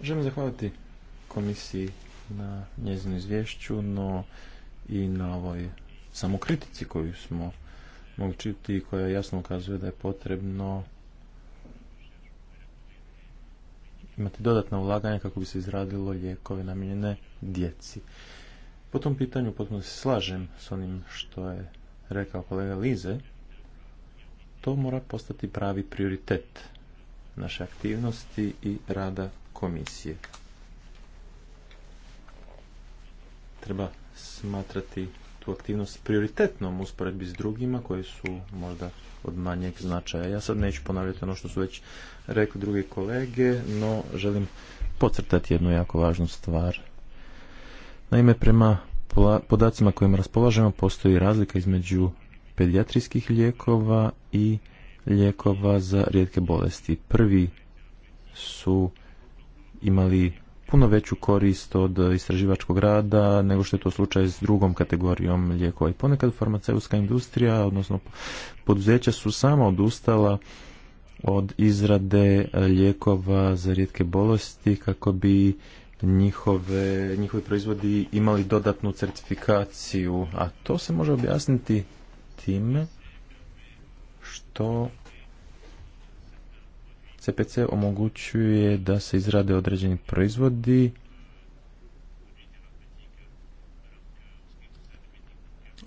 Želim zahvaliti komisiji na njezinu izvješću, no i na ovoj samokritici koju smo mogli čuti i koja jasno ukazuje da je potrebno imati dodatna ulaganja kako bi se izradilo lijekove namijenjene djeci. Po tom pitanju potpuno se slažem s onim što je rekao kolega Lize. To mora postati pravi prioritet naše aktivnosti i rada komisije. Treba smatrati aktivnost prioritetnom usporedbi s drugima koji su možda od manjeg značaja. Ja sad neću ponavljati ono što su već rekli drugi kolege, no želim podcrtati jednu jako važnu stvar. Naime, prema podacima kojima raspolažemo postoji razlika između pedijatrijskih lijekova i lijekova za rijetke bolesti. Prvi su imali puno veću korist od istraživačkog rada nego što je to slučaj s drugom kategorijom lijekova. I ponekad farmaceutska industrija, odnosno poduzeća su sama odustala od izrade lijekova za rijetke bolesti kako bi njihove, njihovi proizvodi imali dodatnu certifikaciju, a to se može objasniti time što CPC omogućuje da se izrade određeni proizvodi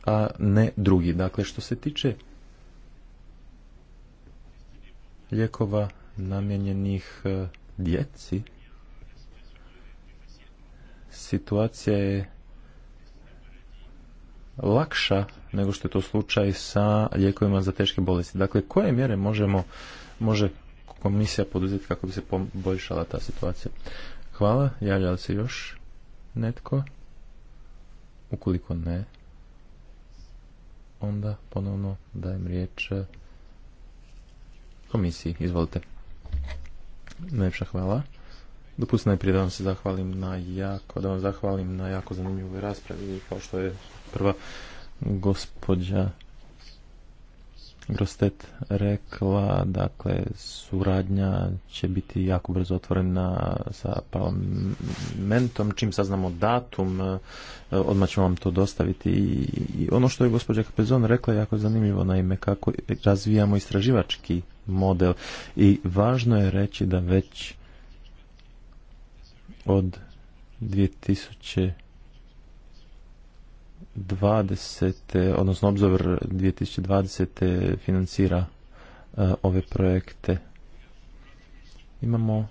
a ne drugi. Dakle, što se tiče lijekova namjenjenih e, djeci, situacija je lakša nego što je to slučaj sa lijekovima za teške bolesti. Dakle, koje mjere možemo, može komisija poduzeti kako bi se poboljšala ta situacija. Hvala. Javlja li se još netko? Ukoliko ne, onda ponovno dajem riječ komisiji. Izvolite. Najljepša hvala. Dopustite najprije da vam se zahvalim na jako, da vam zahvalim na jako zanimljivoj raspravi kao što je prva gospođa Grostet rekla, dakle, suradnja će biti jako brzo otvorena sa parlamentom. Čim saznamo datum, e, odmah ćemo vam to dostaviti. I ono što je gospođa Kapezon rekla je jako zanimljivo, naime, kako razvijamo istraživački model. I važno je reći da već od 2000 2020. odnosno obzor 2020. financira e, ove projekte. Imamo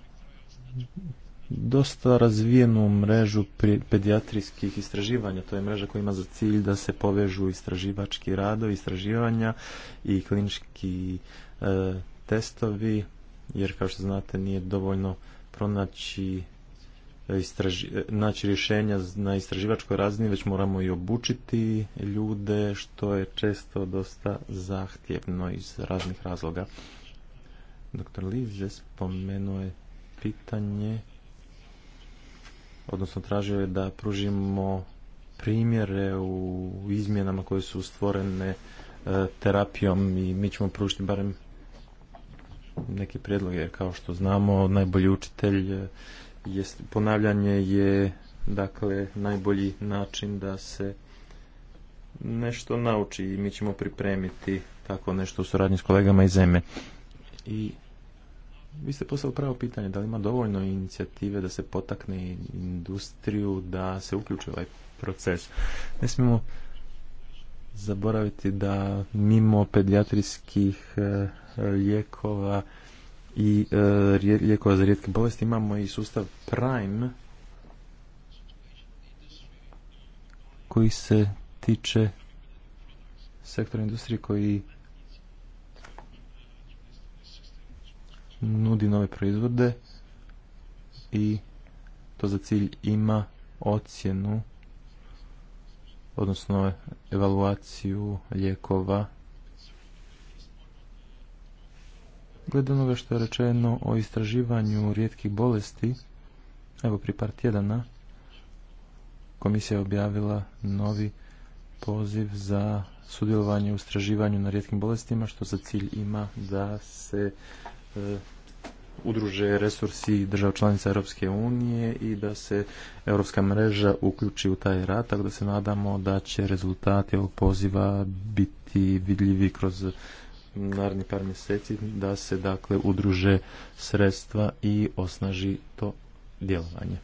dosta razvijenu mrežu pedijatrijskih istraživanja. To je mreža koja ima za cilj da se povežu istraživački radovi, istraživanja i klinički e, testovi, jer kao što znate nije dovoljno pronaći istraži, naći rješenja na istraživačkoj razini, već moramo i obučiti ljude, što je često dosta zahtjevno iz raznih razloga. Doktor je spomenuo je pitanje, odnosno tražio je da pružimo primjere u izmjenama koje su stvorene e, terapijom i mi ćemo pružiti barem neke prijedloge, jer kao što znamo, najbolji učitelj jest, ponavljanje je dakle najbolji način da se nešto nauči i mi ćemo pripremiti tako nešto u suradnji s kolegama iz zemlje. I vi ste postavili pravo pitanje, da li ima dovoljno inicijative da se potakne industriju, da se uključi ovaj proces. Ne smijemo zaboraviti da mimo pedijatrijskih eh, lijekova i lijekova e, za rijetke bolesti imamo i sustav Prime koji se tiče sektora industrije koji nudi nove proizvode i to za cilj ima ocjenu odnosno evaluaciju lijekova Glede onoga što je rečeno o istraživanju rijetkih bolesti, evo pri par tjedana komisija je objavila novi poziv za sudjelovanje u istraživanju na rijetkim bolestima, što za cilj ima da se e, udruže resursi država članica Europske unije i da se europska mreža uključi u taj rad, tako da se nadamo da će rezultati ovog poziva biti vidljivi kroz narednih par mjeseci da se dakle udruže sredstva i osnaži to djelovanje.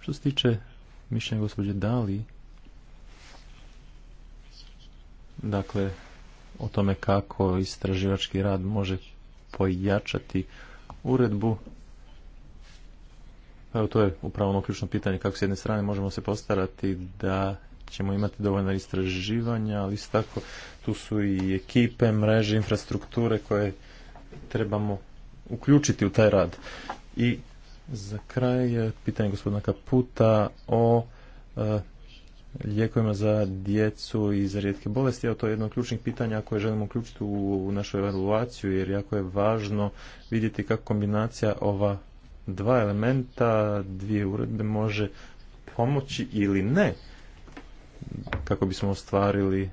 Što se tiče mišljenja gospođe Dali, dakle, o tome kako istraživački rad može pojačati uredbu, Evo, to je upravo ono ključno pitanje kako s jedne strane možemo se postarati da ćemo imati dovoljno istraživanja, ali isto tako tu su i ekipe, mreže, infrastrukture koje trebamo uključiti u taj rad. I za kraj pitanje gospodina Kaputa o e, lijekovima za djecu i za rijetke bolesti. Evo, to je jedno od ključnih pitanja koje želimo uključiti u, u našu evaluaciju, jer jako je važno vidjeti kako kombinacija ova dva elementa, dvije uredbe može pomoći ili ne kako bismo ostvarili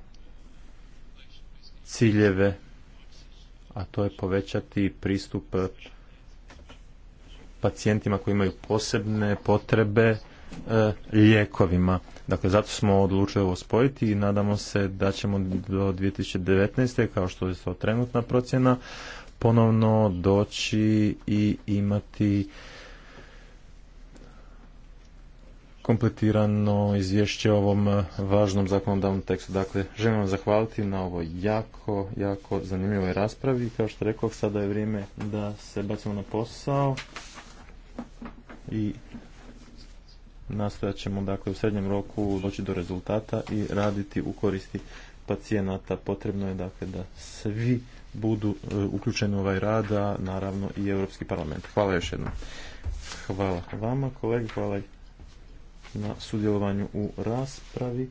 ciljeve, a to je povećati pristup pacijentima koji imaju posebne potrebe e, lijekovima. Dakle, zato smo odlučili ovo spojiti i nadamo se da ćemo do 2019. kao što je to trenutna procjena ponovno doći i imati kompletirano izvješće o ovom eh, važnom zakonodavnom tekstu. Dakle, želim vam zahvaliti na ovoj jako, jako zanimljivoj raspravi. Kao što rekao, sada je vrijeme da se bacimo na posao i nastojat ćemo dakle, u srednjem roku doći do rezultata i raditi u koristi pacijenata. Potrebno je dakle, da svi budu eh, uključeni u ovaj rada, naravno i Europski parlament. Hvala još jednom. Hvala vama, kolegi, hvala na sudjelovanju u raspravi.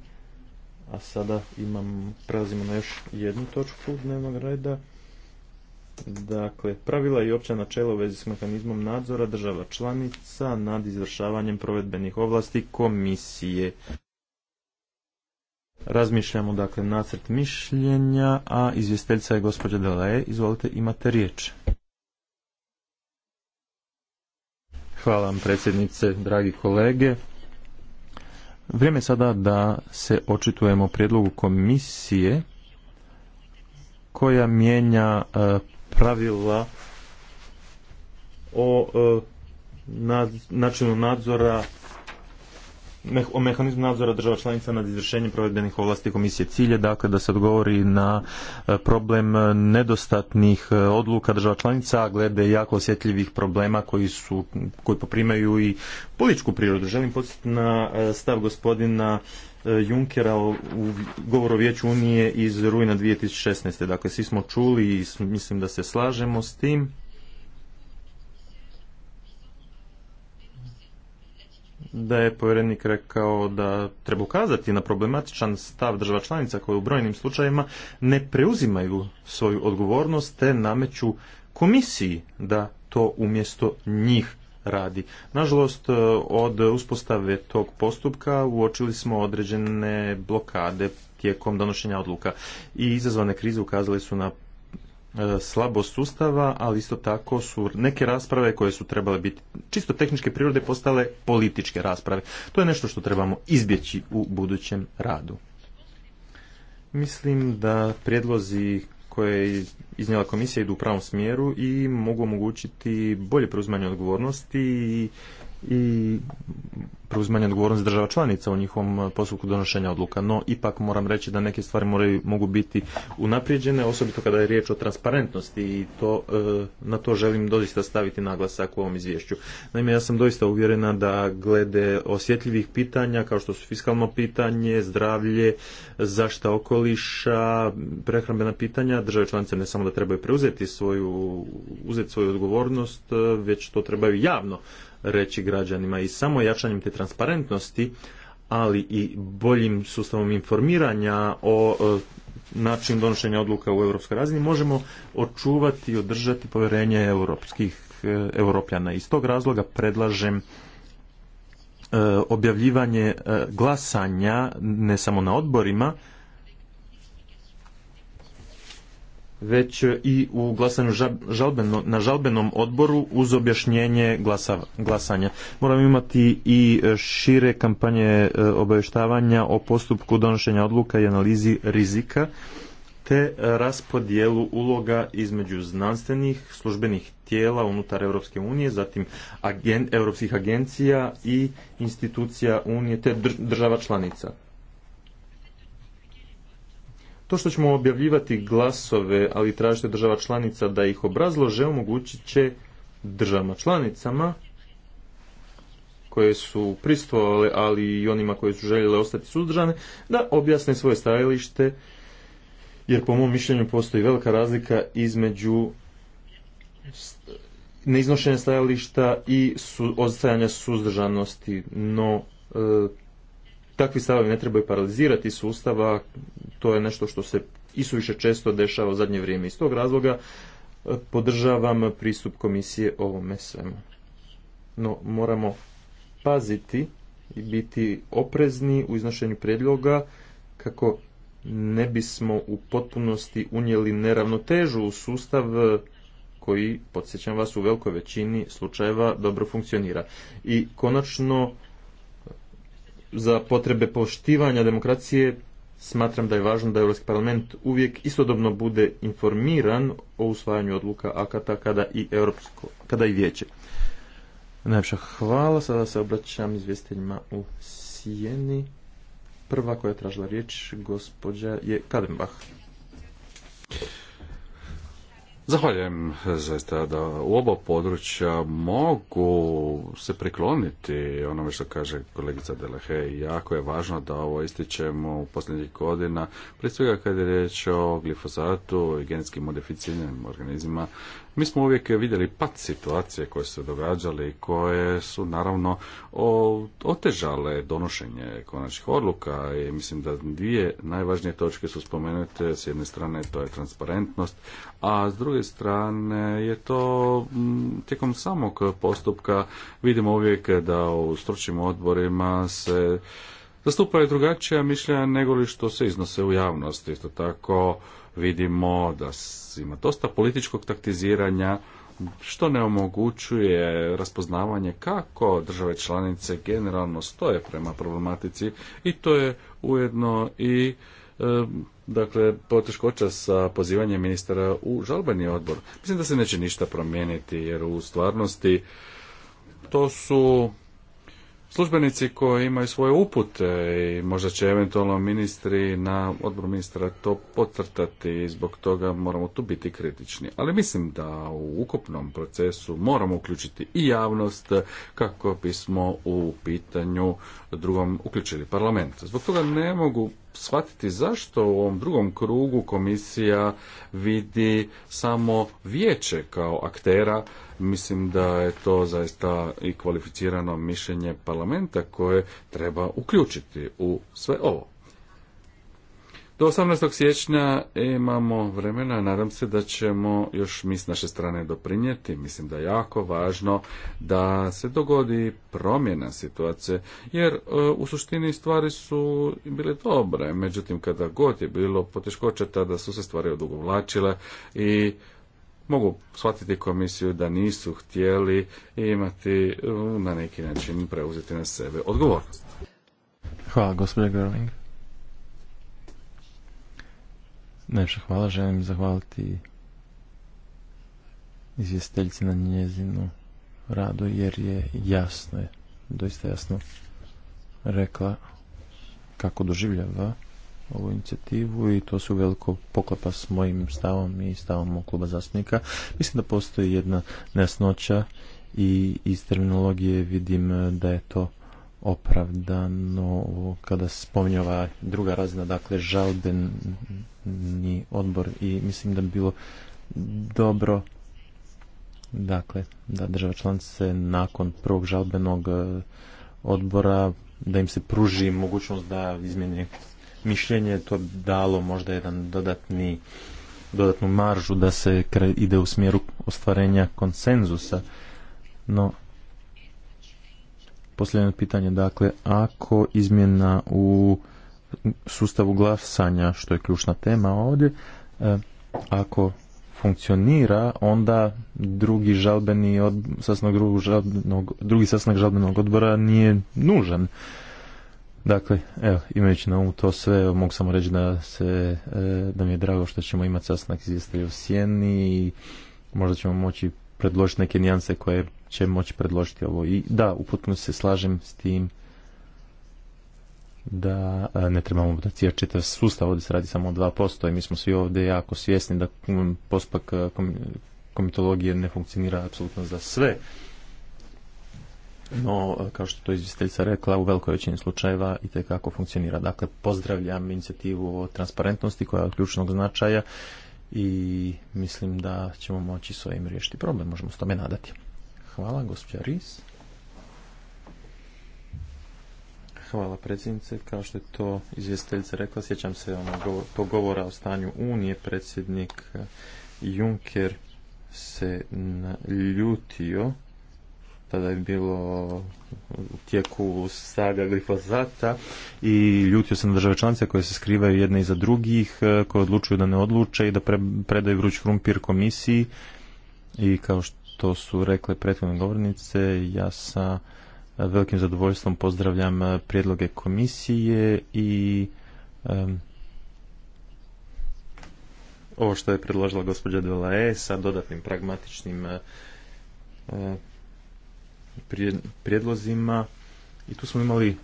A sada imam, prelazimo na još jednu točku dnevnog reda. Dakle, pravila i opća načela u vezi s mehanizmom nadzora država članica nad izvršavanjem provedbenih ovlasti komisije. Razmišljamo, dakle, nacrt mišljenja, a izvjestiteljica je gospođa Delaje. Izvolite, imate riječ. Hvala vam, predsjednice, dragi kolege. Vrijeme je sada da se očitujemo prijedlogu komisije koja mijenja e, pravila o e, načinu nadzora o mehanizmu nadzora država članica nad izvršenjem provedbenih ovlasti komisije cilje, dakle da se odgovori na e, problem e, nedostatnih e, odluka država članica glede jako osjetljivih problema koji su, koji poprimaju i političku prirodu. Želim podsjetiti na stav gospodina Junkera u govoru Vijeću Unije iz rujna 2016. Dakle, svi smo čuli i mislim da se slažemo s tim. da je povjerenik rekao da treba ukazati na problematičan stav država članica koje u brojnim slučajevima ne preuzimaju svoju odgovornost te nameću komisiji da to umjesto njih radi. Nažalost, e, od uspostave tog postupka uočili smo određene blokade tijekom donošenja odluka i izazvane krize ukazali su na E, slabost sustava, ali isto tako su neke rasprave koje su trebale biti čisto tehničke prirode postale političke rasprave. To je nešto što trebamo izbjeći u budućem radu. Mislim da prijedlozi koje je iznijela komisija idu u pravom smjeru i mogu omogućiti bolje preuzmanje odgovornosti i i preuzimanje odgovornosti država članica u njihovom e, postupku donošenja odluka. No, ipak moram reći da neke stvari moraju, mogu biti unaprijeđene, osobito kada je riječ o transparentnosti i to, e, na to želim doista staviti naglasak u ovom izvješću. Naime, ja sam doista uvjerena da glede osjetljivih pitanja, kao što su fiskalno pitanje, zdravlje, zašta okoliša, prehrambena pitanja, države članice ne samo da trebaju preuzeti svoju, uzeti svoju odgovornost, e, već to trebaju javno reći građanima i samo jačanjem te transparentnosti, ali i boljim sustavom informiranja o način donošenja odluka u europskoj razini možemo očuvati i održati povjerenje europskih e, europljana. Iz tog razloga predlažem e, objavljivanje e, glasanja ne samo na odborima, već i u glasanju na žalbenom odboru uz objašnjenje glasanja. Moramo imati i e, šire kampanje e, obavještavanja o postupku donošenja odluka i analizi rizika te raspodjelu uloga između znanstvenih, službenih tijela unutar Europske unije, zatim europskih agencija i institucija unije te država članica. To što ćemo objavljivati glasove, ali tražite država članica da ih obrazlože, omogućit će državama članicama koje su pristovale, ali i onima koje su željeli ostati suzdržane, da objasne svoje stajalište, jer po mom mišljenju postoji velika razlika između neiznošenja stajališta i su, odstajanja suzdržanosti, no e, takvi stavovi ne trebaju paralizirati sustava, to je nešto što se isuviše često dešava u zadnje vrijeme. Iz tog razloga e, podržavam pristup komisije ovome svemu. No, moramo paziti i biti oprezni u iznošenju predloga kako ne bismo u potpunosti unijeli neravnotežu u sustav e, koji, podsjećam vas, u velikoj većini slučajeva dobro funkcionira. I konačno, za potrebe poštivanja demokracije smatram da je važno da Europski parlament uvijek istodobno bude informiran o usvajanju odluka akata kada i europsko, kada i vijeće. Najljepša hvala, sada se obraćam izvjestiteljima u Sijeni. Prva koja je tražila riječ, gospođa je Kadenbach. Zahvaljujem zaista da u oba područja mogu se prikloniti onome što kaže kolegica Delehe. Jako je važno da ovo ističemo u posljednjih godina, prije svega kad je riječ o glifosatu i genetski modificiranim organizmima mi smo uvijek vidjeli pad situacije koje su događale i koje su naravno otežale donošenje konačnih odluka i mislim da dvije najvažnije točke su spomenute. S jedne strane to je transparentnost, a s druge strane je to tijekom samog postupka vidimo uvijek da u stručnim odborima se zastupaju drugačija mišljenja nego li što se iznose u javnosti. Isto tako, vidimo da ima dosta političkog taktiziranja, što ne omogućuje raspoznavanje kako države članice generalno stoje prema problematici i to je ujedno i e, dakle poteškoća sa pozivanjem ministara u žalbeni odbor. Mislim da se neće ništa promijeniti jer u stvarnosti to su službenici koji imaju svoje upute i možda će eventualno ministri na odboru ministra to potrtati i zbog toga moramo tu biti kritični. Ali mislim da u ukupnom procesu moramo uključiti i javnost kako bismo u pitanju drugom uključili parlament. Zbog toga ne mogu shvatiti zašto u ovom drugom krugu komisija vidi samo vijeće kao aktera. Mislim da je to zaista i kvalificirano mišljenje parlamenta koje treba uključiti u sve ovo. Do 18. siječnja imamo vremena, nadam se da ćemo još mi s naše strane doprinijeti. Mislim da je jako važno da se dogodi promjena situacije, jer e, u suštini stvari su bile dobre. Međutim, kada god je bilo poteškoće, tada su se stvari odugovlačile i mogu shvatiti komisiju da nisu htjeli imati e, na neki način preuzeti na sebe odgovornost. Hvala, gospodine Gerling. Najviše hvala, želim zahvaliti izvjestiteljici na njezinu radu, jer je jasno, je, doista jasno rekla kako doživljava ovu inicijativu i to su veliko poklapa s mojim stavom i stavom kluba zastupnika. Mislim da postoji jedna nejasnoća i iz terminologije vidim da je to opravdano kada se spominje ova druga razina, dakle žalbeni odbor i mislim da bi bilo dobro dakle da država članice nakon prvog žalbenog e, odbora da im se pruži mogućnost da izmjeni mišljenje, to bi dalo možda jedan dodatni dodatnu maržu da se ide u smjeru ostvarenja konsenzusa. No, posljedno pitanje, dakle, ako izmjena u sustavu glasanja, što je ključna tema ovdje, e, ako funkcionira, onda drugi žalbeni od, sasnog žalbenog, drugi sastanak žalbenog odbora nije nužan. Dakle, evo, imajući na umu to sve, mogu samo reći da se, e, da mi je drago što ćemo imati sastanak izvjestelja u Sjeni i možda ćemo moći predložiti neke nijanse koje će moći predložiti ovo. I da, uputno se slažem s tim da ne trebamo cijer čitav sustav, ovdje se radi samo o 2% i mi smo svi ovdje jako svjesni da mm, pospak komitologije ne funkcionira apsolutno za sve. No, kao što to izvjestiteljica rekla, u velikoj većini slučajeva i te kako funkcionira. Dakle, pozdravljam inicijativu o transparentnosti koja je od ključnog značaja i mislim da ćemo moći s ovim riješiti problem, možemo s tome nadati. Hvala, gospođa Ris. Hvala predsjednice. Kao što je to izvjestiteljica rekla, sjećam se to govora o stanju Unije. Predsjednik eh, Juncker se ljutio. Tada je bilo u tijeku saga glifozata i ljutio se na države članice koje se skrivaju jedne iza drugih, eh, koje odlučuju da ne odluče i da predaju vruć krumpir komisiji. I kao što to su rekle prethodne govornice, ja sa e, velikim zadovoljstvom pozdravljam e, prijedloge komisije i um, ovo što je predložila gospođa Delae sa dodatnim pragmatičnim e, prijedlozima i tu smo imali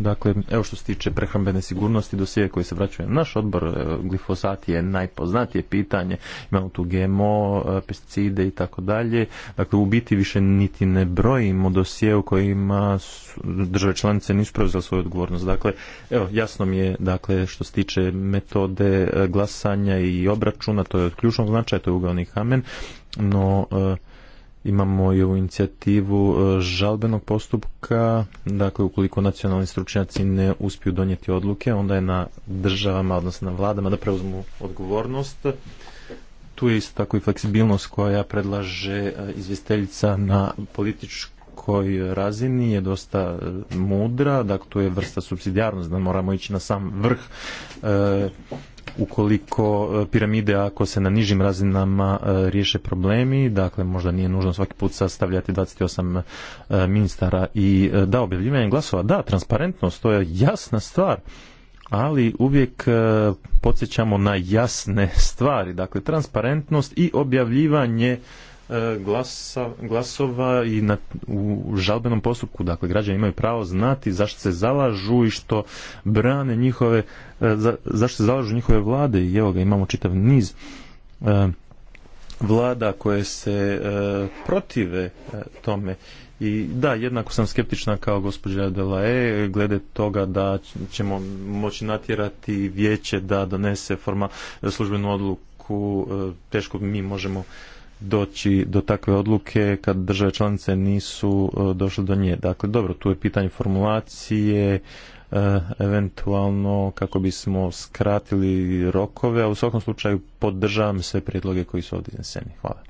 Dakle, evo što se tiče prehrambene sigurnosti dosije koji se vraćaju na naš odbor, e, glifosat je najpoznatije pitanje, imamo tu GMO, e, pesticide i tako dalje. Dakle, u biti više niti ne brojimo dosije u kojima države članice nisu preuzele svoju odgovornost. Dakle, evo, jasno mi je, dakle, što se tiče metode e, glasanja i obračuna, to je od ključnog značaja, to je ugalni kamen, no imamo i ovu inicijativu e, žalbenog postupka, dakle ukoliko nacionalni stručnjaci ne uspiju donijeti odluke, onda je na državama, odnosno na vladama da preuzmu odgovornost. Tu je isto tako i fleksibilnost koja predlaže e, izvjesteljica na političkoj razini je dosta e, mudra, dakle to je vrsta subsidijarnost da moramo ići na sam vrh ukoliko e, piramide ako se na nižim razinama e, riješe problemi, dakle možda nije nužno svaki put sastavljati 28 e, ministara i da objavljivanje glasova, da, transparentnost, to je jasna stvar ali uvijek podsjećamo na jasne stvari, dakle transparentnost i objavljivanje E, glasova i na, u žalbenom postupku. Dakle, građani imaju pravo znati zašto se zalažu i što brane njihove, e, zašto se zalažu njihove vlade i evo ga imamo čitav niz e, vlada koje se protive tome. I da, jednako sam skeptična kao gospođa Delae glede toga da ćemo moći natjerati vijeće da donese forma službenu odluku, teško mi možemo doći do takve odluke kad države članice nisu e, došle do nje. Dakle, dobro, tu je pitanje formulacije, e, eventualno kako bismo skratili rokove, a u svakom slučaju podržavam sve prijedloge koji su ovdje izneseni. Hvala.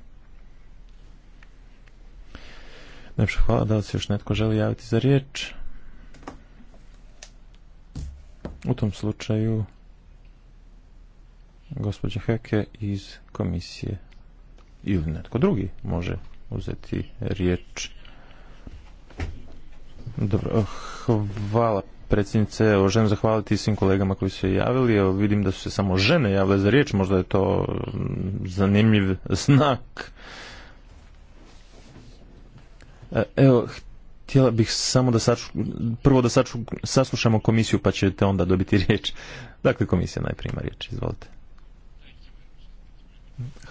hvala, da li se još netko želi javiti za riječ? U tom slučaju gospođa Heke iz komisije ili netko drugi može uzeti riječ. Dobro, eh, hvala predsjednice, evo želim zahvaliti svim kolegama koji su se javili, evo vidim da su se samo žene javile za riječ, možda je to mm, zanimljiv znak. E, evo, htjela bih samo da saču, prvo da saču, saslušamo komisiju pa ćete onda dobiti riječ. Dakle, komisija najprima riječ, izvolite.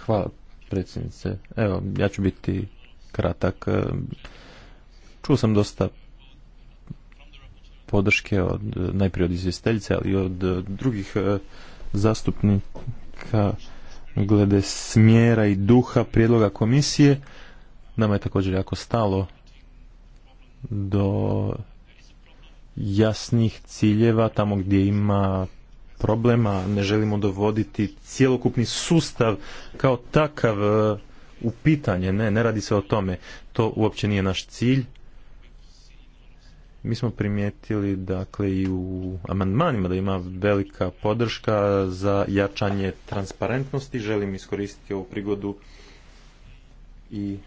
Hvala predsjednice. Evo, ja ću biti kratak. E, čuo sam dosta podrške od najprije od izvjestiteljice, ali i od e, drugih e, zastupnika glede smjera i duha prijedloga komisije. Nama je također jako stalo do jasnih ciljeva tamo gdje ima problema, ne želimo dovoditi cjelokupni sustav kao takav e, u pitanje, ne, ne radi se o tome, to uopće nije naš cilj. Mi smo primijetili dakle i u amandmanima da ima velika podrška za jačanje transparentnosti, želim iskoristiti ovu prigodu i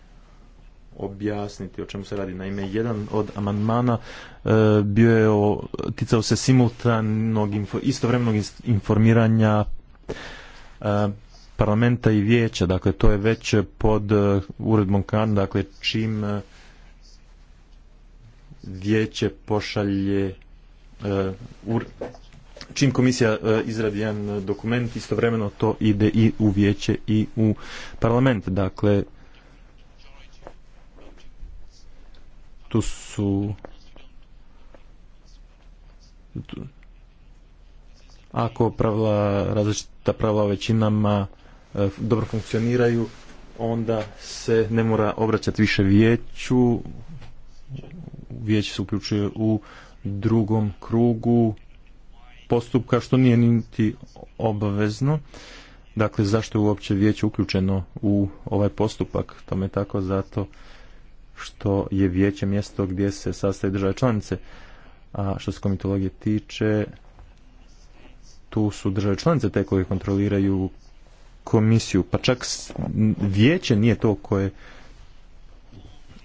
objasniti o čemu se radi. Naime, jedan od amandmana e, bio je o, ticao se simultanog info, istovremenog informiranja e, parlamenta i vijeća. Dakle, to je već pod e, uredbom kan, dakle, čim vijeće pošalje ur, čim komisija izradi jedan dokument, istovremeno to ide i u vijeće i u parlament. Dakle, tu su ako pravila, različita pravila većinama e, dobro funkcioniraju, onda se ne mora obraćati više vijeću. Vijeće se uključuje u drugom krugu postupka, što nije niti obavezno. Dakle, zašto je uopće vijeće uključeno u ovaj postupak? Tome tako zato što je vijeće mjesto gdje se sastaje države članice. A što se komitologije tiče, tu su države članice te koje kontroliraju komisiju, pa čak vijeće nije to koje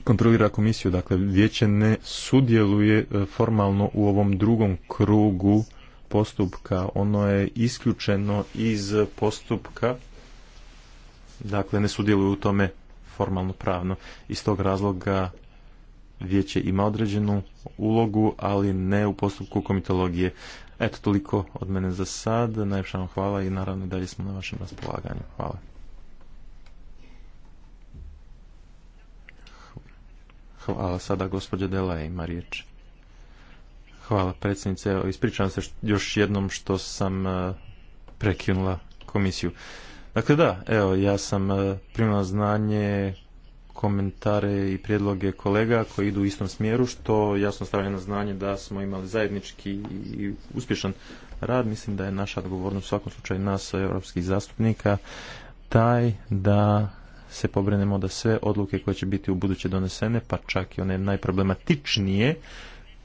kontrolira komisiju, dakle vijeće ne sudjeluje e, formalno u ovom drugom krugu postupka, ono je isključeno iz postupka, dakle ne sudjeluje u tome formalno pravno. Iz tog razloga vijeće ima određenu ulogu, ali ne u postupku komitologije. Eto, toliko od mene za sad. Najljepša vam hvala i naravno dalje smo na vašem raspolaganju. Hvala. Hvala sada gospođa Dela ima riječ. Hvala predsjednice. Ispričavam se još jednom što sam eh, prekinula komisiju. Dakle, da, evo, ja sam e, primila znanje komentare i prijedloge kolega koji idu u istom smjeru, što jasno stavlja na znanje da smo imali zajednički i uspješan rad. Mislim da je naša odgovornost u svakom slučaju nas, europskih zastupnika, taj da se pobrinemo da sve odluke koje će biti u buduće donesene, pa čak i one najproblematičnije,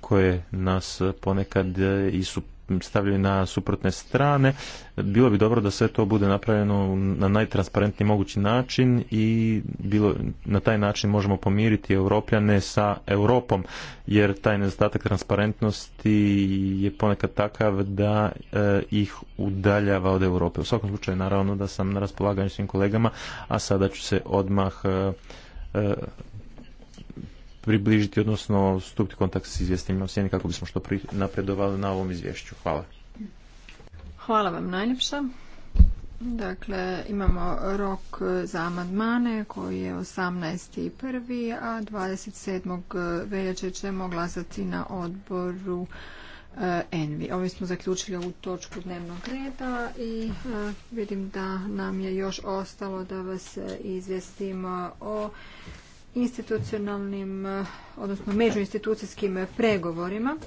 koje nas ponekad i su stavljaju na suprotne strane. Bilo bi dobro da sve to bude napravljeno na najtransparentniji mogući način i bilo, na taj način možemo pomiriti europljane sa Europom, jer taj nedostatak transparentnosti je ponekad takav da eh, ih udaljava od Europe. U svakom slučaju, naravno da sam na raspolaganju svim kolegama, a sada ću se odmah eh, eh, približiti, odnosno stupiti kontakt s izvjesnim sjeni kako bismo što napredovali na ovom izvješću. Hvala. Hvala vam najljepša. Dakle, imamo rok za amandmane koji je 18.1. a 27. veljače ćemo glasati na odboru eh, Envi. Ovim smo zaključili ovu točku dnevnog reda i eh, vidim da nam je još ostalo da vas izvjestimo o institucionalnim, eh, odnosno međuinstitucijskim pregovorima.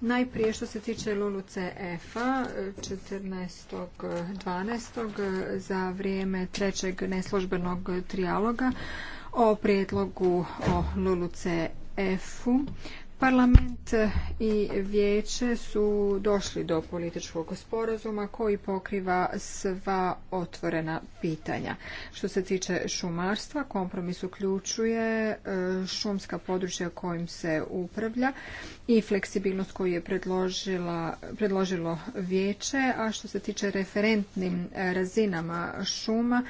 Najprije što se tiče cf a 14.12. za vrijeme trećeg neslužbenog trijaloga o prijedlogu o cf u Parlament i vijeće su došli do političkog sporazuma koji pokriva sva otvorena pitanja. Što se tiče šumarstva, kompromis uključuje e, šumska područja kojim se upravlja i fleksibilnost koju je predložilo vijeće, a što se tiče referentnim e, razinama šuma,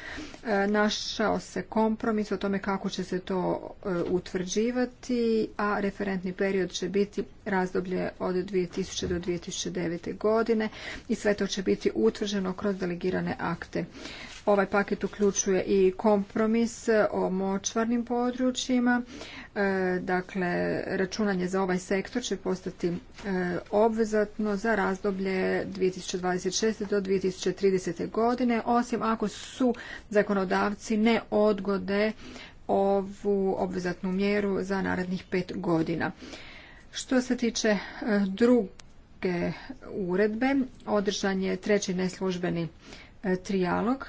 e, našao se kompromis o tome kako će se to utvrđivati, a referentni period će biti razdoblje od 2000 do 2009. godine i sve to će biti utvrđeno kroz delegirane akte. Ovaj paket uključuje i kompromis o močvarnim područjima, e, dakle računanje za ovaj sektor će postati e, obvezatno za razdoblje 2026. do 2030. godine, osim ako su zakonodavci ne odgode ovu obvezatnu mjeru za narednih pet godina. Što se tiče e, druge uredbe, održan je treći neslužbeni e, trijalog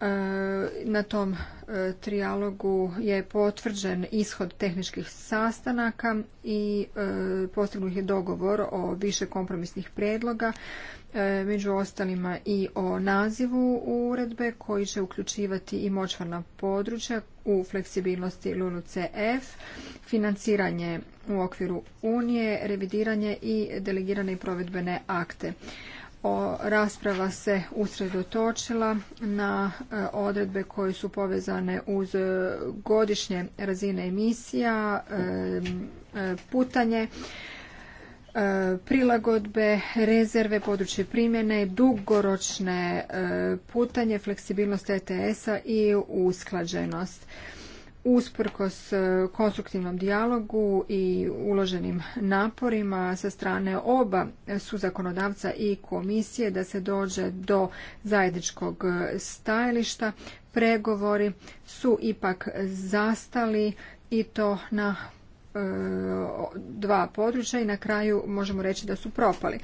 E, na tom e, trijalogu je potvrđen ishod tehničkih sastanaka i e, postignut je dogovor o više kompromisnih predloga, među ostalima i o nazivu uredbe koji će uključivati i močvarna područja u fleksibilnosti LUNU-CF, financiranje u okviru Unije, revidiranje i delegirane i provedbene akte o, rasprava se usredotočila na e, odredbe koje su povezane uz e, godišnje razine emisija, e, putanje, prilagodbe, rezerve, područje primjene, dugoročne putanje, fleksibilnost ETS-a i usklađenost usprkos e, konstruktivnom dijalogu i uloženim naporima sa strane oba su zakonodavca i komisije da se dođe do zajedničkog stajališta. Pregovori su ipak zastali i to na E, dva područja i na kraju možemo reći da su propali. E,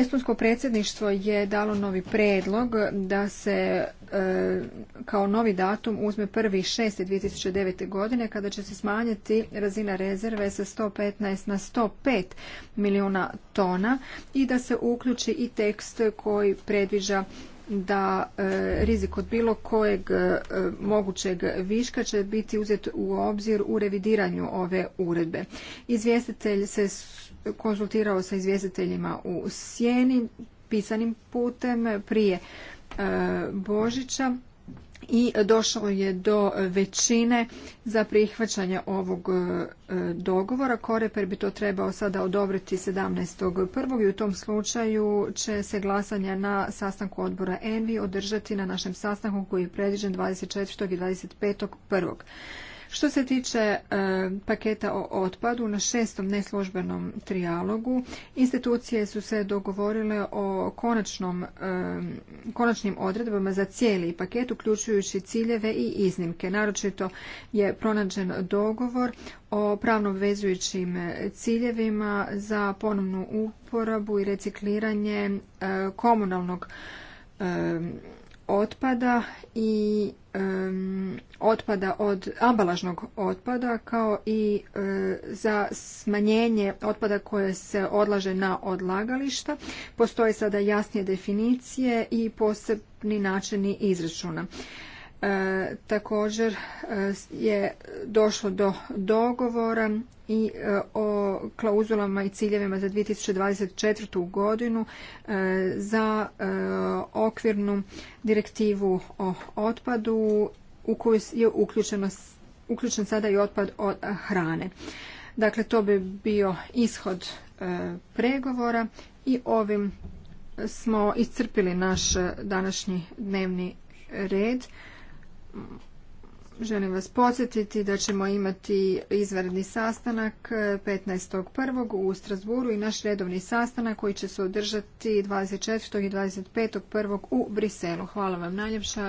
Estonsko predsjedništvo je dalo novi predlog da se e, kao novi datum uzme 2009. godine kada će se smanjiti razina rezerve sa 115 na 105 milijuna tona i da se uključi i tekst koji predviđa da e, rizik od bilo kojeg e, mogućeg viška će biti uzet u obzir u revidiranju ove uredbe. Izvjestitelj se konzultirao sa izvjestiteljima u sjeni pisanim putem prije e, Božića i došlo je do većine za prihvaćanje ovog e, dogovora. Koreper bi to trebao sada odobriti 17.1. i u tom slučaju će se glasanje na sastanku odbora ENVI održati na našem sastanku koji je predviđen 24. i 25.1. Što se tiče e, paketa o otpadu, na šestom neslužbenom trialogu institucije su se dogovorile o konačnom, e, konačnim odredbama za cijeli paket, uključujući ciljeve i iznimke. Naročito je pronađen dogovor o pravno vezujućim ciljevima za ponovnu uporabu i recikliranje e, komunalnog otpada i otpada od ambalažnog otpada kao i e, za smanjenje otpada koje se odlaže na odlagališta. Postoje sada jasnije definicije i posebni načini izračuna. E, također e, je došlo do dogovora i e, o klauzulama i ciljevima za 2024. godinu za okvirnu direktivu o otpadu u koju je uključeno, uključen sada i otpad od hrane. Dakle, to bi bio ishod pregovora i ovim smo iscrpili naš današnji dnevni red. Želim vas podsjetiti da ćemo imati izvanredni sastanak 15.1. Eh, u Strasburu i naš redovni sastanak koji će se održati 24. i 25.1. u Briselu. Hvala vam najljepša.